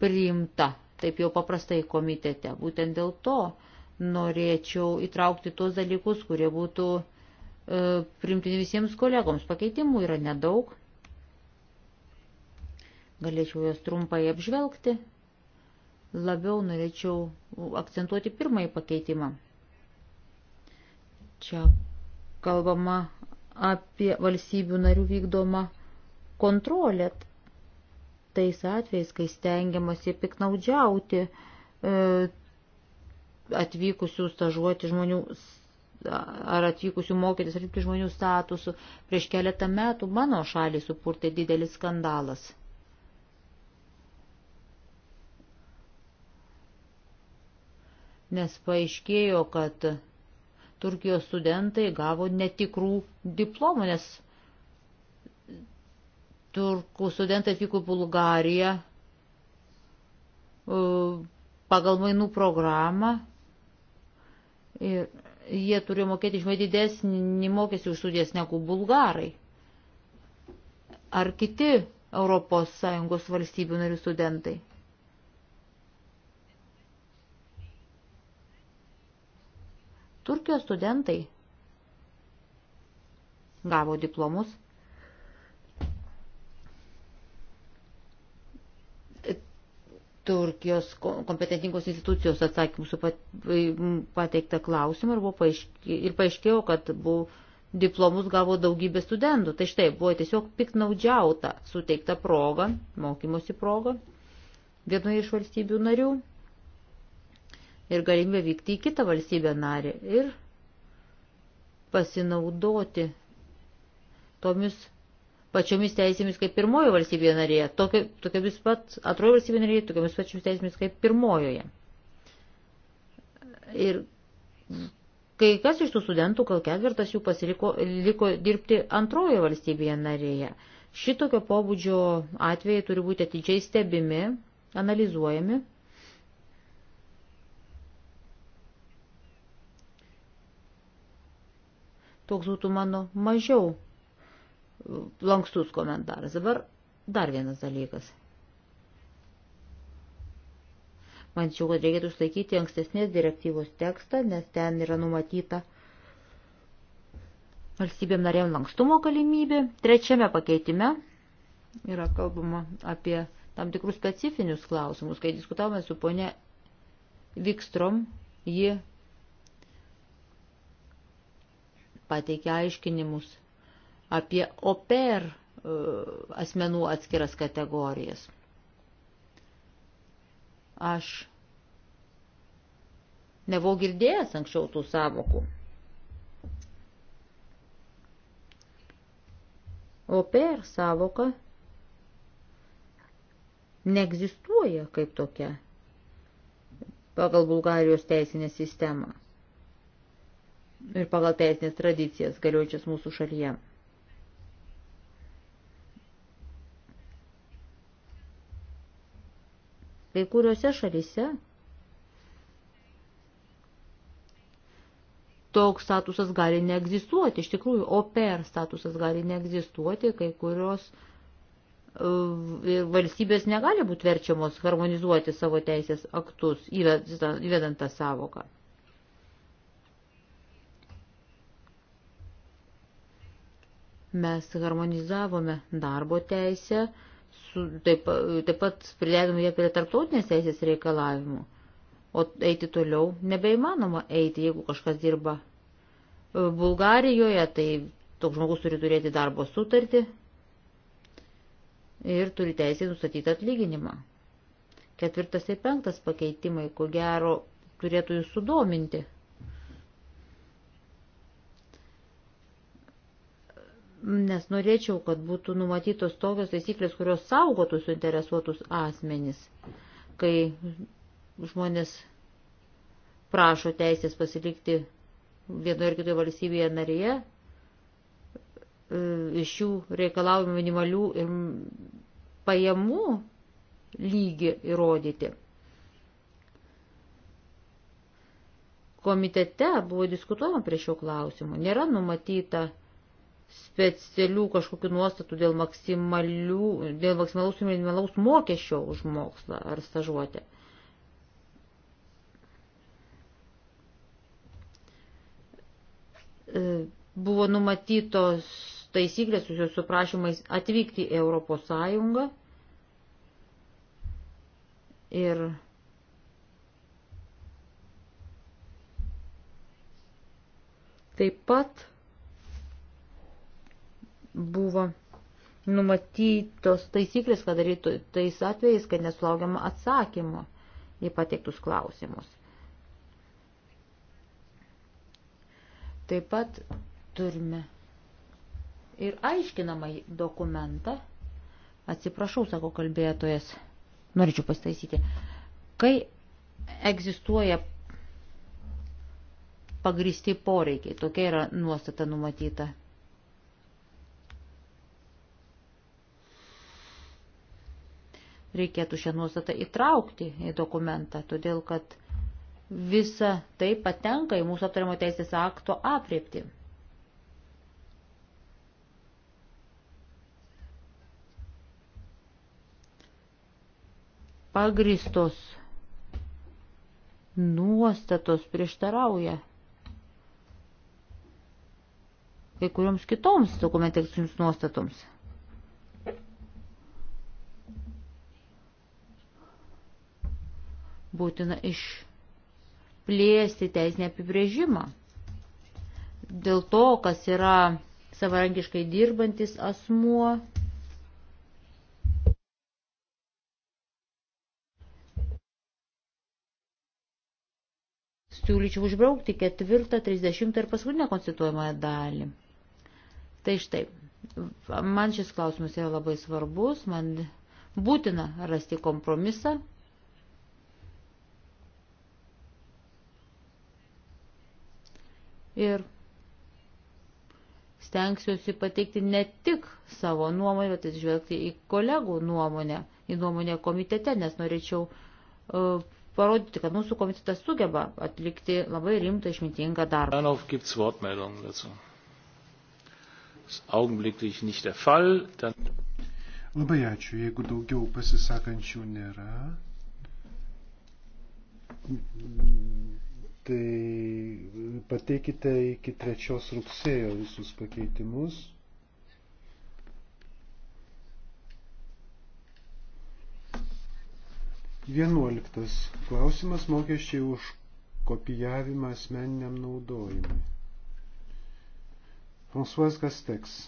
priimta taip jau paprastai komitete. Būtent dėl to norėčiau įtraukti tuos dalykus, kurie būtų e, primtini visiems kolegoms. Pakeitimų yra nedaug. Galėčiau juos trumpai apžvelgti. Labiau norėčiau akcentuoti pirmąjį pakeitimą. Čia kalbama apie valstybių narių vykdomą kontrolę tais atvejais, kai stengiamasi piknaudžiauti e, atvykusių stažuoti žmonių ar atvykusių mokytis ar žmonių statusų. Prieš keletą metų mano šalį supurtė didelis skandalas. Nes paaiškėjo, kad Turkijos studentai gavo netikrų diplomų, nes turkų studentai atvyko į Bulgariją e, pagal mainų programą ir jie turi mokėti išmai didesnį mokestį už studijas negu bulgarai. Ar kiti ES valstybių narių studentai? Turkijos studentai gavo diplomus. Turkijos kompetentingos institucijos atsakymus pateiktą klausimą ir, paaiškėjo, ir paaiškėjo, kad buvo diplomus gavo daugybė studentų. Tai štai buvo tiesiog piknaudžiauta suteikta proga, mokymosi proga vienoje iš valstybių narių ir galimybę vykti į kitą valstybę narį ir pasinaudoti tomis pačiomis teisėmis kaip pirmojo valstybėje narėje, tokio, tokiamis pat atrojo valstybėje narėje, tokiamis pačiomis teisėmis kaip pirmojoje. Ir kai kas iš tų studentų, gal ketvirtas jų pasiliko liko dirbti antrojo valstybėje narėje. Šitokio pobūdžio atvejai turi būti atidžiai stebimi, analizuojami Toks būtų mano mažiau e, lankstus komentaras. Dabar dar vienas dalykas. Manyčiau, kad reikėtų išlaikyti ankstesnės direktyvos tekstą, nes ten yra numatyta valstybėm narėm lankstumo galimybė. Trečiame pakeitime yra kalbama apie tam tikrus specifinius klausimus. Kai diskutavome su ponė Vikstrom, ji pateikė aiškinimus apie oper e, asmenų atskiras kategorijas. Aš nebuvau girdėjęs anksčiau tų savokų. Oper savoka neegzistuoja kaip tokia pagal Bulgarijos teisinę sistemą ir pagal teisinės tradicijas galiojančias mūsų šalyje. Kai kuriuose šalyse toks statusas gali neegzistuoti, iš tikrųjų, oper statusas gali neegzistuoti, kai kurios uh, valstybės negali būti verčiamos harmonizuoti savo teisės aktus, įvedant tą savoką. Mes harmonizavome darbo teisę, su, taip, taip pat prileidome ją prie tarptautinės teisės reikalavimų. O eiti toliau nebeįmanoma eiti, jeigu kažkas dirba e, Bulgarijoje, tai toks žmogus turi turėti darbo sutartį ir turi teisę nustatyti atlyginimą. Ketvirtas ir penktas pakeitimai, ko gero, turėtų jūs sudominti. nes norėčiau, kad būtų numatytos tokios taisyklės, kurios saugotų suinteresuotus asmenys, kai žmonės prašo teisės pasilikti vienoje ar kitoje valstybėje narėje, e, iš jų reikalavimų minimalių ir pajamų lygį įrodyti. Komitete buvo diskutuojama prie šio klausimų. Nėra numatyta specialių kažkokių nuostatų dėl, dėl maksimalaus ir minimalaus mokesčio už mokslą ar stažuotę. E, buvo numatytos taisyklės susijusios su prašymais atvykti į Europos Sąjungą ir taip pat buvo numatytos taisyklės, kad darytų tais atvejais, kad nesulaukiama atsakymo į pateiktus klausimus. Taip pat turime ir aiškinamai dokumentą. Atsiprašau, sako kalbėtojas, norėčiau pastaisyti. Kai egzistuoja pagristi poreikiai, tokia yra nuostata numatyta reikėtų šią nuostatą įtraukti į dokumentą, todėl kad visa tai patenka į mūsų aptariamo teisės akto apriepti. Pagristos nuostatos prieštarauja kai kurioms kitoms dokumentekstiniams nuostatoms. būtina išplėsti teisinę apibrėžimą dėl to, kas yra savarankiškai dirbantis asmuo. Siūlyčiau užbraukti ketvirtą, trisdešimtą ir paskutinę konstituojamąją dalį. Tai štai, man šis klausimas yra labai svarbus, man būtina rasti kompromisą ir stengsiuosi pateikti ne tik savo nuomonę, bet atsižvelgti į kolegų nuomonę, į nuomonę komitete, nes norėčiau uh, parodyti, kad mūsų komitetas sugeba atlikti labai rimtą išmintingą darbą. Darauf gibt es Wortmeldungen dazu. Das ist augenblicklich nicht der Fall. Dann Labai ačiū, jeigu daugiau pasisakančių nėra. Tai pateikite iki 3 rugsėjo visus pakeitimus. Vienuoliktas klausimas mokesčiai už kopijavimą asmeniniam naudojimui. François Castex.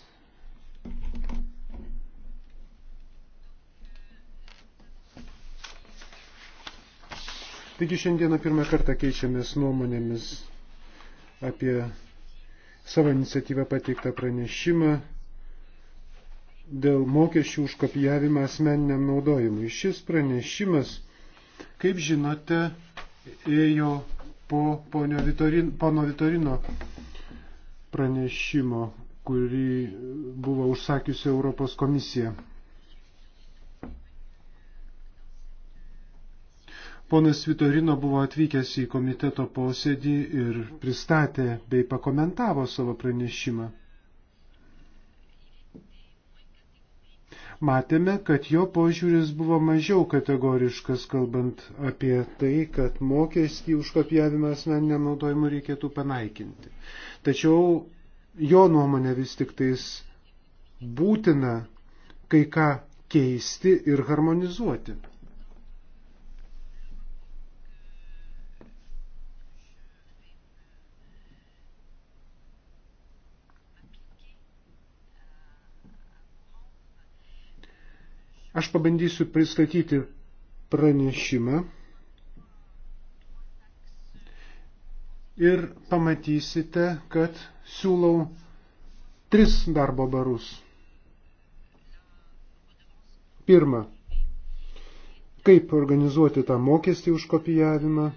Taigi šiandieną pirmą kartą keičiamės nuomonėmis apie savo iniciatyvą pateiktą pranešimą dėl mokesčių už kopijavimą asmeniniam naudojimui. Šis pranešimas, kaip žinote, ėjo po Vitorin, pono Vitorino pranešimo, kurį buvo užsakiusi Europos komisija. Ponas Vitorino buvo atvykęs į komiteto posėdį ir pristatė bei pakomentavo savo pranešimą. Matėme, kad jo požiūris buvo mažiau kategoriškas, kalbant apie tai, kad mokestį už kopijavimą asmeniniam naudojimui reikėtų panaikinti. Tačiau jo nuomonė vis tik tais būtina kai ką keisti ir harmonizuoti. Aš pabandysiu pristatyti pranešimą ir pamatysite, kad siūlau tris darbo barus. Pirma, kaip organizuoti tą mokestį už kopijavimą.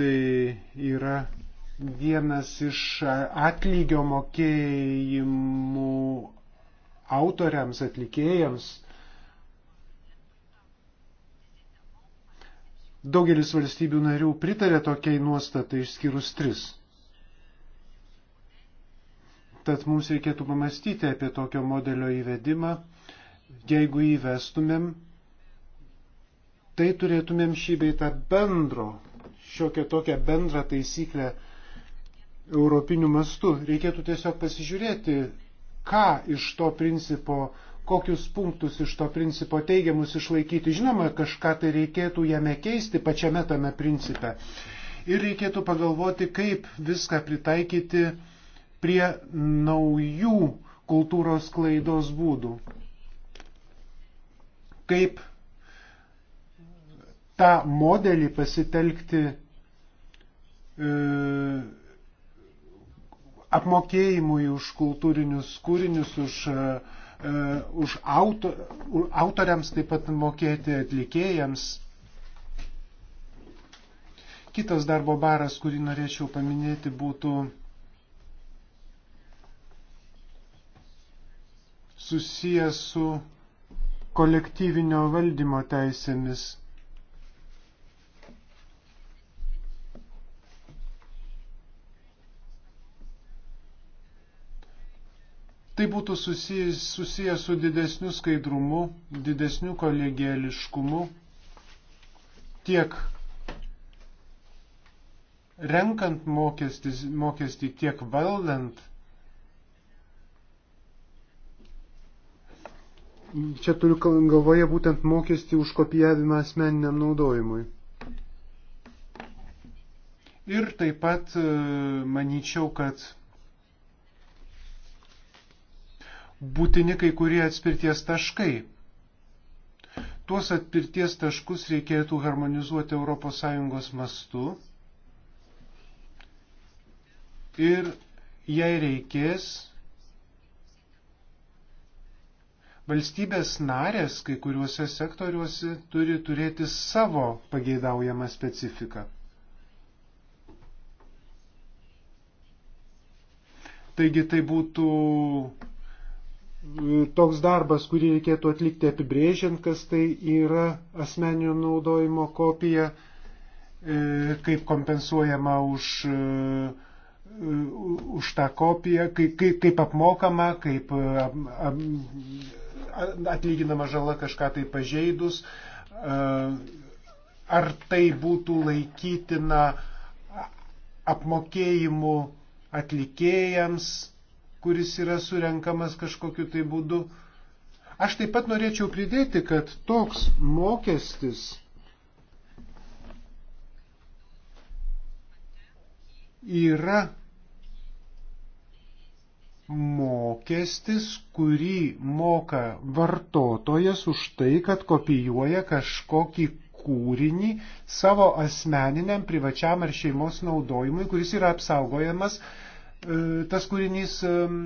Tai yra vienas iš atlygio mokėjimų autoriams, atlikėjams. Daugelis valstybių narių pritarė tokiai nuostatai išskyrus tris. Tad mums reikėtų pamastyti apie tokio modelio įvedimą. Jeigu įvestumėm, tai turėtumėm šį beitą bendro, šiokią tokią bendrą taisyklę europiniu mastu. Reikėtų tiesiog pasižiūrėti, ką iš to principo, kokius punktus iš to principo teigiamus išlaikyti. Žinoma, kažką tai reikėtų jame keisti pačiame tame principe. Ir reikėtų pagalvoti, kaip viską pritaikyti prie naujų kultūros klaidos būdų. Kaip tą modelį pasitelkti e, apmokėjimui už kultūrinius kūrinius, už, e, e, už auto, autoriams taip pat mokėti atlikėjams. Kitas darbo baras, kurį norėčiau paminėti, būtų susijęs su kolektyvinio valdymo teisėmis. Tai būtų susijęs, susijęs su didesniu skaidrumu, didesniu kolegėliškumu tiek renkant mokestis, mokestį, tiek valdant. Čia turiu galvoje būtent mokestį už kopijavimą asmeniniam naudojimui. Ir taip pat e, manyčiau, kad būtini kai kurie atspirties taškai. Tuos atpirties taškus reikėtų harmonizuoti ES mastu ir jei reikės, valstybės narės kai kuriuose sektoriuose turi turėti savo pageidaujamą specifiką. Taigi tai būtų toks darbas, kurį reikėtų atlikti apibrėžiant, kas tai yra asmeninio naudojimo kopija, e, kaip kompensuojama už, e, už tą kopiją, kaip, kaip, kaip apmokama, kaip e, atlyginama žala kažką tai pažeidus, ar tai būtų laikytina apmokėjimu atlikėjams, kuris yra surenkamas kažkokiu tai būdu. Aš taip pat norėčiau pridėti, kad toks mokestis yra mokestis, kurį moka vartotojas už tai, kad kopijuoja kažkokį kūrinį savo asmeniniam privačiam ar šeimos naudojimui, kuris yra apsaugojamas uh, E, tas kūrinys e, e,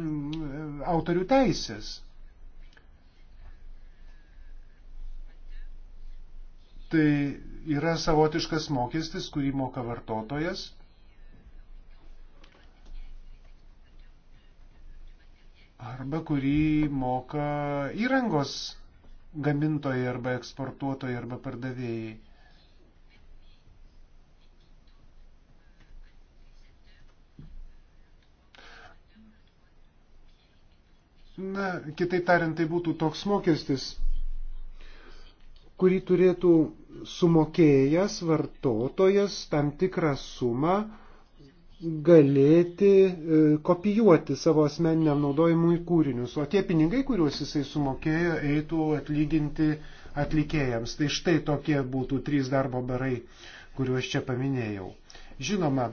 autorių teisės. Tai yra savotiškas mokestis, kurį moka vartotojas. Arba kurį moka įrangos gamintojai arba eksportuotojai arba pardavėjai. Na, kitai tariant, tai būtų toks mokestis, kurį turėtų sumokėjęs vartotojas tam tikrą sumą galėti e, kopijuoti savo asmeniniam naudojimui kūrinius, o tie pinigai, kuriuos jisai sumokėjo, eitų atlyginti atlikėjams. Tai štai tokie būtų trys darbo barai, kuriuos čia paminėjau. Žinoma,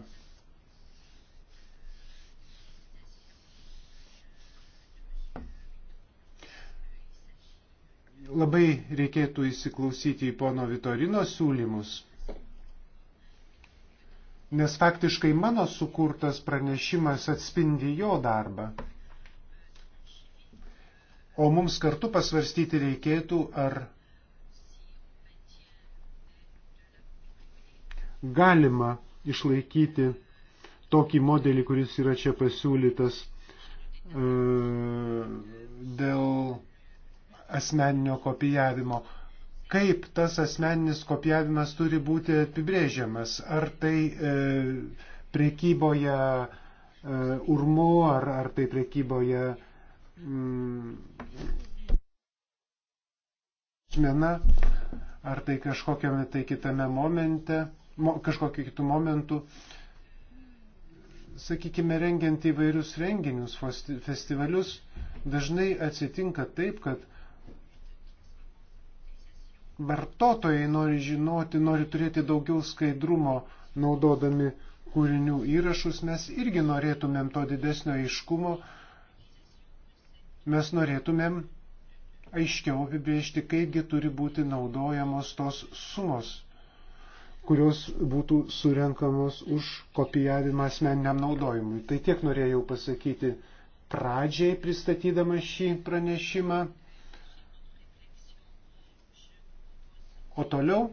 labai reikėtų įsiklausyti į pono Vitorino siūlymus, nes faktiškai mano sukurtas pranešimas atspindi jo darbą. O mums kartu pasvarstyti reikėtų, ar galima išlaikyti tokį modelį, kuris yra čia pasiūlytas e, dėl asmeninio kopijavimo. Kaip tas asmeninis kopijavimas turi būti apibrėžiamas? Ar tai e, prekyboje e, urmu, ar, ar tai prekyboje mm, šmena, ar tai kažkokiame tai kitame momente, mo, kažkokiu kitų momentų. E, sakykime, rengiant įvairius renginius, festivalius, dažnai atsitinka taip, kad vartotojai nori žinoti, nori turėti daugiau skaidrumo naudodami kūrinių įrašus, mes irgi norėtumėm to didesnio aiškumo, mes norėtumėm aiškiau apibriežti, kaipgi turi būti naudojamos tos sumos, kurios būtų surenkamos už kopijavimą asmeniniam naudojimui. Tai tiek norėjau pasakyti pradžiai pristatydama šį pranešimą. O toliau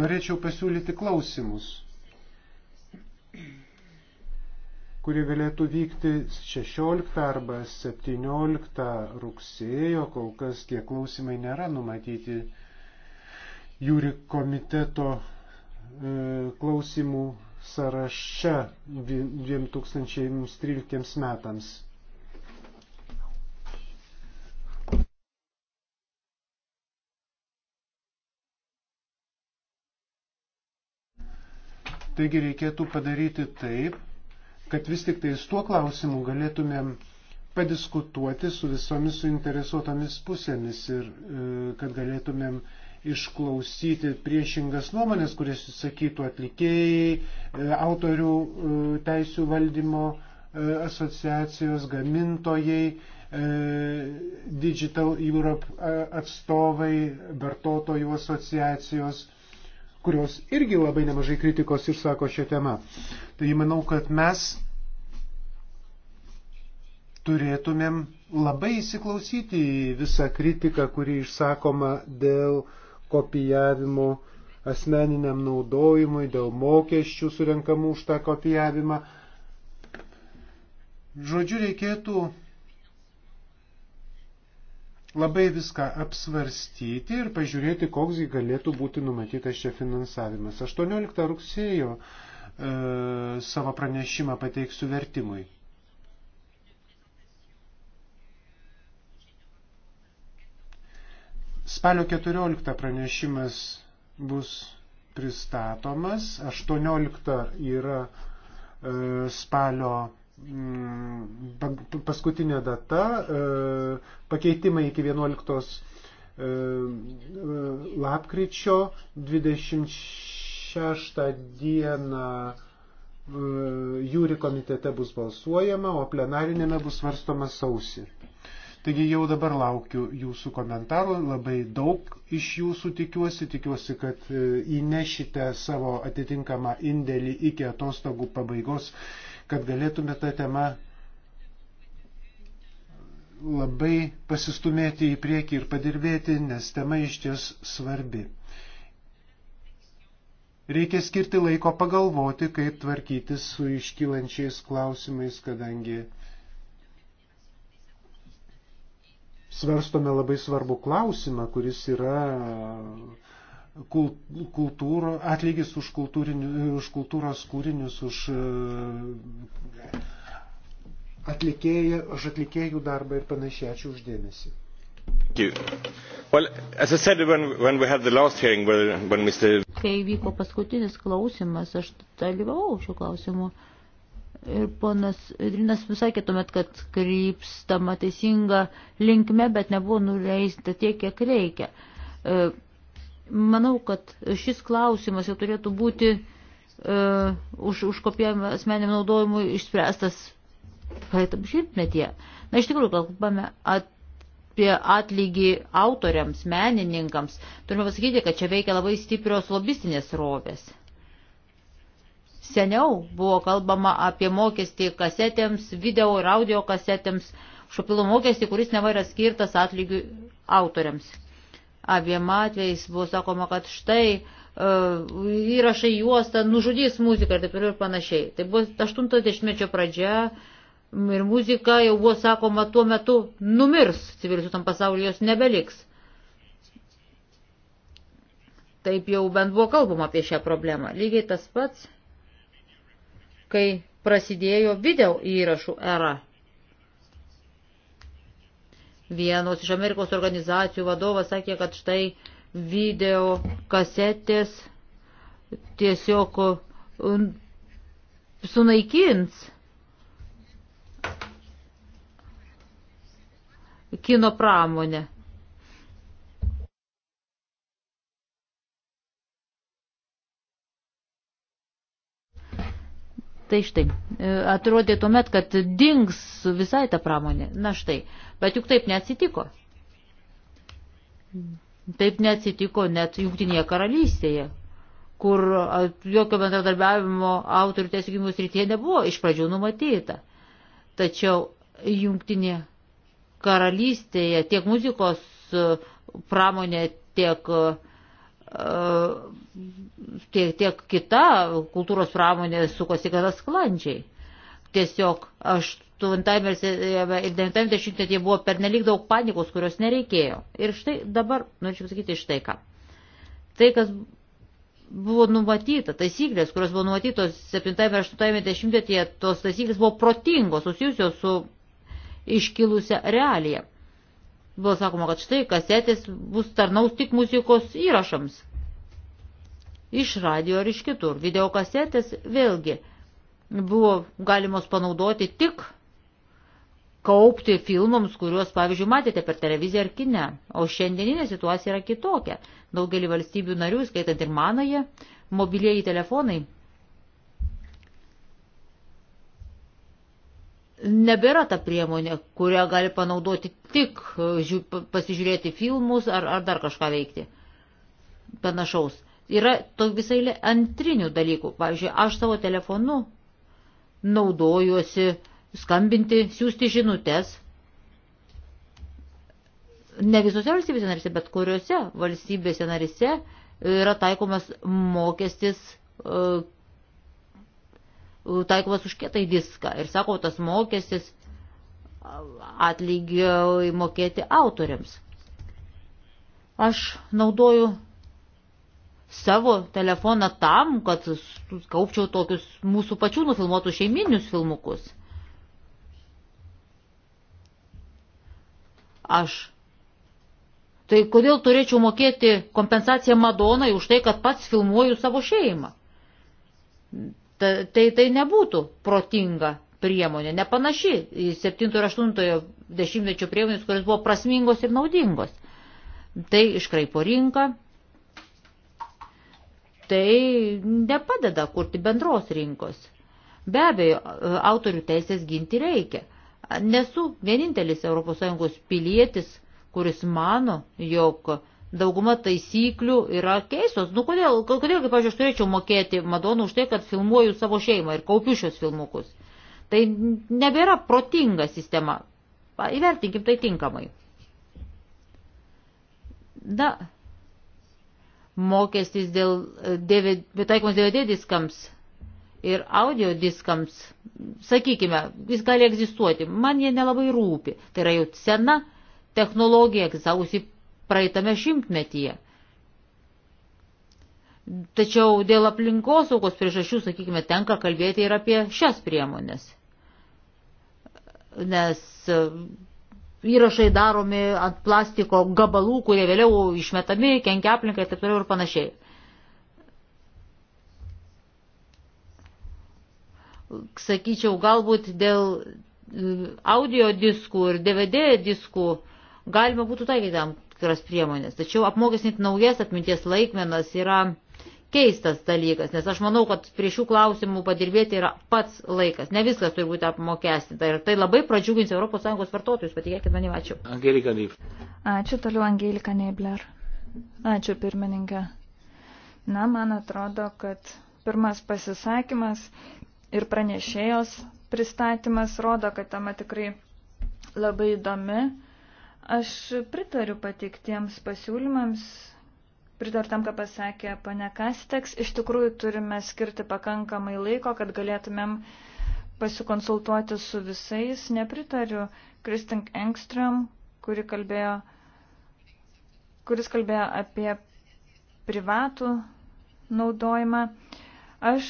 norėčiau pasiūlyti klausimus, kurie galėtų vykti 16 arba 17 rugsėjo, kol kas tie klausimai nėra numatyti jūri komiteto e, klausimų sąraše 2013 metams. Taigi reikėtų padaryti taip, kad vis tik tais tuo klausimu galėtumėm padiskutuoti su visomis suinteresuotomis pusėmis ir e, kad galėtumėm išklausyti priešingas nuomonės, kurias sakytų atlikėjai, e, autorių e, teisų valdymo asociacijos, gamintojai, Digital Europe atstovai, vartotojų asociacijos kurios irgi labai nemažai kritikos išsako šią temą. Tai manau, kad mes turėtumėm labai įsiklausyti į visą kritiką, kuri išsakoma dėl kopijavimo asmeniniam naudojimui, dėl mokesčių surinkamų už tą kopijavimą. Žodžiu, reikėtų labai viską apsvarstyti ir pažiūrėti, koks galėtų būti numatytas čia finansavimas. 18 rugsėjo e, savo pranešimą pateiksiu vertimui. Spalio 14 pranešimas bus pristatomas, 18 yra e, spalio Mm, paskutinė data, e, pakeitimai iki 11 e, e, lapkričio 26 dieną jūri komitete bus balsuojama, o plenarinėme bus svarstoma sausi. Taigi jau dabar laukiu jūsų komentarų, labai daug iš jūsų tikiuosi, tikiuosi, kad įnešite savo atitinkamą indėlį iki atostogų pabaigos kad galėtume tą temą labai pasistumėti į priekį ir padirbėti, nes tema iš ties svarbi. Reikia skirti laiko pagalvoti, kaip tvarkytis su iškylančiais klausimais, kadangi svarstome labai svarbų klausimą, kuris yra kultūro, atlygis už, už kultūros kūrinius, už e, atlikėjų, už atlikėjų darbą ir panašiai. Ačiū uždėmesi. Well, said, when, when hearing, when Mr... Kai vyko paskutinis klausimas, aš dalyvau šio klausimu. Ir ponas Idrinas sakė tuomet, kad krypstama teisinga linkme, bet nebuvo nuleista tiek, kiek reikia. E, Manau, kad šis klausimas jau turėtų būti uh, už, užkopijam asmeniam naudojimui išspręstas praeitam šimtmetyje. Na, iš tikrųjų, kalbame apie atlygį autoriams, menininkams. Turime pasakyti, kad čia veikia labai stiprios lobistinės rovės. Seniau buvo kalbama apie mokestį kasetėms, video ir audio kasetėms, šopilų mokestį, kuris neva yra skirtas atlygių autoriams. Abiem atvejais buvo sakoma, kad štai e, įrašai juostą, nužudys muziką ir taip ir panašiai. Tai buvo 80-mečio pradžia ir muzika jau buvo sakoma tuo metu numirs civilizuotam pasaulyje, jos nebeliks. Taip jau bent buvo kalbama apie šią problemą. Lygiai tas pats, kai prasidėjo video įrašų era. Vienos iš Amerikos organizacijų vadovas sakė, kad štai video kasetės tiesiog sunaikins kino pramonę. Tai štai, e, atrodė tuomet, kad dings visai ta pramonė. Na štai, bet juk taip neatsitiko. Taip neatsitiko net Junktinėje karalystėje, kur jokio bendradarbiavimo autorių teisų gynimų srityje nebuvo iš pradžių numatyta. Tačiau Junktinėje karalystėje tiek muzikos e, pramonė, tiek uh, tiek, tiek kita kultūros pramonė sukosi gana sklandžiai. Tiesiog 8 ir 9 dešimtmetyje buvo pernelik daug panikos, kurios nereikėjo. Ir štai dabar, norėčiau nu, pasakyti štai ką. Tai, kas buvo numatyta, taisyklės, kurios buvo numatytos 7-8 dešimtmetyje, tos taisyklės buvo protingos, susijusios su iškilusią realiją. Buvo sakoma, kad štai kasetės bus tarnaus tik muzikos įrašams iš radio ar iš kitur. Videokasetės vėlgi buvo galimos panaudoti tik kaupti filmams, kuriuos, pavyzdžiui, matėte per televiziją ar kinę. O šiandieninė situacija yra kitokia. Daugelį valstybių narių, skaitant ir manąją, mobilieji telefonai nebėra ta priemonė, kurią gali panaudoti tik pasižiūrėti filmus ar, ar dar kažką veikti panašaus. Yra to visai antrinių dalykų. Pavyzdžiui, aš savo telefonu naudojuosi skambinti, siūsti žinutės. Ne visose valstybėse narise, bet kuriuose valstybėse narise yra taikomas mokestis e, taikomas už kietą į diską. Ir sako, tas mokestis atlygio įmokėti autoriams. Aš naudoju savo telefoną tam, kad kaupčiau tokius mūsų pačių nufilmuotus šeiminius filmukus. Aš. Tai kodėl turėčiau mokėti kompensaciją Madonai už tai, kad pats filmuoju savo šeimą? Ta, tai tai nebūtų protinga priemonė, nepanaši į 7 ir 8 dešimtmečio priemonės, kurios buvo prasmingos ir naudingos. Tai iškraipo rinką, tai nepadeda kurti bendros rinkos. Be abejo, autorių teisės ginti reikia. Nesu vienintelis ES pilietis, kuris mano, jog dauguma taisyklių yra keisos. Nu kodėl, kodėl kaip aš, aš turėčiau mokėti Madonu už tai, kad filmuoju savo šeimą ir kaupiu šios filmukus. Tai nebėra protinga sistema. Įvertinkim tai tinkamai. Na, mokestis dėl e, taikomas DVD diskams ir audio diskams, sakykime, jis gali egzistuoti, man jie nelabai rūpi. Tai yra jau sena technologija, egzistavusi praeitame šimtmetyje. Tačiau dėl aplinkosaugos priežasčių, sakykime, tenka kalbėti ir apie šias priemonės. Nes e, įrašai daromi ant plastiko gabalų, kurie vėliau išmetami, kenkia aplinkai ir taip toliau ir panašiai. Sakyčiau, galbūt dėl e, audio diskų ir DVD diskų galima būtų taikyti tam tikras priemonės. Tačiau apmokestinti naujas atminties laikmenas yra keistas dalykas, nes aš manau, kad prie šių klausimų padirbėti yra pats laikas. Ne viskas turi būti apmokestinta ir tai labai pradžiugins ES vartotojus, patikėkit manim, ačiū. Angelika Nibler. Ačiū toliau, Angelika Nibler. Ačiū pirmininkė. Na, man atrodo, kad pirmas pasisakymas ir pranešėjos pristatymas rodo, kad tema tikrai labai įdomi. Aš pritariu pateiktiems pasiūlymams pritartam, ką pasakė pane Kasteks. Iš tikrųjų turime skirti pakankamai laiko, kad galėtumėm pasikonsultuoti su visais. Nepritariu Kristin Engström, kuri kalbėjo, kuris kalbėjo apie privatų naudojimą. Aš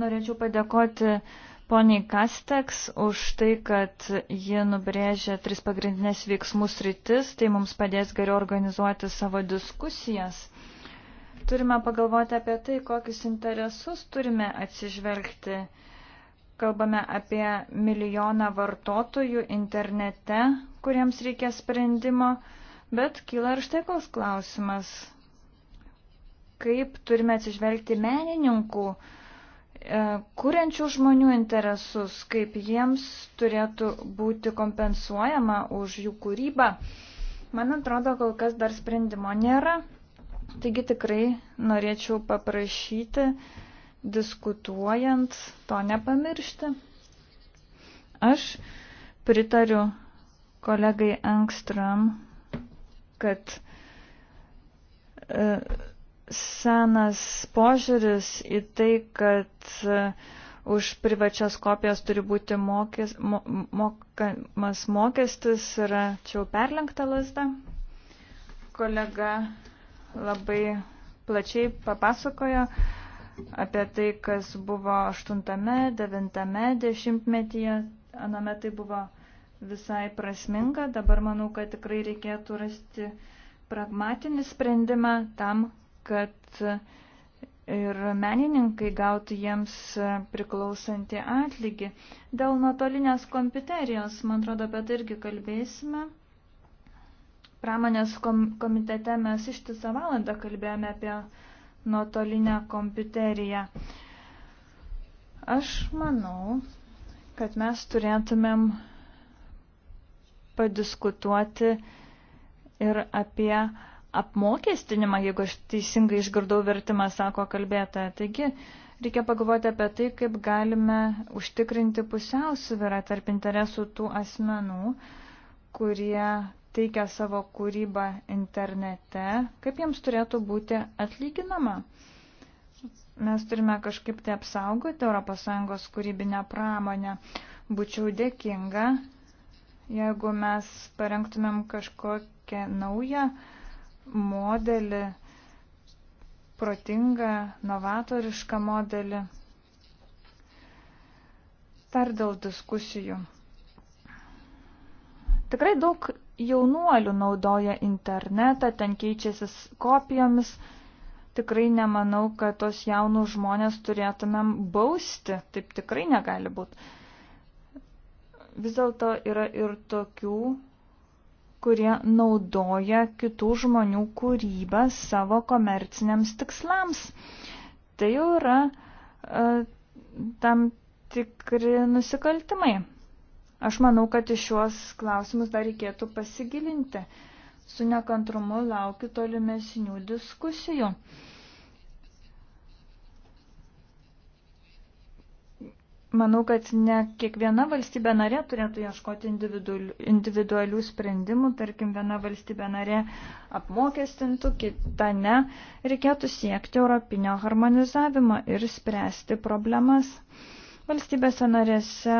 norėčiau padėkoti uh, poniai Kasteks už tai, kad ji nubrėžė tris pagrindinės veiksmus rytis, tai mums padės geriau organizuoti savo diskusijas. Turime pagalvoti apie tai, kokius interesus turime atsižvelgti. Kalbame apie milijoną vartotojų internete, kuriems reikia sprendimo, bet kyla ir štai koks klausimas. Kaip turime atsižvelgti menininkų? E, kuriančių žmonių interesus, kaip jiems turėtų būti kompensuojama už jų kūrybą. Man atrodo, kol kas dar sprendimo nėra. Taigi tikrai norėčiau paprašyti, diskutuojant, to nepamiršti. Aš pritariu kolegai Angstram, kad e, senas požiūris į tai, kad e, už privačias kopijas turi būti mokes, mo, mokamas mokestis, yra čia jau perlenkta lasda. Kolega labai plačiai papasakojo apie tai, kas buvo 8-ame, 9-ame dešimtmetyje. Aname tai buvo visai prasminga. Dabar manau, kad tikrai reikėtų rasti pragmatinį sprendimą tam, kad ir menininkai gautų jiems priklausantį atlygį. Dėl nuotolinės kompiuterijos, man atrodo, apie tai irgi kalbėsime. Pramonės kom komitete mes ištisą valandą kalbėjome apie nuotolinę kompiuteriją. Aš manau, kad mes turėtumėm padiskutuoti ir apie apmokestinimą, jeigu aš teisingai išgirdau vertimą, sako kalbėta. Taigi, reikia pagalvoti apie tai, kaip galime užtikrinti pusiausvyrą tarp interesų tų asmenų, kurie teikia savo kūrybą internete, kaip jiems turėtų būti atlyginama. Mes turime kažkaip tai apsaugoti ES kūrybinę pramonę. Būčiau dėkinga, jeigu mes parengtumėm kažkokią naują uh, modelį, protingą, novatorišką modelį. Dar dėl diskusijų. Tikrai daug jaunuolių naudoja internetą, ten keičiasi kopijomis. Tikrai nemanau, kad tos jaunų žmonės turėtumėm bausti. Taip tikrai negali būti. Vis dėlto yra ir tokių kurie naudoja kitų žmonių kūrybą savo komerciniams tikslams. Tai jau yra e, tam tikri nusikaltimai. Aš manau, kad iš šiuos klausimus dar reikėtų pasigilinti. Su nekantrumu laukiu tolimesnių diskusijų. Manau, kad ne kiekviena valstybė narė turėtų ieškoti individualių, individualių sprendimų, tarkim, viena valstybė narė apmokestintų, kita ne. Reikėtų siekti europinio harmonizavimo ir spręsti problemas. Valstybėse narėse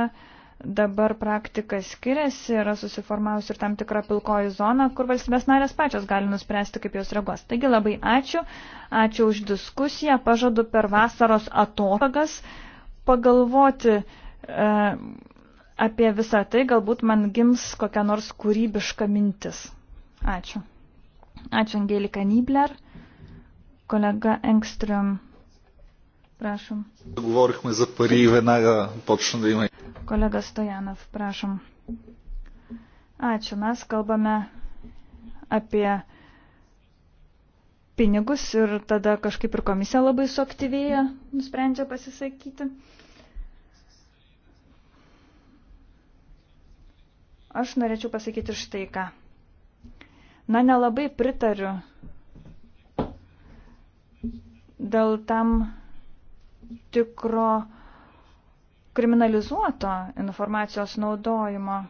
dabar praktika skiriasi, yra susiformavusi ir tam tikra pilkoji zona, kur valstybės narės pačios gali nuspręsti, kaip jos reaguos. Taigi labai ačiū, ačiū už diskusiją, pažadu per vasaros atostogas pagalvoti e, apie visą tai, galbūt man gims kokia nors kūrybiška mintis. Ačiū. Ačiū Angelika Nibler, kolega Engström. Prašom. Говорихме за пари и веднага почна да има. Колега Стоянов, prašom. Ačiū. Mes kalbame apie pinigus ir tada kažkaip ir komisija labai suaktyvėja, nusprendžia pasisakyti. Aš norėčiau pasakyti štai ką. Na, nelabai pritariu dėl tam tikro kriminalizuoto informacijos naudojimo.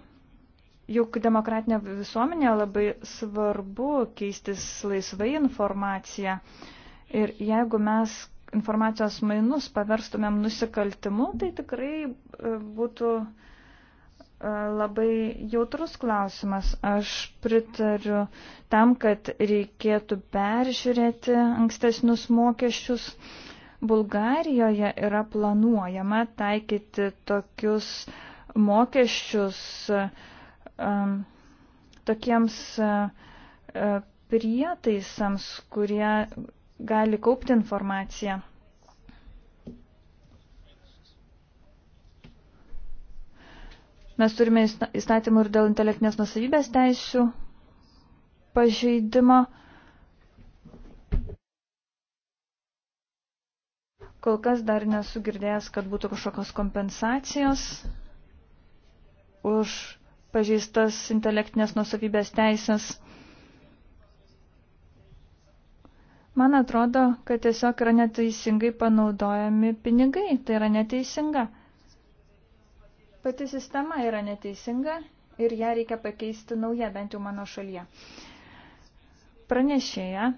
Juk demokratinė visuomenė labai svarbu keistis laisvai informaciją. Ir jeigu mes informacijos mainus paverstumėm nusikaltimu, tai tikrai e, būtų e, labai jautrus klausimas. Aš pritariu tam, kad reikėtų peržiūrėti ankstesnius mokesčius. Bulgarijoje yra planuojama taikyti tokius mokesčius, uh, tokiems prietaisams, kurie gali kaupti informaciją. Mes turime įstatymų ir dėl intelektinės nusavybės teisių pažeidimo. Kol kas dar nesu girdėjęs, kad būtų kažkokios kompensacijos už pažeistas intelektinės nusavybės teisės. Man atrodo, kad tiesiog yra neteisingai panaudojami pinigai, tai yra neteisinga. Pati sistema yra neteisinga ir ją reikia pakeisti nauja, bent jau mano šalyje. Pranešėja e,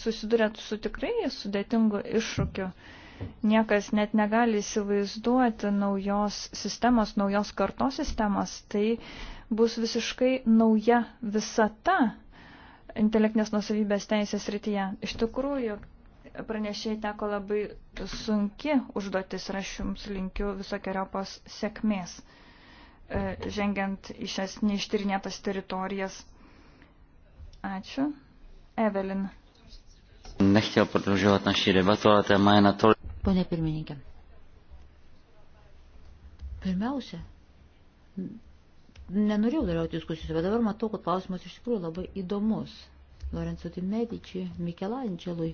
susidurėt su tikrai sudėtingu iššūkiu. Niekas net negali įsivaizduoti naujos sistemos, naujos kartos sistemos. Tai bus visiškai nauja visata intelektinės nusavybės teisės rytyje. Iš tikrųjų, pranešėjai teko labai sunki užduotis ir aš jums linkiu visokiojopos sėkmės, e, žengiant į šias neištyrinėtas teritorijas. Ačiū. Evelin. Nechtěl prodlužovat naši debatu, ale téma je na to... Pone pirmininkė. Pirmiausia, nenorėjau dalyvauti diskusijose, bet dabar matau, kad klausimas iš tikrųjų labai įdomus. Lorenzo di Medici, Mikelandželui.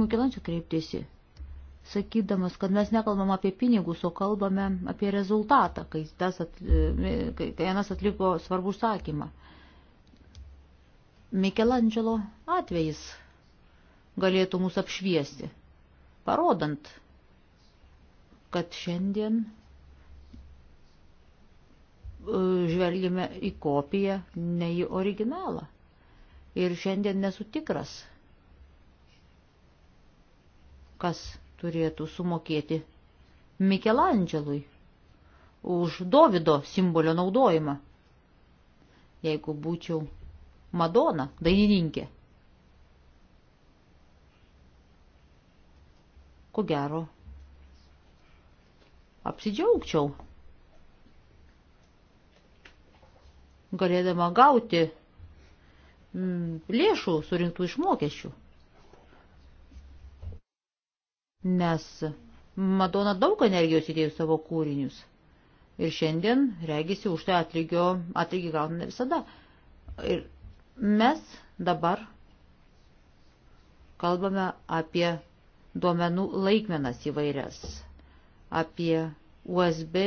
Mikelandžel kreiptėsi, sakydamas, kad mes nekalbam apie pinigus, o kalbame apie rezultatą, kai, tas at, e, kai vienas atliko svarbų sakymą. Mikelandželo atvejis galėtų mus apšviesti, parodant, kad šiandien e, žvelgime į kopiją, ne į originalą. Ir šiandien nesu tikras, kas turėtų sumokėti Mikelandželui už Dovido simbolio naudojimą, jeigu būčiau Madona, dainininkė. ko gero apsidžiaugčiau, galėdama gauti mm, lėšų surinktų iš mokesčių. Nes Madona daug energijos įdėjo savo kūrinius. Ir šiandien, regisi, už tai atlygio, atlygį gauname visada. Ir mes dabar kalbame apie duomenų laikmenas įvairias, apie USB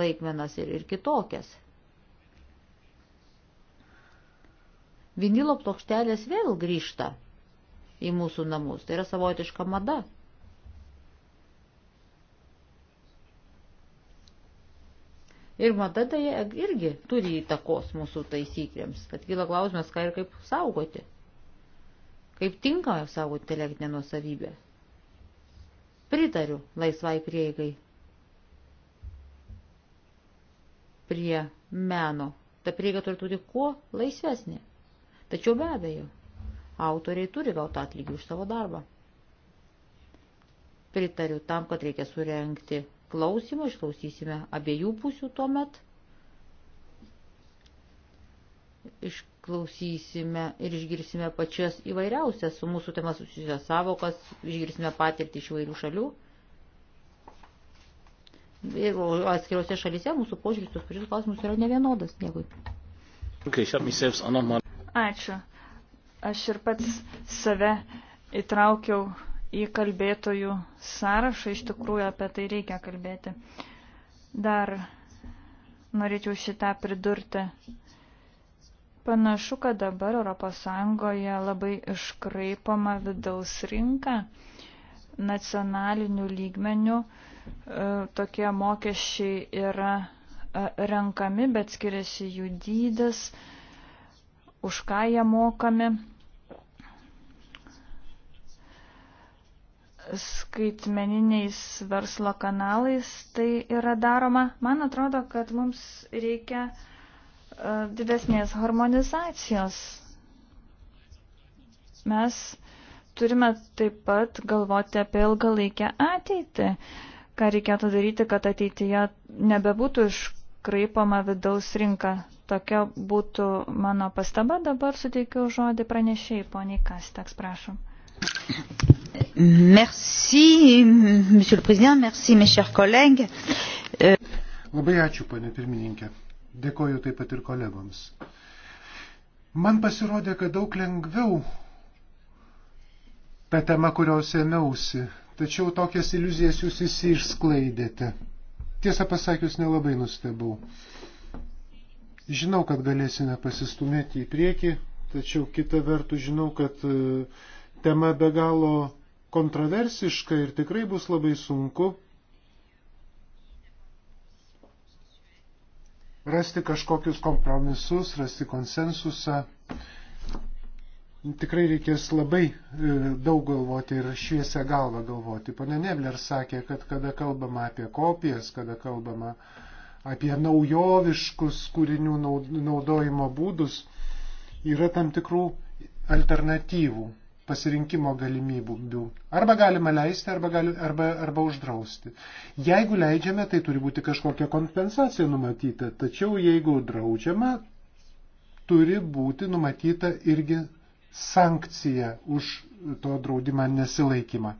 laikmenas ir, ir kitokias. Vinilo plokštelės vėl grįžta į mūsų namus. Tai yra savotiška mada. Ir mada tai irgi turi įtakos mūsų taisyklėms. Tad kyla klausimas, ką ir kaip saugoti. Kaip tinkamai saugoti intelektinę nuosavybę. Pritariu laisvai prieigai prie meno. Ta prieiga turi būti kuo laisvesnė. Tačiau be abejo, autoriai turi gauti atlygį už savo darbą. Pritariu tam, kad reikia surenkti klausimą, išklausysime abiejų pusių tuomet. Iš išklausysime ir išgirsime pačias įvairiausias su mūsų tema susijusias savokas, išgirsime patirtį iš įvairių šalių. Ir atskiriuose šalyse mūsų požiūris tos pačius klausimus yra nevienodas. Dėkui. Ačiū. Aš ir pats save įtraukiau į kalbėtojų sąrašą, iš tikrųjų apie tai reikia kalbėti. Dar norėčiau šitą pridurti Panašu, kad dabar ES labai iškraipama vidaus rinka nacionalinių lygmenių. E, tokie mokesčiai yra e, renkami, bet skiriasi jų dydis, už ką jie mokami. Skaitmeniniais verslo kanalais tai yra daroma. Man atrodo, kad mums reikia uh, E, didesnės harmonizacijos. Mes turime taip pat galvoti apie ilgalaikę ateitį, ką reikėtų daryti, kad ateityje nebebūtų iškraipama vidaus rinka. Tokia būtų mano pastaba. Dabar suteikiu žodį pranešėjai, poniai Kasteks, prašom. Merci, monsieur le président, merci, mes chers collègues. Euh, Labai ačiū, ponė pirmininkė. Dėkoju taip pat ir kolegoms. Man pasirodė, kad daug lengviau ta tema, kurios ėmiausi, tačiau tokias iliuzijas jūs visi išsklaidėte. Tiesą pasakius, nelabai nustebau. Žinau, kad galėsime pasistumėti į priekį, tačiau kita vertus žinau, kad e, tema be galo kontroversiška ir tikrai bus labai sunku rasti kažkokius kompromisus, rasti konsensusą. Tikrai reikės labai e, daug galvoti ir šviesę galvą galvoti. Pane Nebler sakė, kad kada kalbama apie kopijas, kada kalbama apie naujoviškus kūrinių naudojimo būdus, yra tam tikrų alternatyvų pasirinkimo galimybių. Arba galima leisti, arba, gali, arba, arba uždrausti. Jeigu leidžiame, tai turi būti kažkokia kompensacija numatyta. Tačiau jeigu draudžiama, turi būti numatyta irgi sankcija už to draudimą nesilaikymą.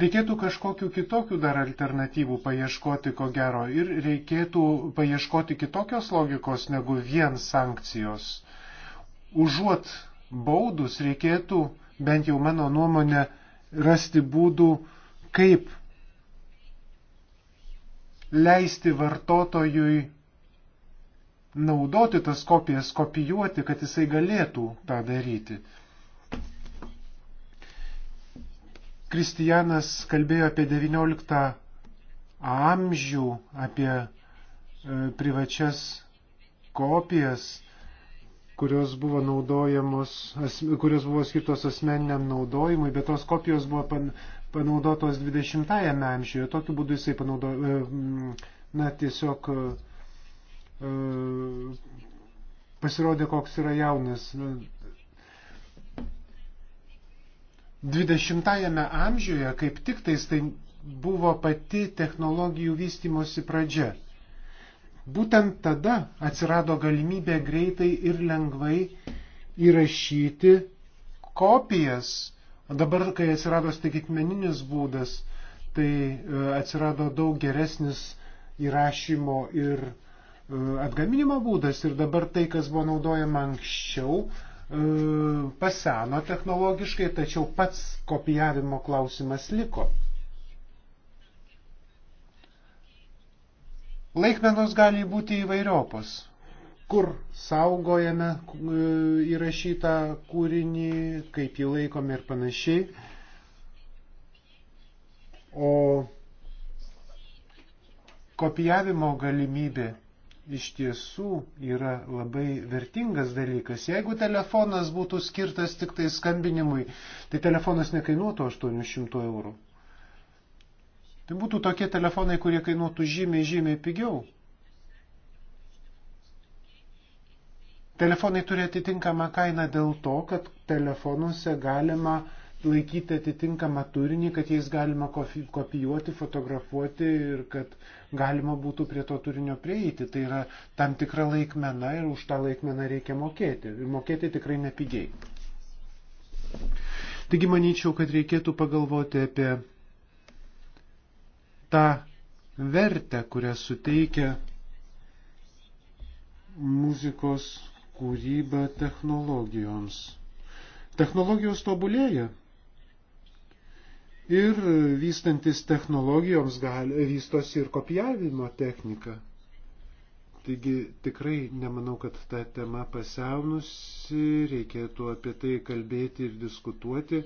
Reikėtų kažkokiu kitokiu dar alternatyvų paieškoti, ko gero, ir reikėtų paieškoti kitokios logikos negu vien sankcijos. Užuot baudus reikėtų, bent jau mano nuomonė, rasti būdų, kaip leisti vartotojui naudoti tas kopijas, kopijuoti, kad jisai galėtų tą daryti. Kristijanas kalbėjo apie XIX amžių, apie e, privačias kopijas, kurios buvo naudojamos, kurios buvo skirtos asmeniniam naudojimui, bet tos kopijos buvo panaudotos 20-ąjame amžiuje. Tokiu būdu jisai panaudojo, e, na, tiesiog e, pasirodė, koks yra jaunas. 20-ame amžiuje kaip tik tais tai buvo pati technologijų vystimosi pradžia. Būtent tada atsirado galimybė greitai ir lengvai įrašyti kopijas. O dabar, kai atsirado skaitmeninis būdas, tai e, atsirado daug geresnis įrašymo ir e, atgaminimo būdas. Ir dabar tai, kas buvo naudojama anksčiau, paseno technologiškai, tačiau pats kopijavimo klausimas liko. Laikmenos gali būti įvairiopos. Kur saugojame e, įrašytą kūrinį, kaip jį laikome ir panašiai. O kopijavimo galimybė iš tiesų yra labai vertingas dalykas. Jeigu telefonas būtų skirtas tik tai skambinimui, tai telefonas nekainuotų 800 eurų. Tai būtų tokie telefonai, kurie kainuotų žymiai, žymiai pigiau. Telefonai turi atitinkamą kainą dėl to, kad telefonuose galima uh, laikyti atitinkamą turinį, kad jais galima kopijuoti, fotografuoti ir kad galima būtų prie to turinio prieiti. Tai yra tam tikra laikmena ir už tą laikmeną reikia mokėti. Ir mokėti tikrai nepigiai. Taigi manyčiau, kad reikėtų pagalvoti apie tą vertę, kurią suteikia muzikos kūryba technologijoms. Technologijos tobulėja, Ir vystantis technologijoms gali, vystosi ir kopijavimo technika. Taigi tikrai nemanau, kad ta tema pasenusi, reikėtų apie tai kalbėti ir diskutuoti.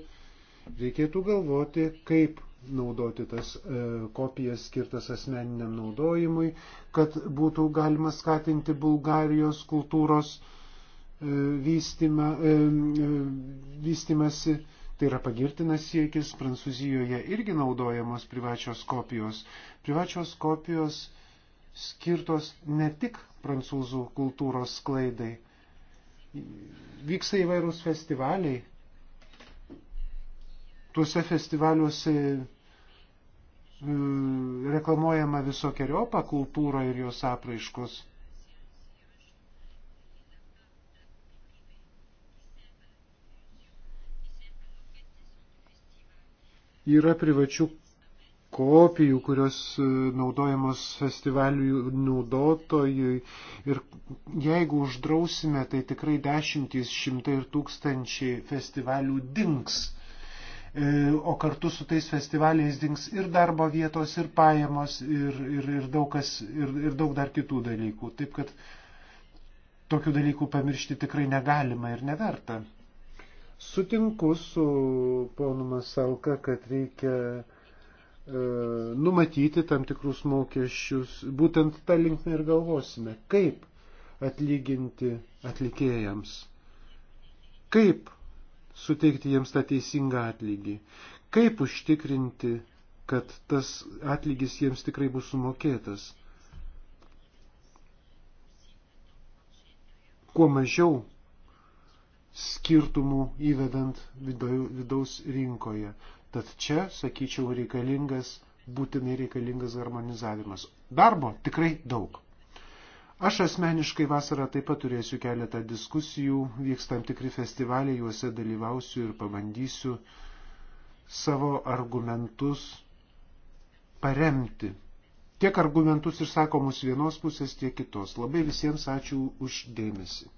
Reikėtų galvoti, kaip naudoti tas e, kopijas skirtas asmeniniam naudojimui, kad būtų galima skatinti Bulgarijos kultūros e, vystima, e, e, vystimasi. E, Tai yra pagirtinas siekis, Prancūzijoje irgi naudojamos privačios kopijos. Privačios kopijos skirtos ne tik prancūzų kultūros sklaidai. Vyksta įvairūs festivaliai. Tuose festivaliuose e, reklamuojama visokiojopa kultūra ir jos apraiškos. Yra privačių kopijų, kurios e, naudojamos festivalių naudotojui. Ir jeigu uždrausime, tai tikrai dešimtys, šimtai ir tūkstančiai festivalių dinks. E, o kartu su tais festivaliais dinks ir darbo vietos, ir pajamos, ir, ir, ir, daug, kas, ir, ir daug dar kitų dalykų. Taip kad tokių dalykų pamiršti tikrai negalima ir neverta. Sutinku su ponu Masalka, kad reikia e, numatyti tam tikrus mokesčius. Būtent tą linkmę ir galvosime, kaip atlyginti atlikėjams, kaip suteikti jiems tą teisingą atlygį, kaip užtikrinti, kad tas atlygis jiems tikrai bus sumokėtas. Kuo mažiau skirtumų įvedant vidaus rinkoje. Tad čia, sakyčiau, reikalingas, būtinai reikalingas harmonizavimas. Darbo tikrai daug. Aš asmeniškai vasarą taip pat turėsiu keletą diskusijų, vyks tam tikri festivaliai, juose dalyvausiu ir pabandysiu savo argumentus paremti. Tiek argumentus išsakomus vienos pusės, tiek kitos. Labai visiems ačiū uždėmesi.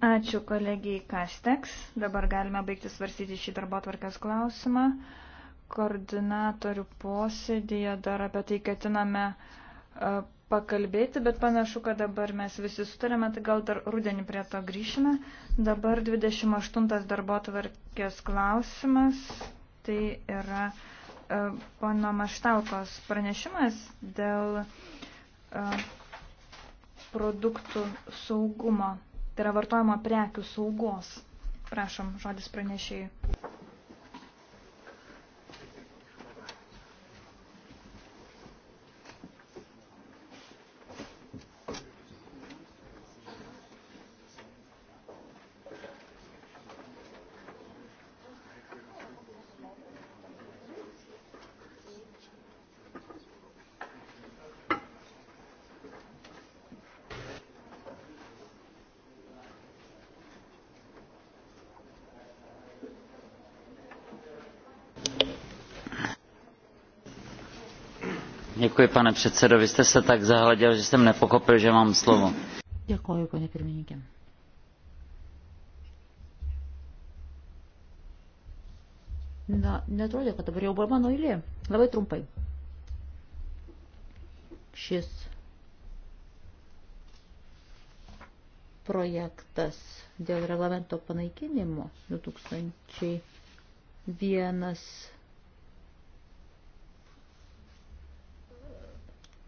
Ačiū kolegijai Kasteks. Dabar galime baigti svarstyti šį darbo tvarkės klausimą. Koordinatorių posėdėje dar apie tai ketiname e, pakalbėti, bet panašu, kad dabar mes visi sutarėme, tai gal dar rudenį prie to grįšime. Dabar 28 darbo tvarkės klausimas, tai yra e, pono Maštaukos pranešimas dėl e, produktų saugumo, tai yra vartojimo prekių saugos. Prašom, žodis pranešėjai. Děkuji, pane předsedo. Vy jste se tak zahleděl, že jsem nepochopil, že mám slovo. Děkuji, pane pirmininkė. Na, netrodė, kad dabar jau buvo mano eilė. Labai trumpai. Šis projektas dėl reglamento panaikinimo 2001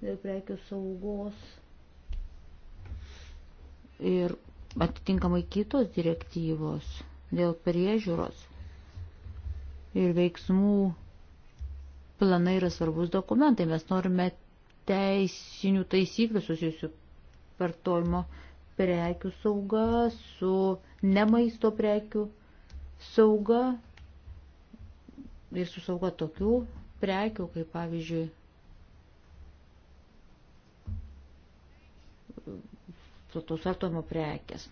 dėl prekių saugos ir atitinkamai kitos direktyvos dėl priežiūros ir veiksmų planai yra svarbus dokumentai. Mes norime teisinių taisyklių susijusių vartojimo prekių sauga, su nemaisto prekių sauga ir su sauga tokių prekių, kaip pavyzdžiui plataus vartojimo prekės.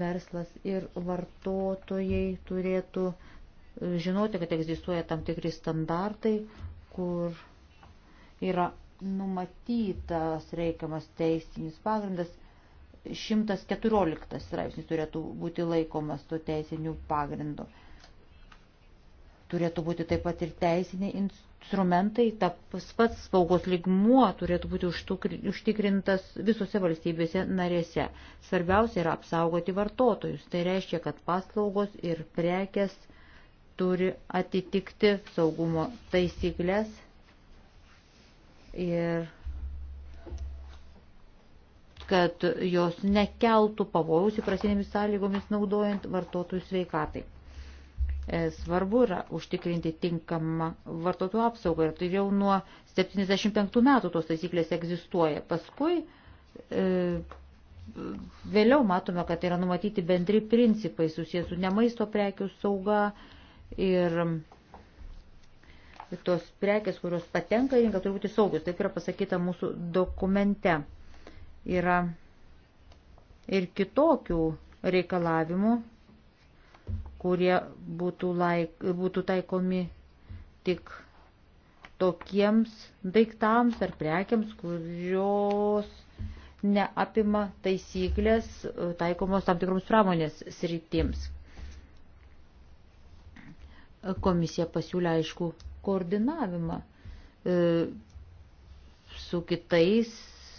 Verslas ir vartotojai turėtų žinoti, kad egzistuoja tam tikri standartai, kur yra numatytas reikiamas teisinis pagrindas. 114 straipsnis turėtų būti laikomas to teisinių pagrindų turėtų būti taip pat ir teisiniai instrumentai, tas pats spaugos ligmuo turėtų būti užtikrintas visose valstybėse narėse. Svarbiausia yra apsaugoti vartotojus. Tai reiškia, kad paslaugos ir prekes turi atitikti saugumo taisyklės ir kad jos nekeltų pavojus įprasinėmis sąlygomis naudojant vartotojų sveikatai. E, svarbu yra užtikrinti tinkamą vartotojų apsaugą ir tai jau nuo 75 metų tos taisyklės egzistuoja. Paskui e, vėliau matome, kad yra numatyti bendri principai susijęs su nemaisto prekių sauga ir tos prekės, kurios patenka į rinką, turi būti saugios. Taip yra pasakyta mūsų dokumente. Yra ir kitokių reikalavimų kurie būtų, laik, būtų taikomi tik tokiems daiktams ar prekiams, kurios neapima taisyklės e, taikomos tam tikroms pramonės sritims. Komisija pasiūlė aišku koordinavimą e, su kitais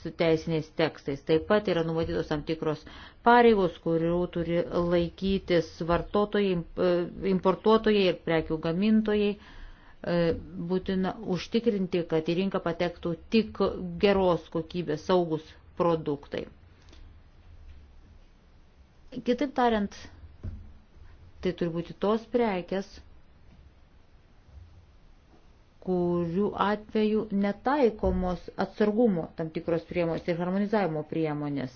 teisiniais tekstais. Taip pat yra numatytos tam tikros pareigos, kurių turi laikytis vartotojai, e, importuotojai ir prekių gamintojai. E, būtina užtikrinti, kad į rinką patektų tik geros kokybės saugus produktai. Kitaip tariant, tai turi būti tos prekes, kurių atveju netaikomos atsargumo tam tikros priemonės ir harmonizavimo priemonės.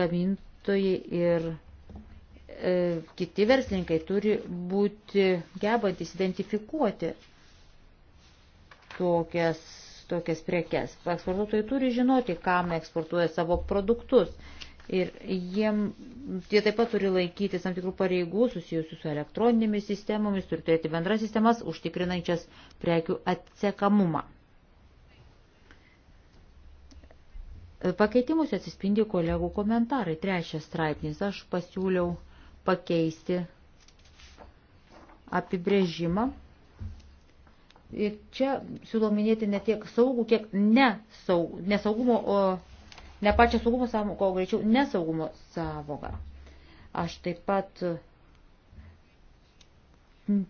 Gamintojai ir e, kiti verslininkai turi būti gebantis identifikuoti tokias, tokias prekes. Eksportuotojai turi žinoti, kam eksportuoja savo produktus Ir jiem, jie taip pat turi laikytis tam tikrų pareigų susijusių su elektroninėmis sistemomis, turi turėti bendras sistemas, užtikrinančias prekių atsekamumą. Pakeitimus atsispindi kolegų komentarai. Trečias straipsnis. Aš pasiūliau pakeisti apibrėžimą. Ir čia siūlau minėti ne tiek saugų, kiek nesaug, nesaugumo, o ne pačią saugumo savoką, o greičiau nesaugumo savoką. Aš taip pat mm,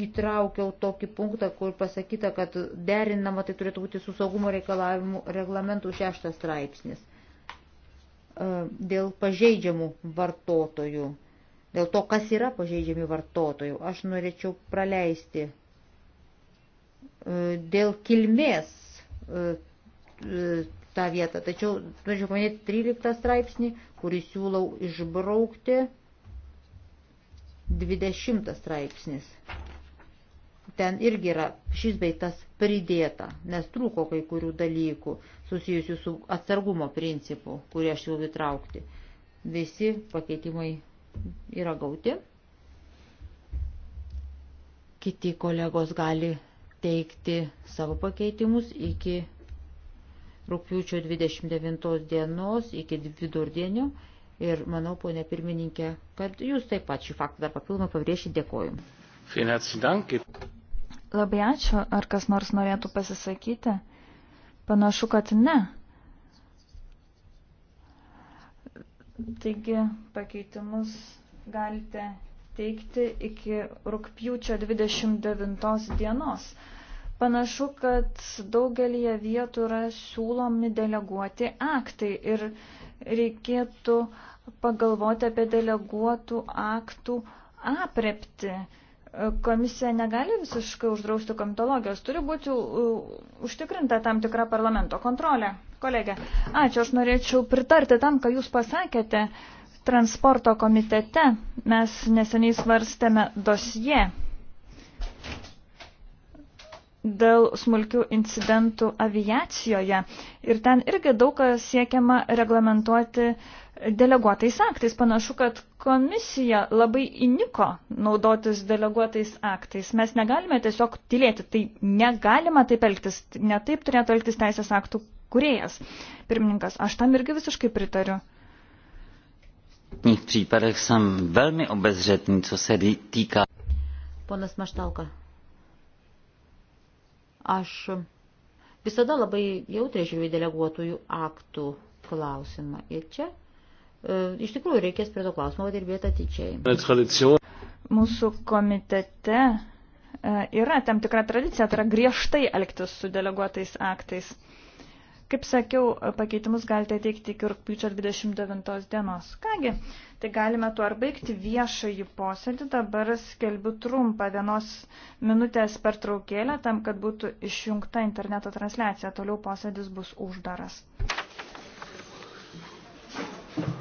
įtraukiau tokį punktą, kur pasakyta, kad derinama tai turėtų būti su saugumo reikalavimu reglamentų šeštas straipsnis e, dėl pažeidžiamų vartotojų, dėl to, kas yra pažeidžiami vartotojų. Aš norėčiau praleisti e, dėl kilmės e, tą vietą. Tačiau, norėčiau paminėti 13 straipsnį, kurį siūlau išbraukti. 20 straipsnis. Ten irgi yra šis beitas pridėta, nes trūko kai kurių dalykų susijusių su atsargumo principu, kurį aš jau įtraukti. Visi pakeitimai yra gauti. Kiti kolegos gali teikti savo pakeitimus iki rūpiučio 29 dienos iki vidurdienio. Ir manau, ponė pirmininkė, kad jūs taip pat šį faktą dar papildomai pabrėšit. Dėkoju. Labai ačiū. Ar kas nors norėtų pasisakyti? Panašu, kad ne. Taigi pakeitimus galite teikti iki rūpjūčio 29 dienos. Panašu, kad daugelie vietų yra siūlomi deleguoti aktai ir reikėtų pagalvoti apie deleguotų aktų aprepti. Komisija negali visiškai uždrausti komitologijos, turi būti uh, užtikrinta tam tikra parlamento kontrolė. Kolegė, ačiū, aš norėčiau pritarti tam, ką Jūs pasakėte. Transporto komitete mes neseniai svarstėme dosje dėl smulkių incidentų aviacijoje. Ir ten irgi daug kas siekiama reglamentuoti deleguotais aktais. Panašu, kad komisija labai įniko naudotis deleguotais aktais. Mes negalime tiesiog tylėti. Tai negalima taip elgtis. Netaip turėtų elgtis teisės aktų kuriejas. Pirmininkas, aš tam irgi visiškai pritariu. V případech jsem velmi obezřetný, co se týká. Ponas Maštalka. Aš visada labai jautriai žiūriu į deleguotųjų aktų klausimą. Ir čia e, iš tikrųjų reikės prie to klausimo dirbėti ateičiai. Mūsų komitete e, yra tam tikra tradicija, tai yra griežtai elgtis su deleguotais aktais. Kaip sakiau, pakeitimus galite teikti iki rūpiučio 29 dienos. Kągi, tai galime tuo ar baigti viešąjį posėdį. Dabar skelbiu trumpą vienos minutės per traukėlę, tam, kad būtų išjungta interneto transliacija. Toliau posėdis bus uždaras. Thank you.